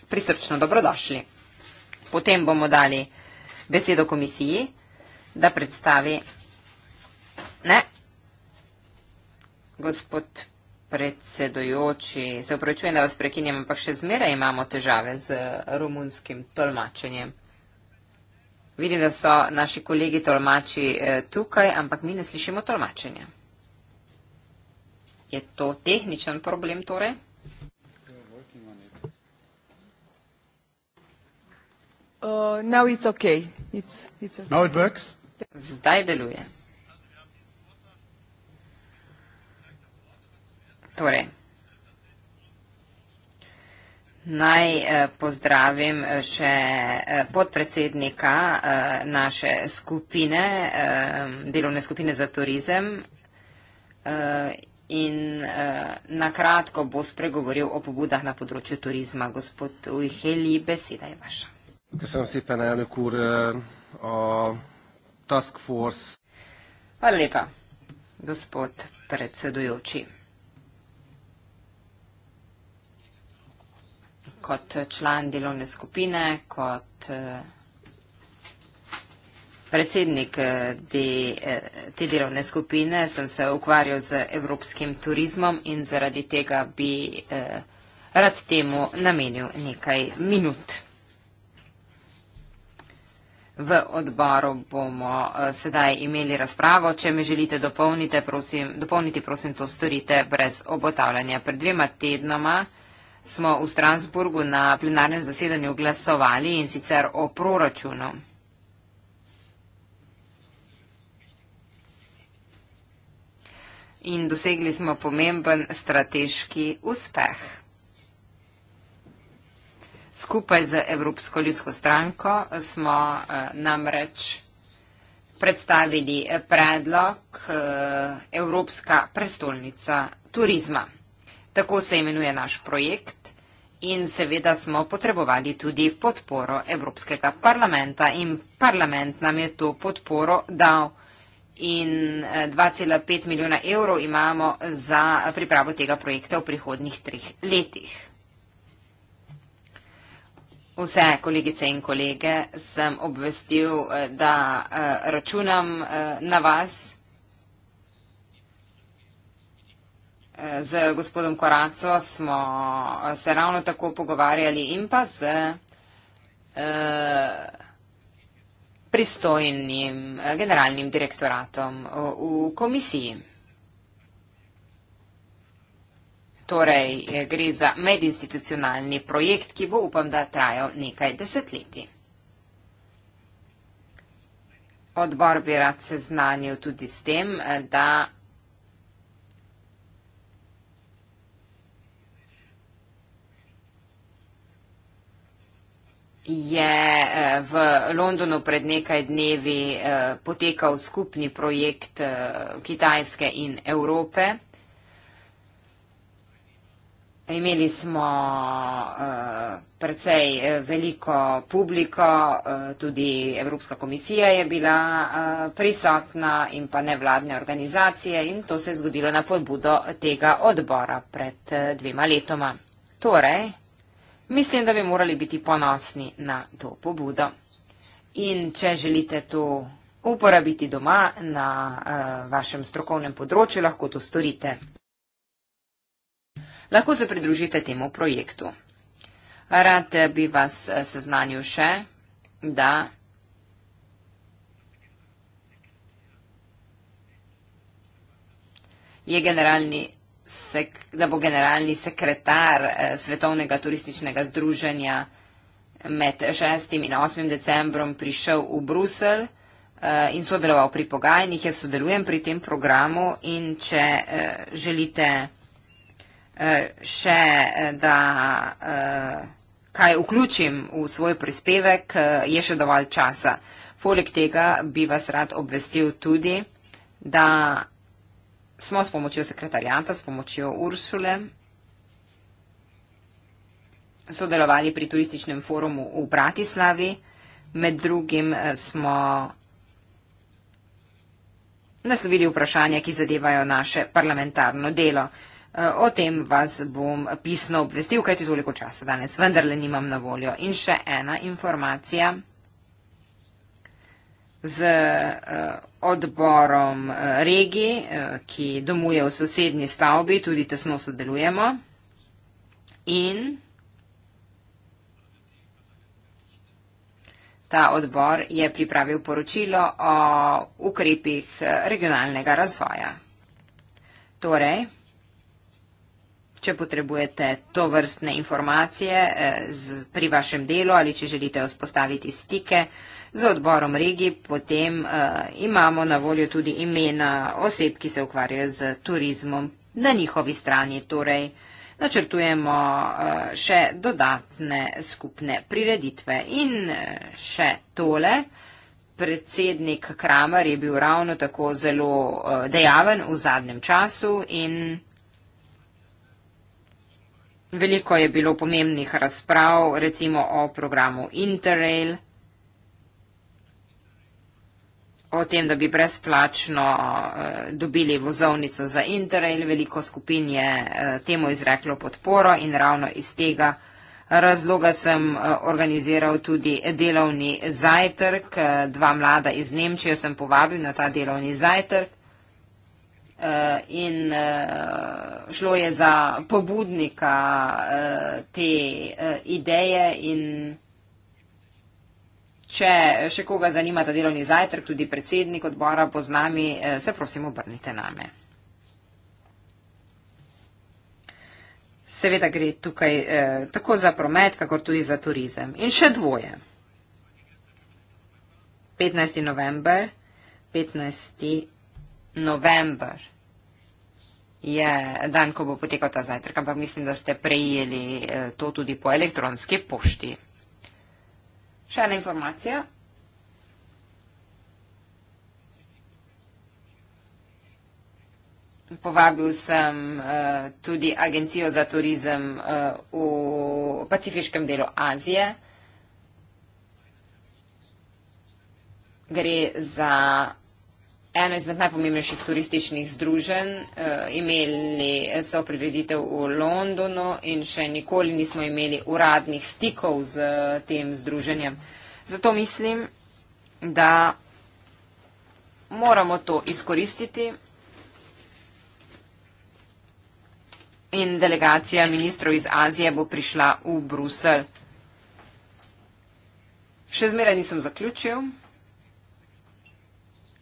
S2: Prisrčno dobrodošli. Potem bomo dali besedo komisiji, da predstavi ne. Gospod predsedojoči, se upravičujem, da vas prekinjam, ampak še zmeraj imamo težave z romunskim tolmačenjem. Vidim, da so naši kolegi tolmači eh, tukaj, ampak mi ne slišimo tolmačenja. Je to tehničen problem torej?
S4: Uh, zdaj deluje
S2: torej naj eh, pozdravim eh, še eh, podpredsednika naše skupine delovne skupine za turizem in na kratko bo spregovoril o pobudah na področju turizma gospod Ujheli beseda je vaša
S1: Köszönöm szépen, elnök úr, a Task Force.
S2: Hvala lepa, gospod predsedujoči. Kot član delovne skupine, kot eh, predsednik eh, de, eh, te delovne skupine sem se ukvarjal z evropskim turizmom in zaradi tega bi rad temu namenil nekaj minut. V odboru bomo eh, sedaj imeli razpravo. Če me želite prosim, dopolniti, prosim, to storite brez obotavljanja. Pred dvema tednoma smo v Strasburgu na plenarnem zasedanju glasovali in sicer o proračunu. In dosegli smo pomemben strateški uspeh. Skupaj z Evropsko ljudsko stranko smo eh, namreč predstavili eh, predlog eh, Evropska prestolnica turizma. Tako se imenuje naš projekt in seveda smo potrebovali tudi podporo Evropskega parlamenta in parlament nam je to podporo dal in 2,5 milijona evrov imamo za pripravo tega projekta v prihodnjih treh letih. Vse kolegice in kolege sem obvestil, eh, da eh, računam eh, na vas z gospodom Koraco. Smo se ravno tako pogovarjali in pa z pristojnim generalnim direktoratom v komisiji. Torej, eh, gre za medinstitucionalni projekt, ki bo upam, da trajal nekaj desetletij. Odbor bi rad seznanil tudi s tem, eh, da je eh, v Londonu pred nekaj dnevi potekal skupni projekt Kitajske in Evrope, Imeli smo uh, precej eh, veliko publiko, uh, tudi Evropska komisija je bila uh, prisotna in pa nevladne organizacije in to se je zgodilo na podbudo tega odbora pred dvema letoma. Torej, mislim, da bi morali biti ponosni na to pobudo. In če želite to uporabiti doma na uh, vašem strokovnem področju, lahko to storite lahko se pridružite temu projektu. Rad eh, bi vas eh, seznanil še, da je generalni da bo generalni sekretar eh, Svetovnega turističnega združenja med 6. in 8. decembrom prišel v Brusel in sodeloval pri pogajnih. Jaz sodelujem pri tem programu in če želite vsega, še, da eh, kaj vključim v svoj prispevek, eh, je še dovolj časa. Poleg tega bi vas rad obvestil tudi, da smo s pomočjo sekretarjanta, s pomočjo Uršule sodelovali pri turističnem forumu v Bratislavi. Med drugim eh, smo naslovili vprašanja, ki zadevajo naše parlamentarno delo. O tem vas bom pisno obvestil, kajti toliko časa danes vendarle nimam na voljo. In še ena informacija z eh, odborom eh, regi, eh, ki domuje v sosednji stavbi, tudi tesno sodelujemo. In ta odbor je pripravil poročilo o ukrepih regionalnega razvoja. Torej, Če potrebujete to vrstne informacije eh, z, pri vašem delu ali če želite vzpostaviti stike z odborom regi, potem uh, imamo na voljo tudi imena oseb, ki se ukvarjajo z turizmom na njihovi strani. Torej, načrtujemo uh, še dodatne skupne prireditve in uh, še tole. Predsednik Kramer je bil ravno tako zelo uh, dejaven v zadnjem času in. Veliko je bilo pomembnih razprav, recimo o programu Interrail, o tem, da bi brezplačno eh, dobili vozovnico za Interrail. Veliko skupin je eh, temu izreklo podporo in ravno iz tega razloga sem eh, organiziral tudi delovni zajtrk. Dva mlada iz Nemčije sem povabil na ta delovni zajtrk. Eh, in eh, šlo je za pobudnika eh, te ideje in če še koga zanima ta delovni zajtrk, tudi predsednik odbora bo z nami, se prosim obrnite name. Seveda gre tukaj eh, tako za promet, kakor tudi za turizem. In še dvoje. 15. november, 15 november je dan, ko bo potekal ta zajtrk, ampak mislim, da ste prejeli eh, to tudi po elektronski pošti. Še ena informacija. Povabil sem uh, tudi agencijo za turizem uh, v pacifiškem delu Azije. Gre za eno izmed najpomembnejših turističnih združenj. Eh, imeli so prireditev v Londonu in še nikoli nismo imeli uradnih stikov z eh, tem združenjem. Zato mislim, da moramo to izkoristiti in delegacija ministrov iz Azije bo prišla v Brusel. Še zmeraj nisem zaključil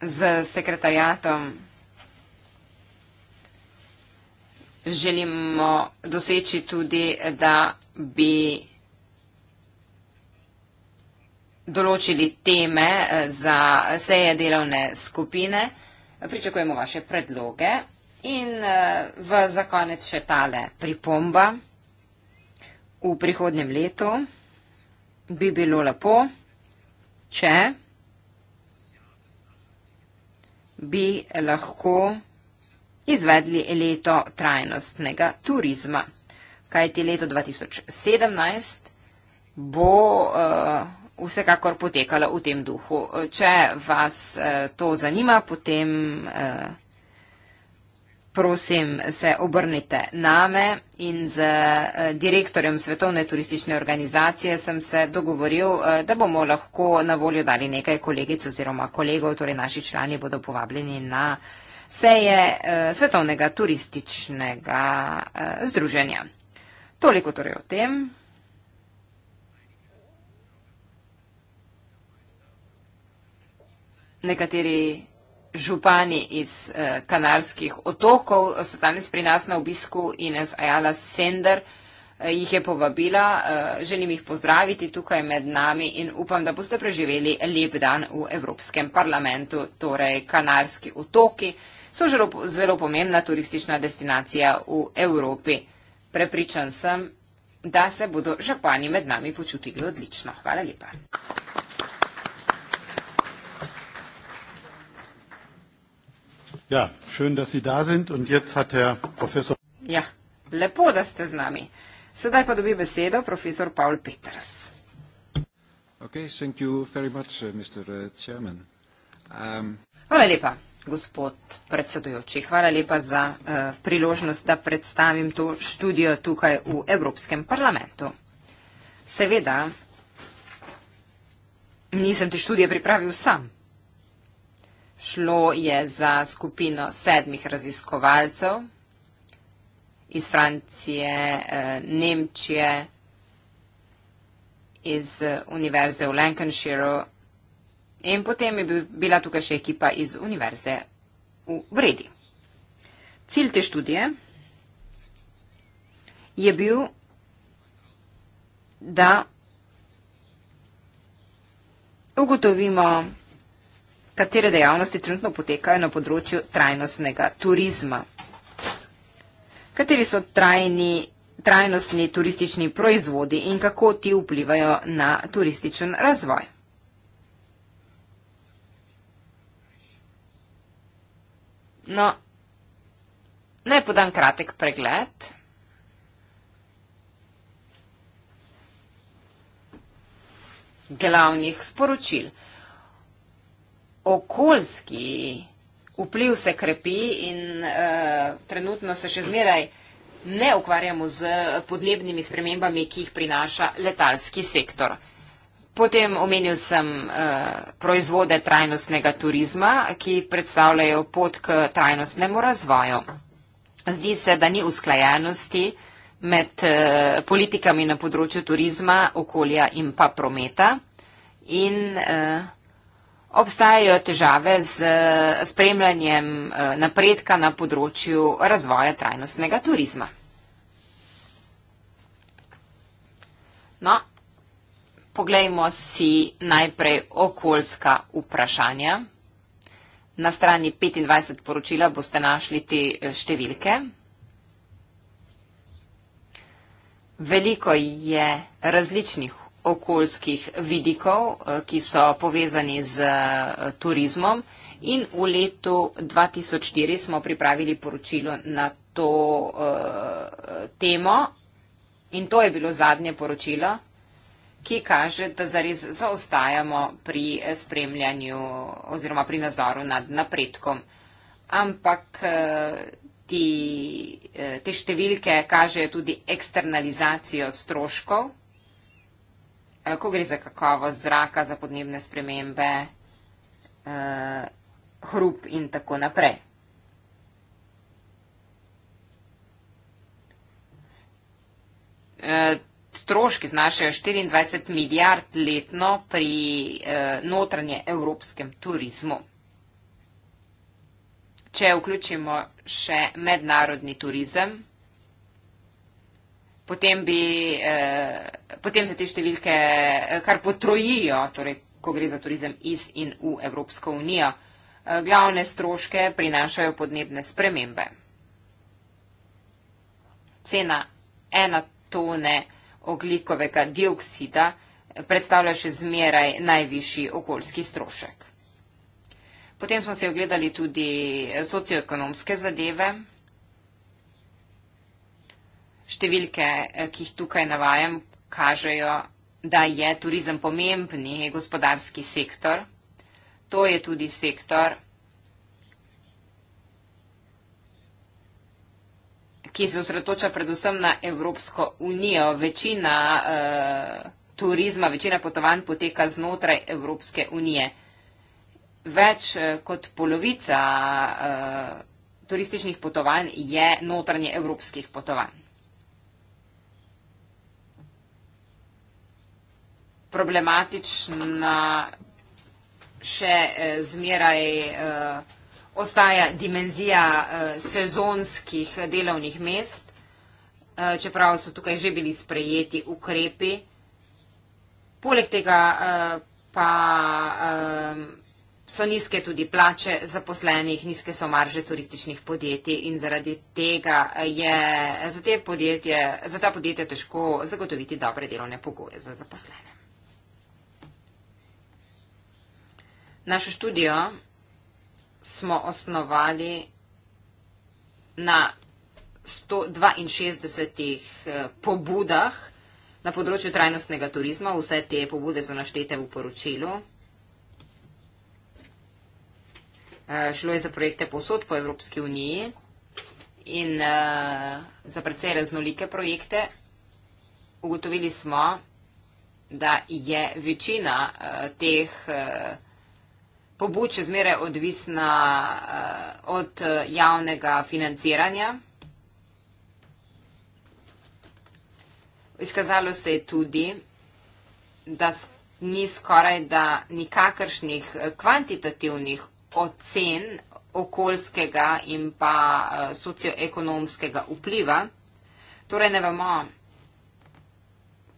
S2: z sekretarjatom želimo doseči tudi, da bi določili teme eh, za seje delovne skupine. Pričakujemo vaše predloge. In eh, v zakonec še tale pripomba. V prihodnem letu bi bilo lepo, če bi lahko izvedli leto trajnostnega turizma. Kajti leto 2017 bo eh, vsekakor potekalo v tem duhu. Če vas eh, to zanima, potem eh, prosim, se obrnite name in z eh, direktorjem Svetovne turistične organizacije sem se dogovoril, eh, da bomo lahko na voljo dali nekaj kolegic oziroma kolegov, torej naši člani bodo povabljeni na seje eh, Svetovnega turističnega združenja. Toliko torej o tem. Nekateri župani iz eh, Kanarskih otokov so danes pri nas na obisku Ines Ajala Sender eh, jih je povabila. Eh, želim jih pozdraviti tukaj med nami in upam, da boste preživeli lep dan v Evropskem parlamentu. Torej, Kanarski otoki so zelo, zelo pomembna turistična destinacija v Evropi. Prepričan sem, da se bodo župani med nami počutili odlično. Hvala lepa.
S1: Ja, schön, da ste da sind und jetzt hat der Professor.
S2: Ja, lepo, da ste z nami. Sedaj pa dobi besedo profesor Paul Peters. Okay, thank you very much, uh, Mr. Uh, chairman. Um... Hvala lepa, gospod predsedujoči. Hvala lepa za uh, priložnost, da predstavim to študijo tukaj v Evropskem parlamentu. Seveda, nisem te študije pripravil sam. Šlo je za skupino sedmih raziskovalcev iz Francije, eh, Nemčije, iz Univerze v Lancashire in potem je bila tukaj še ekipa iz Univerze v Bredi. Cilj te študije je bil, da ugotovimo, Katere dejavnosti trenutno potekajo na področju trajnostnega turizma? Kateri so trajni, trajnostni turistični proizvodi in kako ti vplivajo na turističen razvoj? No, naj podam kratek pregled. glavnih sporočil okoljski vpliv se krepi in uh, trenutno se še zmeraj ne ukvarjamo z podnebnimi spremembami, ki jih prinaša letalski sektor. Potem omenil sem uh, proizvode trajnostnega turizma, ki predstavljajo pot k trajnostnemu razvoju. Zdi se, da ni usklajenosti med uh, politikami na področju turizma, okolja in pa prometa. In, uh, Obstajajo težave z eh, spremljanjem eh, napredka na področju razvoja trajnostnega turizma. No, poglejmo si najprej okoljska vprašanja. Na strani 25 poročila boste našli te eh, številke. Veliko je različnih okoljskih vidikov, eh, ki so povezani z eh, turizmom. In v letu 2004 smo pripravili poročilo na to uh, temo in to je bilo zadnje poročilo, ki kaže, da zares zaostajamo pri spremljanju oziroma pri nazoru nad napredkom. Ampak uh, ti, uh, te številke kažejo tudi eksternalizacijo stroškov Eh, ko gre za kakovost zraka, za podnebne spremembe, uh, hrup in tako naprej. Eh, stroški znašajo 24 milijard letno pri notranje evropskem turizmu. Če vključimo še mednarodni turizem, potem bi potem se te številke eh, kar potrojijo, torej, ko gre za turizem iz in v Evropsko unijo. Eh, glavne stroške prinašajo podnebne spremembe. Cena ena tone oglikovega dioksida eh, predstavlja še zmeraj najvišji okoljski strošek. Potem smo se ogledali tudi socioekonomske zadeve. Številke, ki jih tukaj navajam, kažejo, da je turizem pomembni gospodarski sektor. To je tudi sektor, ki se usredotoča predvsem na Evropsko unijo. Večina uh, turizma, večina potovanj poteka znotraj Evropske unije. Več eh, kot polovica uh, turističnih potovanj je notranje evropskih potovanj. problematična še eh, zmeraj eh, ostaja dimenzija eh, sezonskih delovnih mest, eh, čeprav so tukaj že bili sprejeti ukrepi. Poleg tega eh, pa eh, so nizke tudi plače zaposlenih, nizke so marže turističnih podjetij in zaradi tega je za, podjetje, za ta podjetja težko zagotoviti dobre delovne pogoje za zaposlene. Našo študijo smo osnovali na 162 eh, pobudah na področju trajnostnega turizma. Vse te pobude so naštete v poročilu. Eh, šlo je za projekte posod po Evropski uniji in eh, za precej raznolike projekte. Ugotovili smo, da je večina teh projektov pobud še zmeraj odvisna uh, od eh, javnega financiranja. Izkazalo se je tudi, da ni skoraj da nikakršnih eh, kvantitativnih ocen okoljskega in pa socioekonomskega vpliva. Torej ne vemo,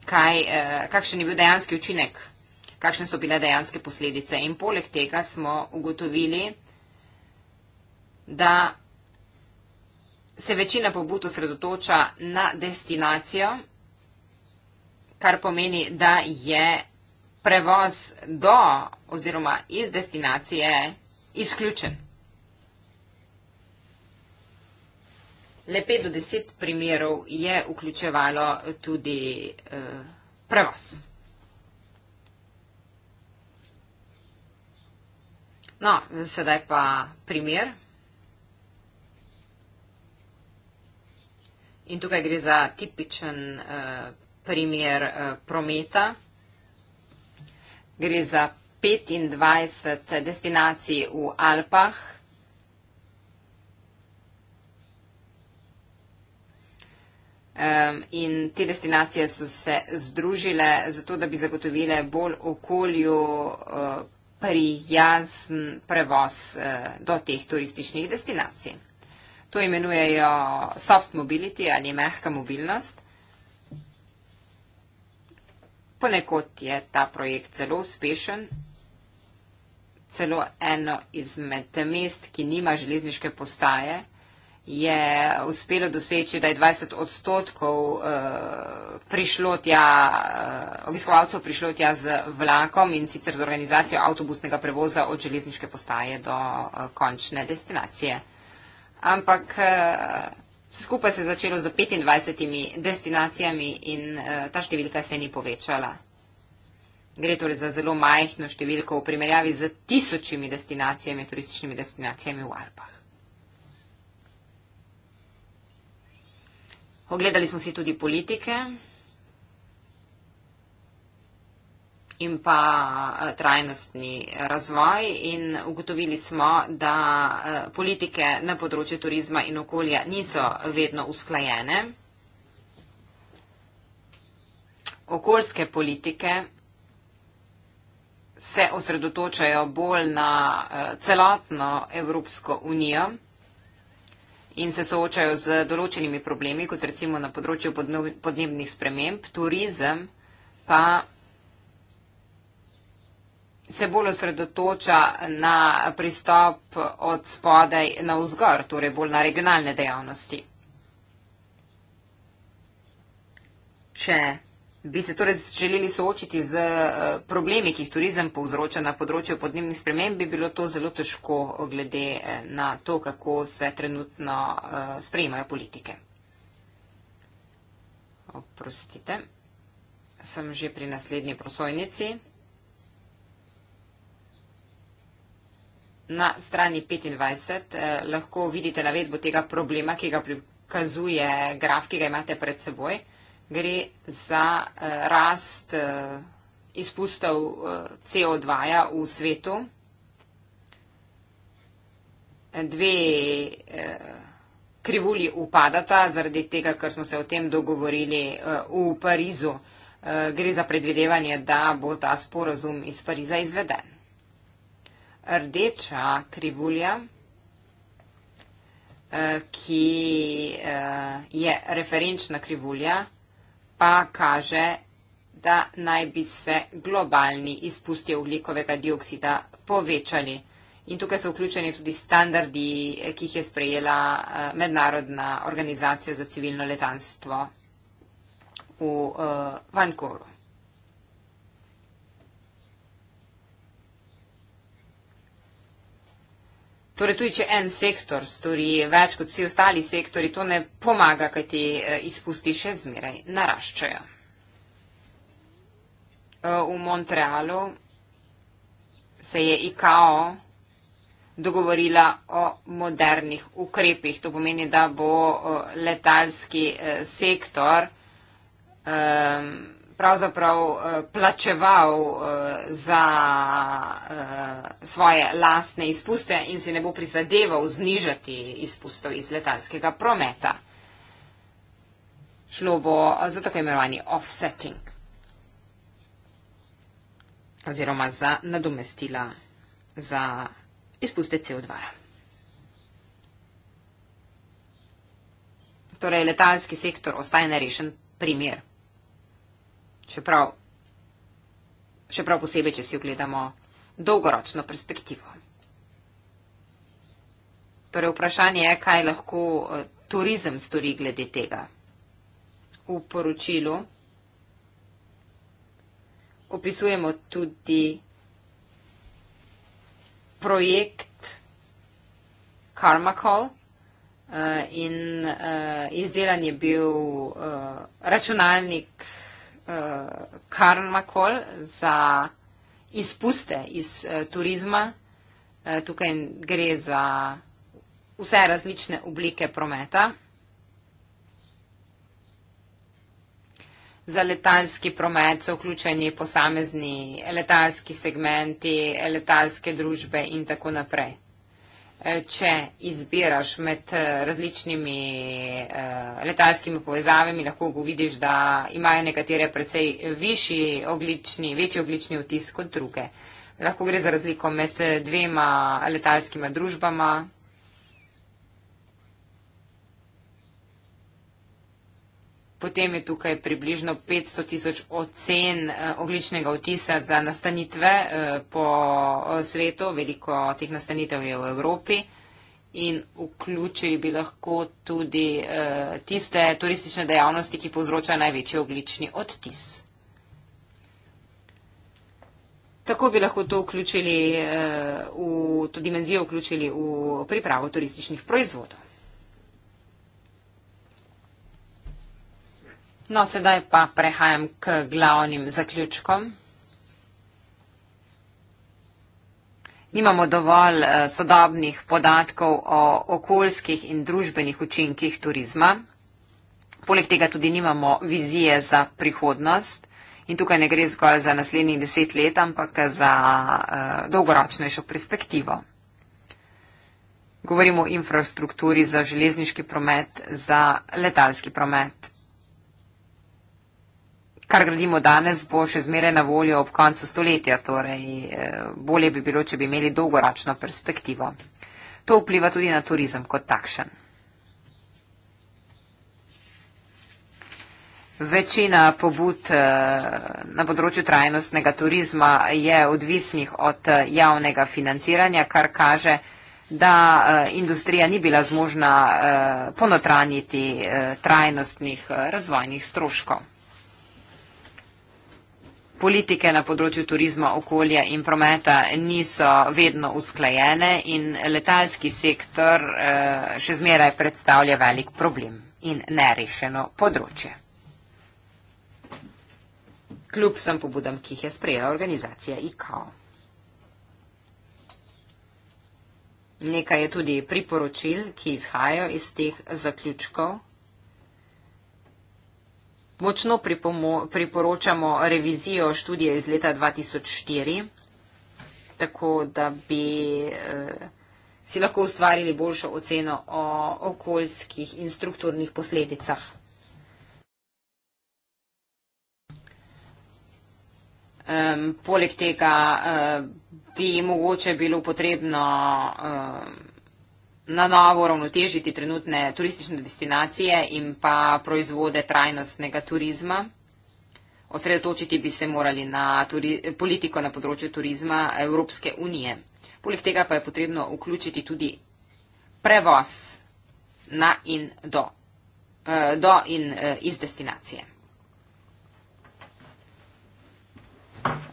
S2: kaj, kakšen je bil dejanski učinek kakšne so bile dejanske posledice. In poleg tega smo ugotovili, da se večina pobud osredotoča na destinacijo, kar pomeni, da je prevoz do oziroma iz destinacije izključen. Le 5 do 10 primerov je vključevalo tudi eh, prevoz. No, sedaj pa primer. In tukaj gre za tipičen uh, primer uh, prometa. Gre za 25 destinacij v Alpah. Um, in te destinacije so se združile zato, da bi zagotovile bolj okolju. Uh, prijazen prevoz eh, do teh turističnih destinacij. To imenujejo soft mobility ali mehka mobilnost. Ponekod je ta projekt zelo uspešen, celo eno izmed mest, ki nima železniške postaje, je uspelo doseči, da je 20 odstotkov eh, prišlo tja, eh, obiskovalcev prišlo tja z vlakom in sicer z organizacijo avtobusnega prevoza od železniške postaje do eh, končne destinacije. Ampak skupaj se je začelo z 25 destinacijami in ta številka se ni povečala. Gre torej za zelo majhno številko v primerjavi z tisočimi destinacijami, turističnimi destinacijami v Alpah. Ogledali smo si tudi politike in pa eh, trajnostni razvoj in ugotovili smo, da eh, politike na področju turizma in okolja niso vedno usklajene. Okoljske politike se osredotočajo bolj na eh, celotno Evropsko unijo in se soočajo z določenimi problemi, kot recimo na področju podnebnih sprememb, turizem pa se bolj osredotoča na pristop od spodaj na vzgor, torej bolj na regionalne dejavnosti. Če Bi se torej želeli soočiti z eh, problemi, ki jih turizem povzroča na področju podnebnih sprememb, bi bilo to zelo težko eh, glede eh, na to, kako se trenutno sprejemajo politike. Oprostite, sem že pri naslednji prosojnici. Na strani 25 lahko vidite navedbo tega problema, ki ga prikazuje graf, ki ga imate pred seboj gre za eh, rast eh, izpustov eh, CO2 -ja v svetu. Dve krivulji upadata zaradi tega, ker smo se o tem dogovorili v Parizu. Gre za predvidevanje, da bo ta sporozum iz Pariza izveden. Rdeča krivulja, ki je referenčna krivulja, pa kaže, da naj bi se globalni izpusti oglikovega dioksida povečali. In tukaj so vključeni tudi standardi, ki jih je sprejela eh, Mednarodna organizacija za civilno letanstvo v uh, eh, Vancouvru. Torej, tudi če en sektor stori več kot vsi ostali sektori, to ne pomaga, kaj ti eh, izpusti še zmeraj naraščajo. Eh, v Montrealu se je IKO dogovorila o modernih ukrepih. To pomeni, da bo eh, letalski sektor. Um, pravzaprav eh, plačeval eh, za eh, svoje lastne izpuste in si ne bo prizadeval znižati izpustov iz letalskega prometa. Šlo bo za tako imenovani offsetting oziroma za nadomestila za izpuste CO2. Torej, letalski sektor ostaje nerešen primer čeprav, čeprav posebej, če si ogledamo dolgoročno perspektivo. Torej, vprašanje je, kaj lahko eh, turizem stori glede tega. V poročilu opisujemo tudi projekt Karmakol. Uh, in uh, izdelan je bil uh, računalnik uh, uh, eh, Karn Makol za izpuste iz uh, turizma. Uh, tukaj gre za vse različne oblike prometa. Za letalski promet so vključeni posamezni letalski segmenti, letalske družbe in tako naprej če izbiraš med eh, različnimi eh, letalskimi povezavami, lahko vidiš, da imajo nekatere precej višji oglični, večji oglični vtis kot druge. Lahko gre za razliko med eh, dvema letalskima družbama, Potem je tukaj približno 500 tisoč ocen eh, ogličnega vtisa za nastanitve eh, po eh, svetu. Veliko teh nastanitev je v Evropi in vključili bi lahko tudi tiste turistične dejavnosti, ki povzročajo največji oglični odtis. Tako bi lahko to vključili, to dimenzijo vključili v pripravo turističnih proizvodov. No, sedaj pa prehajam k glavnim zaključkom. Nimamo dovolj eh, sodobnih podatkov o okoljskih in družbenih učinkih turizma. Poleg tega tudi nimamo vizije za prihodnost. In tukaj ne gre zgolj za naslednjih deset let, ampak za uh, dolgoročnejšo perspektivo. Govorimo o infrastrukturi za železniški promet, za letalski promet kar gradimo danes, bo še zmeraj na voljo ob koncu stoletja, torej eh, bolje bi bilo, če bi imeli dolgoročno perspektivo. To vpliva tudi na turizem kot takšen. Večina pobud eh, na področju trajnostnega turizma je odvisnih od eh, javnega financiranja, kar kaže, da industrija ni bila zmožna ponotranjiti trajnostnih razvojnih stroškov politike na področju turizma, okolja in prometa niso vedno usklajene in letalski sektor eh, še zmeraj predstavlja velik problem in nerešeno področje. Kljub sem pobudam, ki jih je sprejela organizacija ICAO. Nekaj je tudi priporočil, ki izhajajo iz teh zaključkov. Močno priporočamo revizijo študije iz leta 2004, tako da bi eh, si lahko ustvarili boljšo oceno o okoljskih in strukturnih posledicah. Poleg tega eh, bi mogoče bilo potrebno na novo ravnotežiti trenutne turistične destinacije in pa proizvode trajnostnega turizma. Osredotočiti bi se morali na politiko na področju turizma Evropske unije. Poleg tega pa je potrebno vključiti tudi prevoz na in do, eh, do in eh, iz destinacije.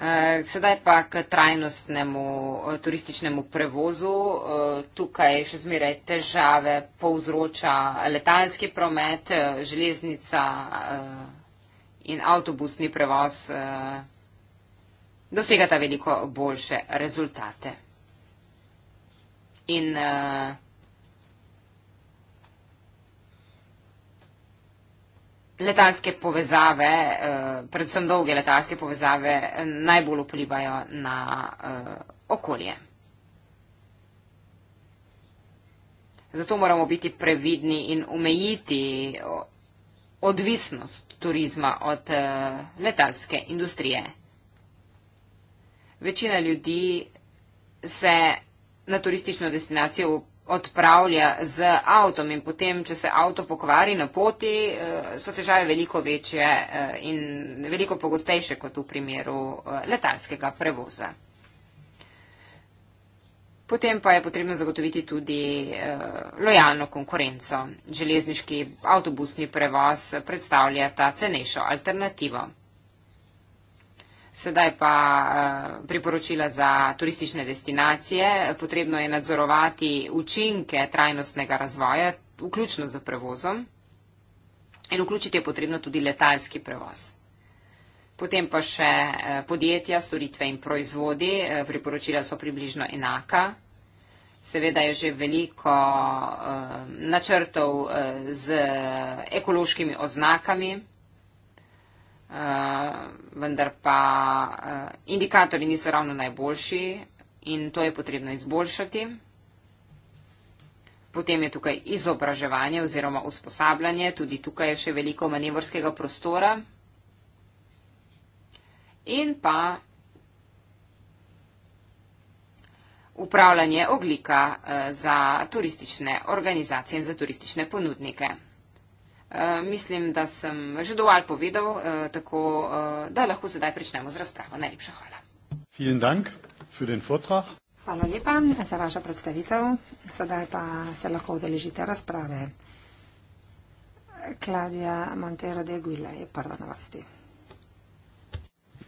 S2: Eh, sedaj pa k trajnostnemu eh, turističnemu prevozu. Eh, tukaj še zmeraj težave povzroča letalski promet, železnica in avtobusni prevoz. Dosegata veliko boljše rezultate. In uh, letalske povezave, eh, predvsem dolge letalske povezave, najbolj vplivajo na eh, okolje. Zato moramo biti previdni in omejiti odvisnost turizma od eh, letalske industrije. Večina ljudi se na turistično destinacijo odpravlja z avtom in potem, če se avto pokvari na poti, eh, so težave veliko večje eh, in veliko pogostejše kot v primeru eh, letalskega prevoza. Potem pa je potrebno zagotoviti tudi lojalno konkurenco. Železniški avtobusni prevoz predstavlja ta cenejšo alternativo. Sedaj pa eh, priporočila za turistične destinacije. Potrebno je nadzorovati učinke trajnostnega razvoja, vključno za prevozom. In vključiti je potrebno tudi letalski prevoz. Potem pa še eh, podjetja, storitve in proizvodi. Eh, priporočila so približno enaka. Seveda je že veliko načrtov z ekološkimi oznakami. Eh, vendar pa uh, indikatorji niso ravno najboljši in to je potrebno izboljšati. Potem je tukaj izobraževanje oziroma usposabljanje, tudi tukaj je še veliko manevrskega prostora. In pa upravljanje oglika eh, za turistične organizacije in za turistične ponudnike. Eh, mislim, da sem že dovolj povedal, uh, tako uh, da lahko sedaj pričnemo z razpravo. Najlepša hvala. Hvala lepa za vašo predstavitev.
S3: Sedaj pa se lahko udeležite razprave. Kladija Montero de Guila je prva na vrsti.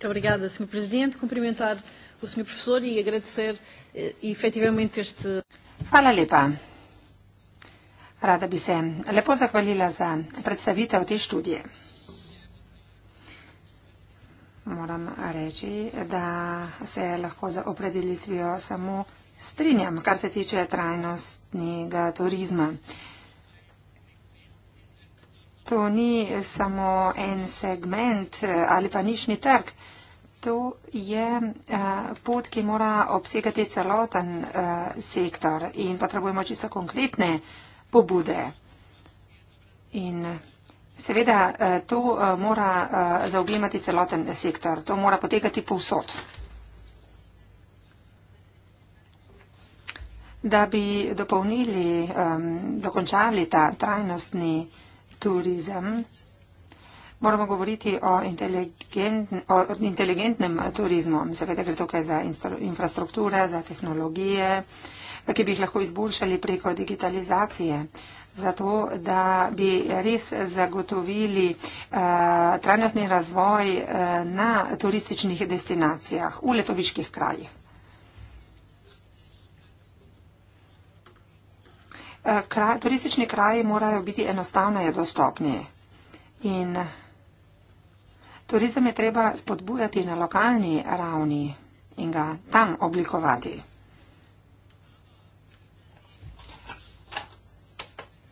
S4: Obrigada, senhor Presidente. Cumprimentar o senhor Professor e agradecer efetivamente este.
S3: Fala, Lepa. Rada bi se lepo zahvalila za predstavitev te študije. Moram reči, da se lahko za opredelitvijo samo strinjam, kar se tiče trajnostnega turizma. To ni samo en segment ali pa nišni trg. To je eh, pot, ki mora obsegati celoten eh, sektor in potrebujemo čisto konkretne pobude. In seveda eh, to eh, mora eh, zaobjemati celoten sektor, to mora potekati povsod. Da bi dopolnili, dokončali ta trajnostni turizem, moramo govoriti o, inteligent, o inteligentnem turizmu. Seveda gre tukaj za infrastrukture, za tehnologije, ki bi jih lahko izboljšali preko digitalizacije, zato da bi res zagotovili uh, trajnostni razvoj uh, na turističnih destinacijah v letoviških krajih. Eh, kraj, turistični kraji morajo biti enostavneje dostopni in turizem je treba spodbujati na lokalni ravni in ga tam oblikovati.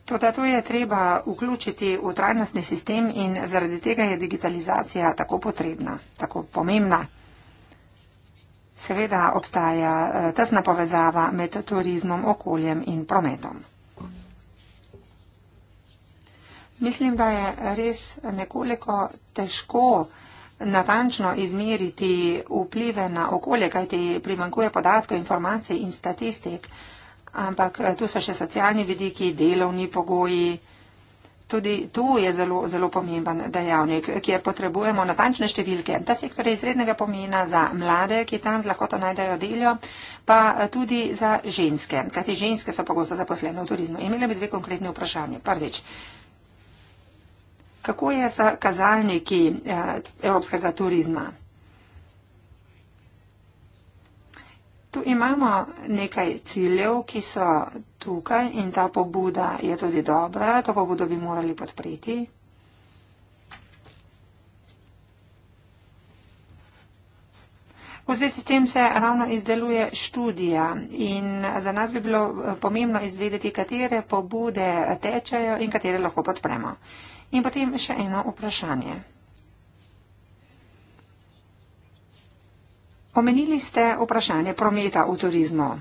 S3: Toda to je treba vključiti v trajnostni sistem in zaradi tega je digitalizacija tako potrebna, tako pomembna. Seveda obstaja eh, tesna povezava med turizmom, okoljem in prometom. Mislim, da je res nekoliko težko natančno izmeriti vplive na okolje, kajti primankuje podatkov, informacij in statistik ampak eh, tu so še socialni vidiki, delovni pogoji. Tudi tu je zelo, zelo pomemben dejavnik, kjer potrebujemo natančne številke. Ta sektor je izrednega pomena za mlade, ki tam z lahkoto najdejo delo, pa eh, tudi za ženske. Kajti ženske so pogosto zaposlene v turizmu. Imela bi dve konkretne vprašanje. Prvič, kako je za kazalniki eh, evropskega turizma? tu imamo nekaj ciljev, ki so tukaj in ta pobuda je tudi dobra, to pobudo bi morali podpreti. V zvezi s tem se ravno izdeluje študija in za nas bi bilo eh, pomembno izvedeti, katere pobude tečejo in katere lahko podpremo. In potem še eno vprašanje. Omenili ste vprašanje prometa v turizmu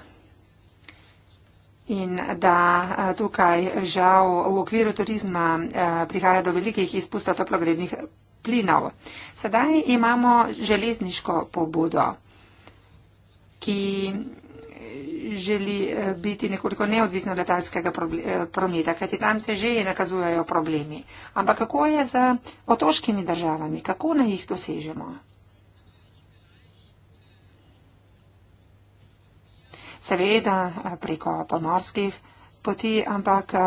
S3: in da eh, tukaj žal v okviru turizma eh, prihaja do velikih izpustov toplogrednih plinov. Sedaj imamo železniško pobudo, ki eh, želi biti nekoliko neodvisno od letalskega prometa, kajti tam se že nakazujejo problemi. Ampak kako je z otoškimi državami, kako naj jih dosežemo? seveda eh, preko pomorskih poti, ampak eh,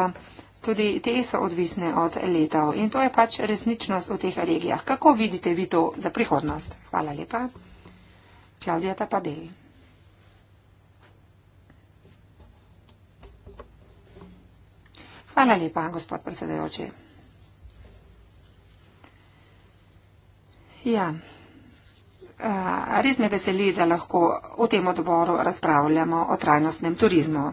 S3: tudi te so odvisne od letov. In to je pač resničnost v teh regijah. Kako vidite vi to za prihodnost? Hvala lepa. Klaudija Tapadej. Hvala lepa, gospod predsedajoči. Ja. Eh, res me veseli, da lahko v tem odboru razpravljamo o trajnostnem turizmu.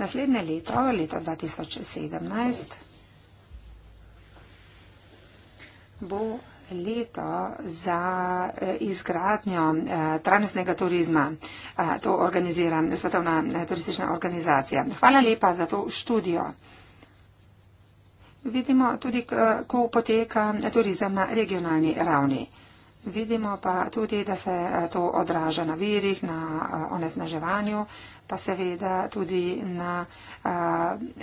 S3: Naslednje leto, leto 2017, bo leto za eh, izgradnjo eh, trajnostnega turizma. To organizira Svetovna turistična organizacija. Hvala lepa za to študijo. Vidimo tudi, ko poteka turizem na regionalni ravni. Vidimo pa tudi, da se eh, to odraža na virih, na eh, onesnaževanju, pa seveda tudi na eh,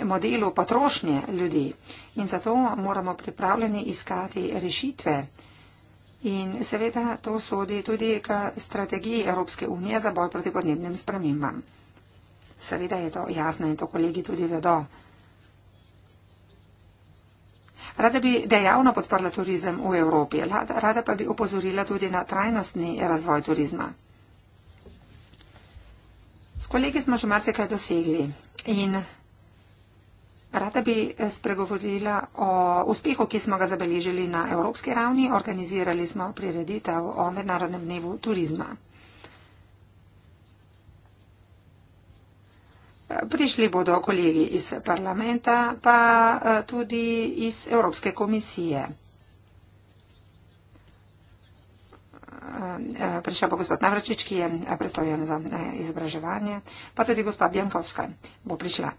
S3: modelu potrošnje ljudi. In zato moramo pripravljeni iskati rešitve. In seveda to sodi tudi k strategiji Evropske unije za boj proti podnebnim spremembam. Seveda je to jasno in to kolegi tudi vedo. Rada bi dejavno podprla turizem v Evropi, rada pa bi opozorila tudi na trajnostni razvoj turizma. S kolegi smo že marsikaj dosegli in rada bi eh, spregovorila o uspehu, ki smo ga zabeležili na evropski ravni. Organizirali smo prireditev o Mednarodnem dnevu turizma. Prišli bodo kolegi iz parlamenta, pa eh, tudi iz Evropske komisije. Eh, eh, prišel bo gospod Navračič, ki je predstavljen za izobraževanje, pa tudi gospod Bjankovska bo prišla.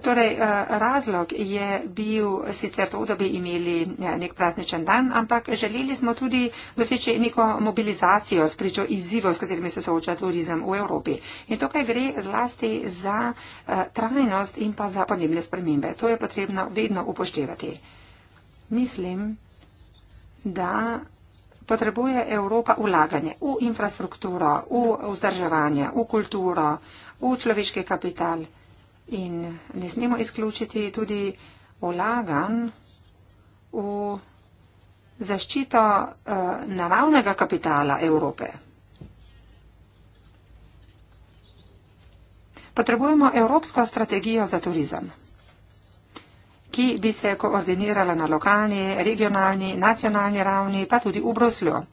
S3: Torej, eh, razlog je bil sicer to, da bi imeli eh, nek prazničen dan, ampak želeli smo tudi doseči neko mobilizacijo s pričo izzivov, s katerimi se sooča turizem v Evropi. In tukaj gre zlasti za eh, trajnost in pa za podnebne spremembe. To je potrebno vedno upoštevati. Mislim, da potrebuje Evropa ulaganje v infrastrukturo, v vzdrževanje, v kulturo, v človeški kapital. In ne smemo izključiti tudi olagan v zaščito uh, naravnega kapitala Evrope. Potrebujemo evropsko strategijo za turizem, ki bi se koordinirala na lokalni, regionalni, nacionalni ravni, pa tudi v Bruslju.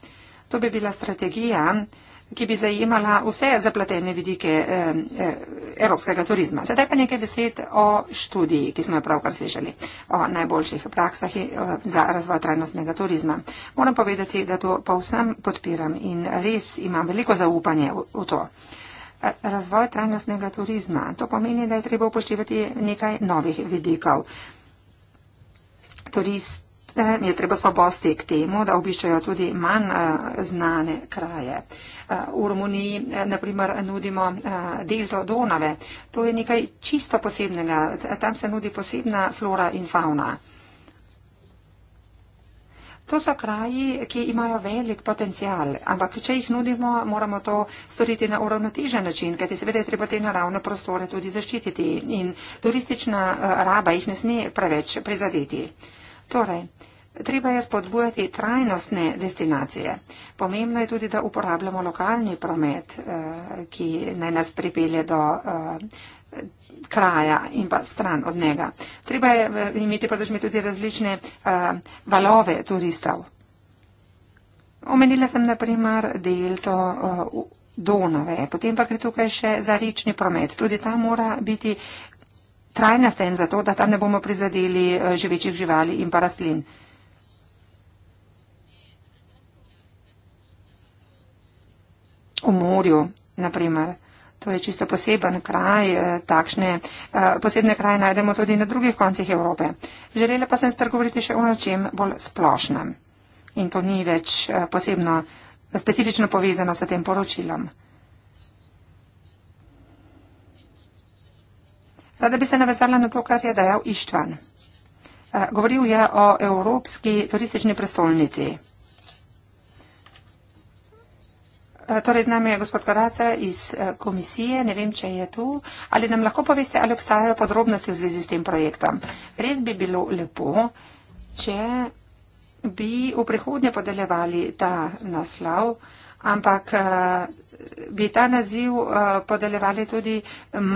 S3: To bi bila strategija, uh, ki bi zajemala vse zapletene vidike eh, eh, evropskega turizma. Sedaj pa nekaj besed o študiji, ki smo jo pravkar slišali, o najboljših praksah eh, za razvoj trajnostnega turizma. Moram povedati, da to povsem podpiram in res imam veliko zaupanje v to. Razvoj trajnostnega turizma, to pomeni, da je treba upoštevati nekaj novih vidikov. Turist Potem je treba spobosti k temu, da obiščajo tudi manj eh, znane kraje. Eh, v Romuniji, eh, na primer, nudimo delto Donave. To je nekaj čisto posebnega. Tam se nudi posebna flora in fauna. To so kraji, ki imajo velik potencial, ampak če jih nudimo, moramo to storiti na uravnotežen način, kajti seveda je treba te naravne prostore tudi zaščititi in turistična raba jih ne sme preveč prizadeti. Torej, treba je spodbujati trajnostne destinacije. Pomembno je tudi, da uporabljamo lokalni promet, eh, ki naj nas pripelje do eh, kraja in pa stran od njega. Treba je eh, imeti tudi različne valove turistov. Omenila sem naprimer delto Donove, potem pa gre tukaj še za rečni promet. Tudi tam mora biti trajnosten in zato, da tam ne bomo prizadeli eh, živečih živali in pa rastlin. V morju, naprimer. To je čisto poseben kraj, eh, takšne eh, posebne kraje najdemo tudi na drugih koncih Evrope. Želela pa sem spregovoriti še o nečem bolj splošnem. In to ni več posebno specifično povezano s tem poročilom. Rada bi se navezala na to, kar je dejal Ištvan. Eh, govoril je o evropski turistični prestolnici. Eh, torej, z nami je gospod Karaca iz eh, komisije, ne vem, če je tu, ali nam lahko poveste, ali obstajajo podrobnosti v zvezi s tem projektom. Res bi bilo lepo, če bi v prihodnje podelevali ta naslov, ampak bi ta naziv eh, podeljevali tudi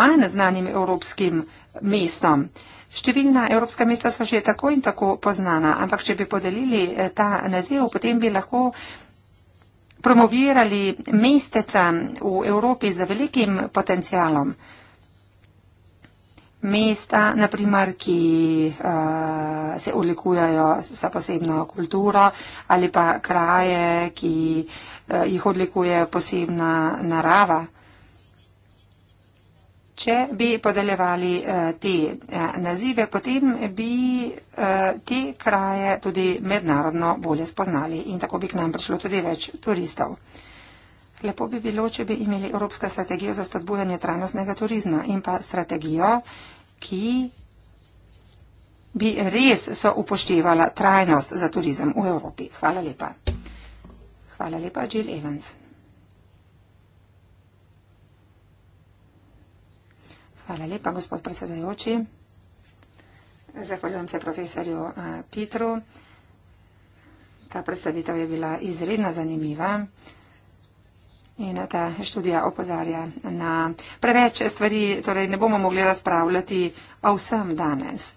S3: manj znanim evropskim mestom. Številna evropska mesta so že tako in tako poznana, ampak če bi podelili eh, ta naziv, potem bi lahko promovirali mesteca v Evropi z velikim potencialom mesta, naprimer, ki uh, se odlikujajo za posebno kulturo ali pa kraje, ki uh, jih odlikuje posebna narava. Če bi podeljevali uh, te uh, nazive, potem bi uh, te kraje tudi mednarodno bolje spoznali in tako bi k nam prišlo tudi več turistov. Uh, Lepo bi bilo, če bi imeli Evropsko strategijo za spodbujanje trajnostnega turizma in pa strategijo, ki bi res so upoštevala trajnost za turizem v Evropi. Hvala lepa. Hvala lepa, Jill Evans. Hvala lepa, gospod predsedajoči. Zahvaljujem se profesorju Petru. Ta predstavitev je bila izredno zanimiva. In ta študija opozarja na preveč stvari, torej ne bomo mogli razpravljati o vsem danes.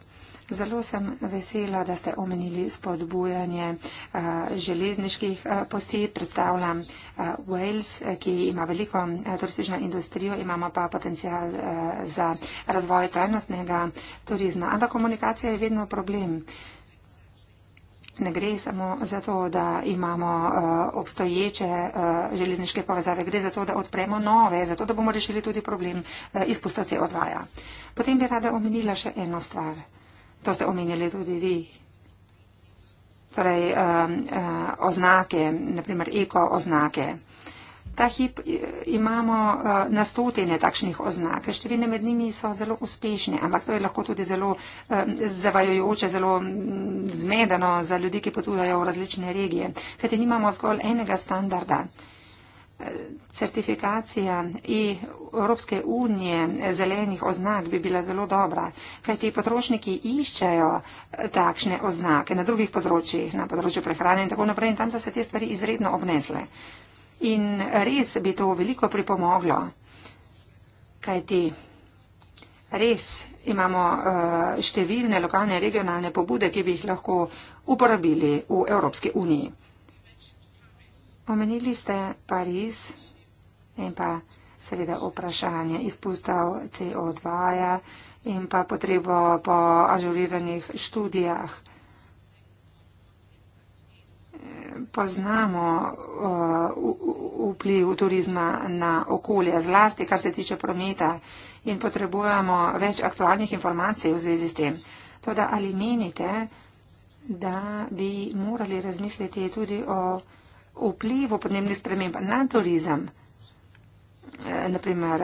S3: Zelo sem vesela, da ste omenili spodbujanje uh, železniških uh, posti. Predstavljam uh, Wales, ki ima veliko uh, turistično industrijo, imamo pa potencial uh, za razvoj trajnostnega turizma. Ampak komunikacija je vedno problem. Uh, ne gre samo za to, da imamo uh, obstoječe uh, železniške povezave, gre za to, da odpremo nove, zato da bomo rešili tudi problem uh, izpustov CO2. -ja. Potem bi rada omenila še eno stvar. To ste omenili tudi vi. Torej, um, uh, oznake, naprimer eko oznake. Uh, ta hip eh, imamo eh, na stotine takšnih oznak. Številne med njimi so zelo uspešne, ampak to je lahko tudi zelo eh, zavajojoče, zelo mm, zmedeno za ljudi, ki potujajo v različne regije. Kajti nimamo zgolj enega standarda. Certifikacija in Evropske unije zelenih oznak bi bila zelo dobra, kajti potrošniki iščejo takšne oznake na drugih področjih, na področju prehrane in tako naprej, in tam so se te stvari izredno obnesle. In res bi to veliko pripomoglo, kajti res imamo eh, številne lokalne regionalne pobude, ki bi jih lahko uporabili v Evropski uniji. Omenili ste Pariz in pa seveda vprašanje izpustov CO2 ja in pa potrebo po ažuriranih študijah. poznamo uh, vpliv turizma na okolje, zlasti kar se tiče prometa in potrebujemo več aktualnih informacij v zvezi s tem. Toda ali menite, da bi morali razmisliti tudi o vplivu podnebnih sprememb na turizem? Eh, naprimer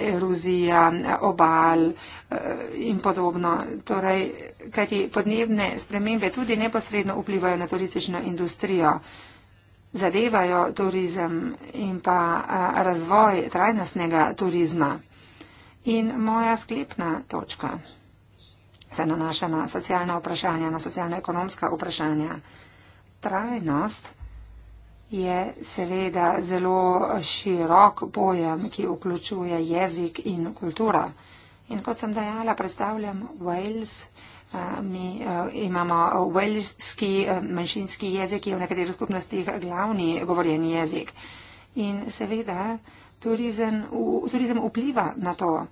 S3: erozija, obal eh, in podobno. Torej, kajti podnebne spremembe tudi neposredno vplivajo na turistično industrijo, zadevajo turizem in pa eh, razvoj trajnostnega turizma. In moja sklepna točka se nanaša na socialna vprašanja, na socialno-ekonomska vprašanja. Trajnost je seveda zelo širok pojem, ki vključuje jezik in kultura. In kot sem dejala, predstavljam Wales. Eh, mi eh, imamo waleski eh, manjšinski jezik, ki je v nekaterih skupnostih glavni govorjeni jezik. In seveda turizem, turizem vpliva na to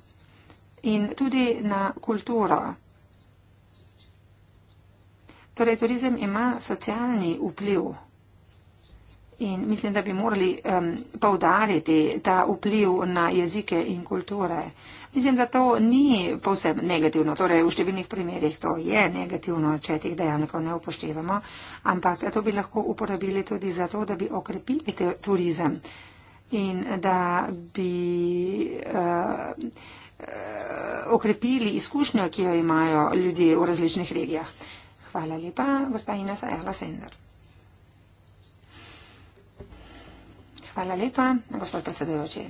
S3: in tudi na kulturo. Torej, turizem ima socialni vpliv. In mislim, da bi morali um, povdariti ta vpliv na jezike in kulture. Mislim, da to ni povsem negativno, torej v številnih primerjih to je negativno, če teh dejavnikov ne upoštevamo, ampak to bi lahko uporabili tudi za to, da bi okrepili turizem in da bi uh, uh, okrepili izkušnjo, ki jo imajo ljudje v različnih regijah. Hvala lepa, gospa Ina Sajala Sender. Hvala lepa, gospod predsedujoči.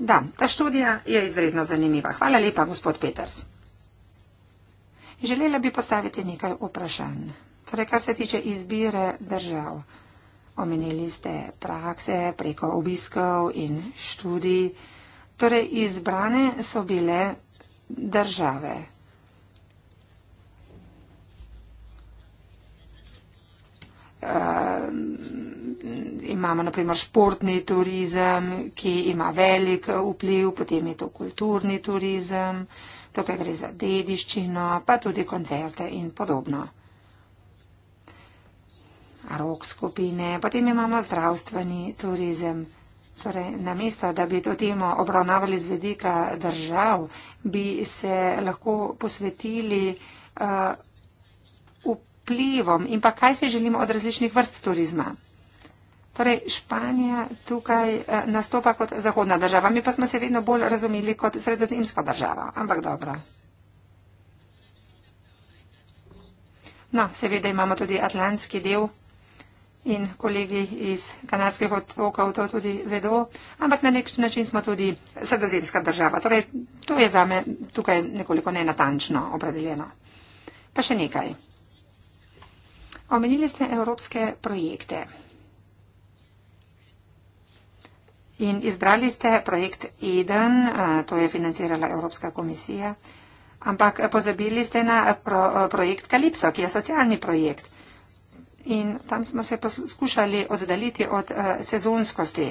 S3: Da, ta študija je izredno zanimiva. Hvala lepa, gospod Peters. Želela bi postaviti nekaj vprašanj. Torej, kar se tiče izbire držav, omenili ste prakse preko obiskov in študij. Torej, izbrane so bile države. Uh, imamo naprimer športni turizem, ki ima velik vpliv, potem je to kulturni turizem, tukaj gre za dediščino, pa tudi koncerte in podobno. Rok skupine, potem imamo zdravstveni turizem. Torej, namesto, da bi to temo obravnavali z vedika držav, bi se lahko posvetili uh, vplivom in pa kaj si želimo od različnih vrst turizma. Torej, Španija tukaj eh, nastopa kot zahodna država, mi pa smo se vedno bolj razumeli kot sredozemska država, ampak dobro. No, seveda imamo tudi atlantski del in kolegi iz kanadskih otokov to tudi vedo, ampak na nek način smo tudi sredozemska država. Torej, to je zame tukaj nekoliko nenatančno opredeljeno. Pa še nekaj. Omenili ste evropske projekte. In izbrali ste projekt Eden, to je financirala Evropska komisija, ampak pozabili ste na pro, projekt Kalipso, ki je socialni projekt. In tam smo se poskušali oddaliti od sezonskosti.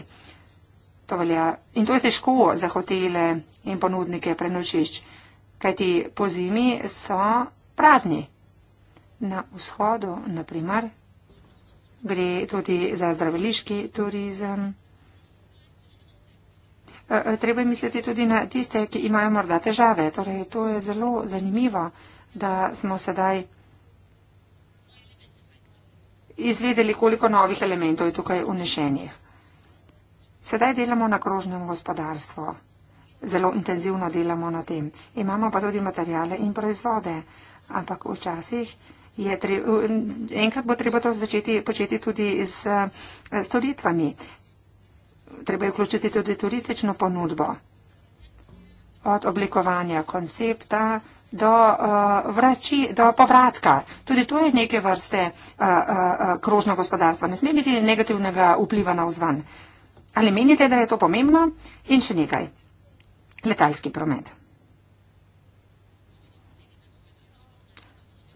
S3: To velja. In to je težko za hotele in ponudnike prenočišč, kajti po zimi so prazni. Na vzhodu, na primer, gre tudi za zdraviliški turizem. Eh, treba je misliti tudi na tiste, ki imajo morda težave. Torej, to je zelo zanimivo, da smo sedaj izvedeli, koliko novih elementov je tukaj unešenih. Sedaj delamo na krožnem gospodarstvu. Zelo intenzivno delamo na tem. Imamo pa tudi materijale in proizvode. Ampak včasih je treba, enkrat bo treba to začeti početi tudi z eh, storitvami treba je vključiti tudi turistično ponudbo. Od oblikovanja koncepta do, uh, vrači, do povratka. Tudi to je neke vrste uh, uh, krožno gospodarstvo. Ne sme biti negativnega vpliva na vzvan. Ali menite, da je to pomembno? In še nekaj. Letalski promet.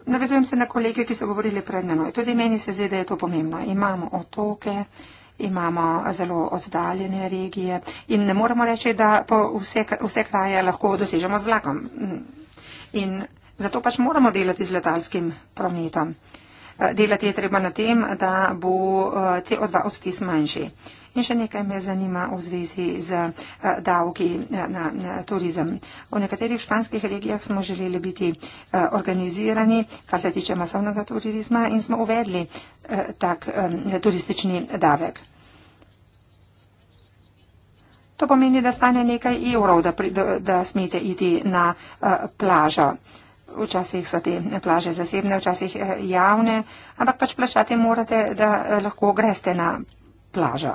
S3: Navezujem se na kolege, ki so govorili pred menoj. Tudi meni se zdi, da je to pomembno. Imamo otoke. Uh, imamo zelo oddaljene regije in ne moremo reči, da po vse, vse kraje lahko dosežemo z vlakom. In zato pač moramo delati z letalskim prometom. Delati je treba na tem, da bo eh, CO2 odtis manjši. In še nekaj me zanima v zvezi z eh, davki eh, na, na turizem. V nekaterih španskih regijah smo želeli biti organizirani, kar se tiče masovnega turizma, in smo uvedli tak turistični davek. To pomeni, da stane nekaj evrov, da, da, da smete iti na uh, plažo. Uh, Včasih so te plaže zasebne, včasih eh, javne, ampak pač plačati morate, da eh, lahko greste na plažo.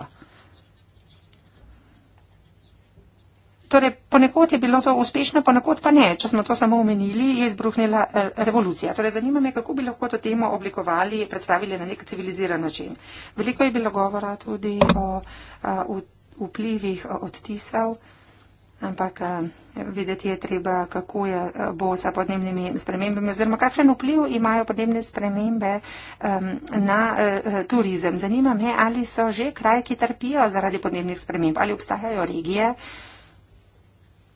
S3: Torej, ponekod je bilo to uspešno, ponekod pa ne. Če smo to samo omenili, je izbruhnila eh, revolucija. Torej, zanima me, kako bi lahko to temo oblikovali, predstavili na nek civiliziran način. Veliko je bilo govora tudi o, o vplivih odtisov. O ampak eh, videti je treba, kako je eh, bo sa podnebnimi spremembami oziroma kakšen vpliv imajo podnebne spremembe um, na uh, turizem. Zanima me, ali so že kraj, ki trpijo zaradi podnebnih sprememb, ali obstajajo regije,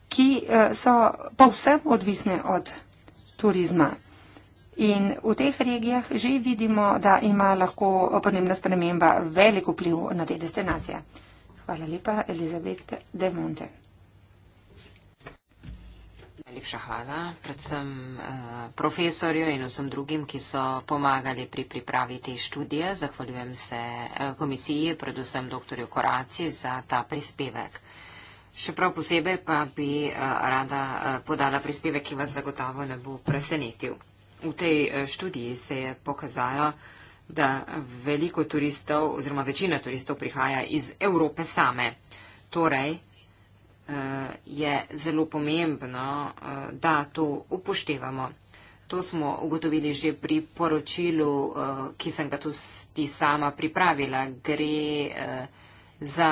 S3: ki uh, so povsem odvisne od turizma. In v teh regijah že vidimo, da ima lahko podnebna sprememba velik vpliv na te destinacije. Hvala lepa, Elizabeth De Monte.
S2: Najlepša hvala predvsem eh, profesorju in vsem drugim, ki so pomagali pri pripravi te študije. Zahvaljujem se eh, komisiji, predvsem dr. Koraci za ta prispevek. Še prav posebej pa bi eh, rada podala prispevek, ki vas zagotovo ne bo presenetil. V tej študiji se je pokazalo, da veliko turistov oziroma večina turistov prihaja iz Evrope same. Torej, Eh, je zelo pomembno, eh, da to upoštevamo. To smo ugotovili že pri poročilu, eh, ki sem ga tudi sama pripravila. Gre za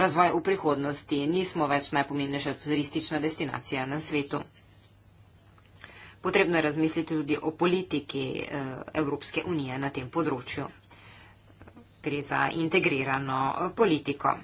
S2: razvoj v prihodnosti. Nismo več najpomembnejša turistična destinacija na svetu. Potrebno je razmisliti tudi o politiki Evropske unije na tem področju. Gre za integrirano politiko.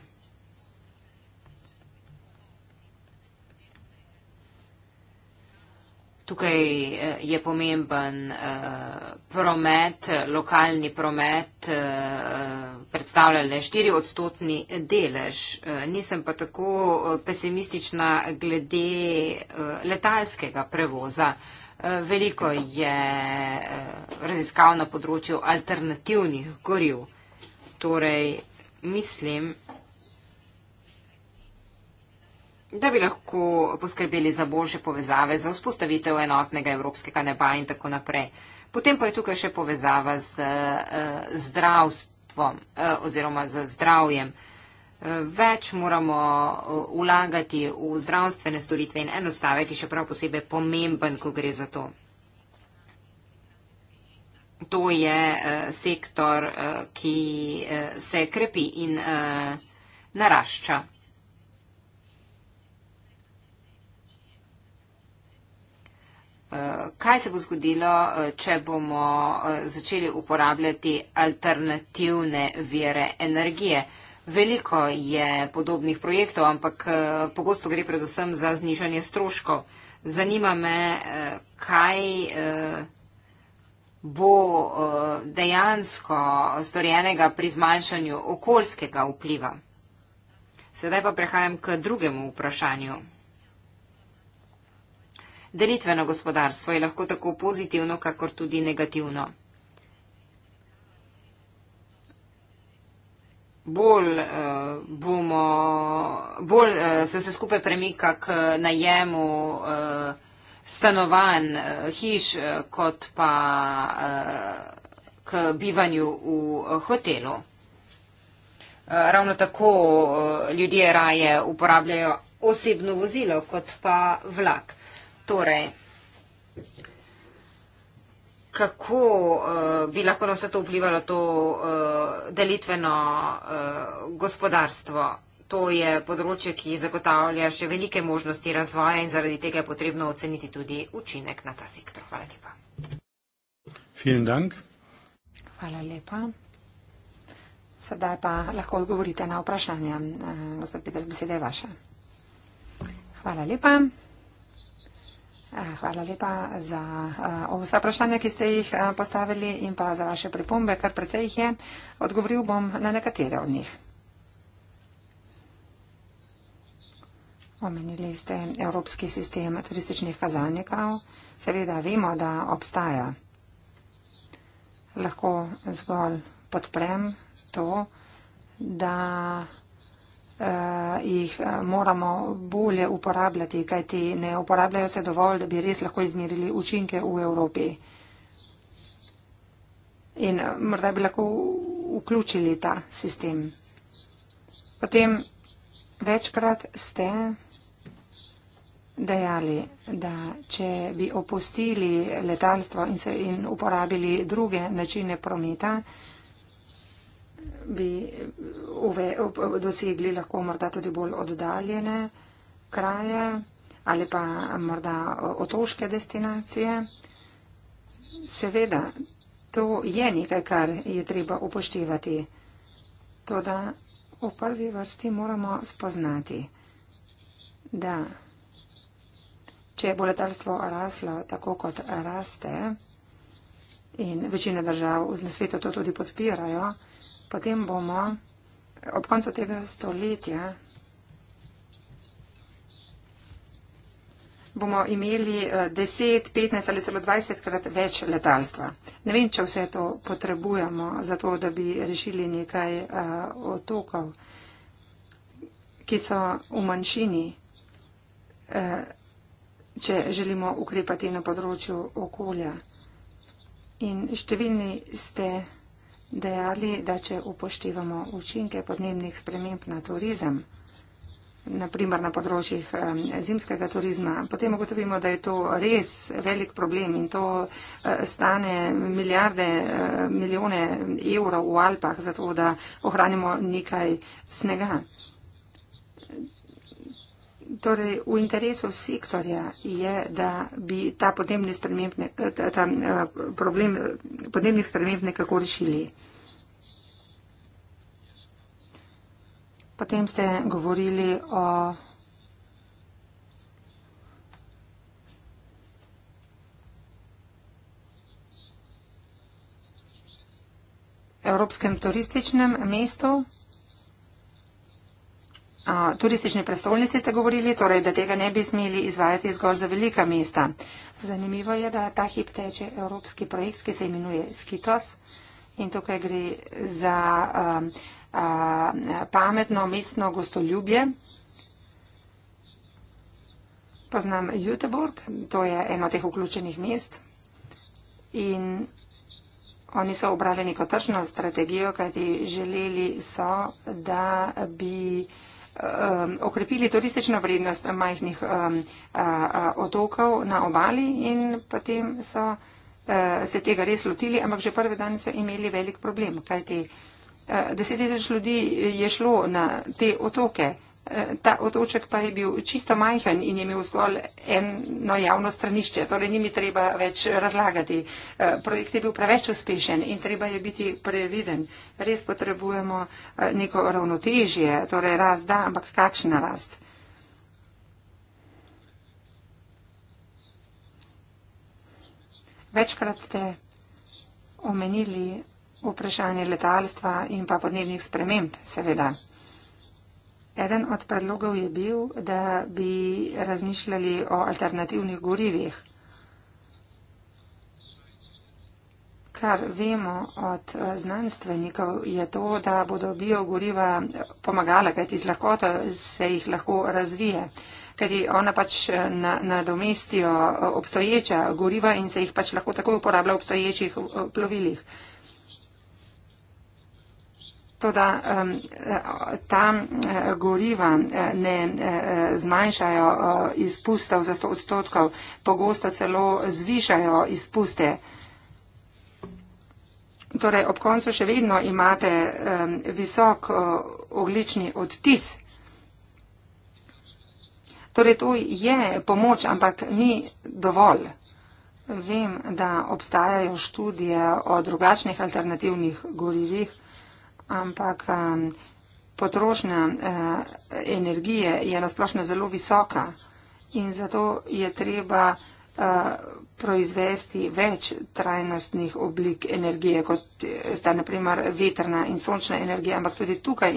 S2: Tukaj eh, je pomemben eh, promet, lokalni promet, eh, predstavlja le 4 odstotni delež. Nisem pa tako pesimistična glede letalskega prevoza. Veliko je raziskav na področju alternativnih goriv. Torej, mislim, da bi lahko poskrbeli za boljše povezave, za vzpostavitev enotnega evropskega neba in tako naprej. Potem pa je tukaj še povezava z uh, zdravstvom uh, oziroma z zdravjem. Eh, več moramo vlagati v zdravstvene storitve in enostave, ki še prav posebej pomemben, ko gre za to. To je uh, sektor, uh, ki uh, se krepi in uh, narašča. Eh, kaj se bo zgodilo, eh, če bomo eh, začeli uporabljati alternativne vire energije. Veliko je podobnih projektov, ampak pogosto gre predvsem za znižanje stroškov. Zanima me, kaj bo dejansko storjenega pri zmanjšanju okoljskega vpliva. Sedaj pa prehajam k drugemu vprašanju. Delitveno gospodarstvo je lahko tako pozitivno, kakor tudi negativno. Bolj, uh, bomo, bolj uh, se se skupaj premika k najemu uh, stanovanj, uh, hiš, uh, kot pa uh, k bivanju v uh, hotelu. Uh, ravno tako uh, ljudje raje uporabljajo osebno vozilo kot pa vlak. Uh, Torej, kako uh, bi lahko na vse to vplivalo to uh, delitveno uh, gospodarstvo? To je področje, ki zagotavlja še velike možnosti razvoja in zaradi tega je potrebno oceniti tudi učinek na ta sektor. Hvala lepa.
S3: Hvala lepa. Sedaj pa lahko odgovorite na vprašanje. Gospod Peter, z besede je vaša. Hvala lepa. Eh, hvala lepa za eh, vsa vprašanja, ki ste jih eh, postavili in pa za vaše pripombe, kar precej jih je. Odgovoril bom na nekatere od njih. Omenili ste evropski sistem turističnih kazalnikov. Seveda vemo, da obstaja. Lahko zgolj podprem to, da uh, jih eh, moramo bolje uporabljati, kajti ne uporabljajo se dovolj, da bi res lahko izmerili učinke v Evropi. In eh, morda bi lahko vključili ta sistem. Potem večkrat ste dejali, da če bi opustili letalstvo in, se, in uporabili druge načine prometa, uh, bi uve, dosegli lahko morda tudi bolj oddaljene kraje ali pa morda otoške destinacije. Seveda, to je nekaj, kar je treba upoštevati. Toda v prvi vrsti moramo spoznati, da če bo letalstvo raslo tako, kot raste, in večina držav na svetu to tudi podpirajo, Potem bomo ob koncu tega stoletja bomo imeli 10, eh, 15 ali celo 20 krat več letalstva. Ne vem, če vse to potrebujemo za to, da bi rešili nekaj uh, otokov, ki so v manjšini, uh, če želimo ukrepati na področju okolja. In številni ste dejali, da če upoštevamo učinke podnebnih sprememb na turizem, naprimer na področjih zimskega turizma, potem ugotovimo, da je to res velik problem in to e, stane milijarde, e, milijone evrov v Alpah, zato da ohranimo nekaj snega. Torej, v interesu sektorja je, da bi ta, podnebni ne, ta eh, problem eh, podnebnih sprememb nekako rešili. Potem ste govorili o Evropskem turističnem mestu turistične prestolnice ste govorili, torej, da tega ne bi smeli izvajati zgolj za velika mesta. Zanimivo je, da ta hip teče evropski projekt, ki se imenuje Skitos in tukaj gre za um, um, pametno mestno gostoljubje. Poznam Juteborg, to je eno teh vključenih mest in oni so obrali neko tržno strategijo, kajti želeli so, da bi uh, Um, okrepili turistično vrednost majhnih um, otokov na obali in potem so uh, se tega res lotili, ampak že prvi dan so imeli velik problem, kajti uh, deset tisoč ljudi je šlo na te otoke. Eh, ta otoček pa je bil čisto majhen in je imel zgolj eno javno stranišče, torej ni mi treba več razlagati. Eh, projekt je bil preveč uspešen in treba je biti previden. Res potrebujemo eh, neko ravnotežje, torej rast da, ampak kakšna rast. Večkrat ste omenili vprašanje letalstva in pa podnebnih sprememb, seveda. Eden od predlogov je bil, da bi razmišljali o alternativnih gorivih. Kar vemo od eh, znanstvenikov je to, da bodo biogoriva pomagala, kajti z lahkoto se jih lahko razvije, kajti ona pač eh, nadomestijo eh, obstoječa goriva in se jih pač lahko tako uporablja v obstoječih plovilih. Toda um, ta eh, goriva eh, ne zmanjšajo izpustov za 100 odstotkov, pogosto celo zvišajo izpuste. Torej, ob koncu še vedno imate um, visok oglični odtis. Torej, to je pomoč, ampak ni dovolj. Vem, da obstajajo študije o drugačnih alternativnih gorivih ampak um, potrošnja uh, energije je nasplošno zelo visoka in zato je treba uh, proizvesti več
S2: trajnostnih oblik energije, kot sta naprimer veterna in sončna energija, ampak tudi tukaj.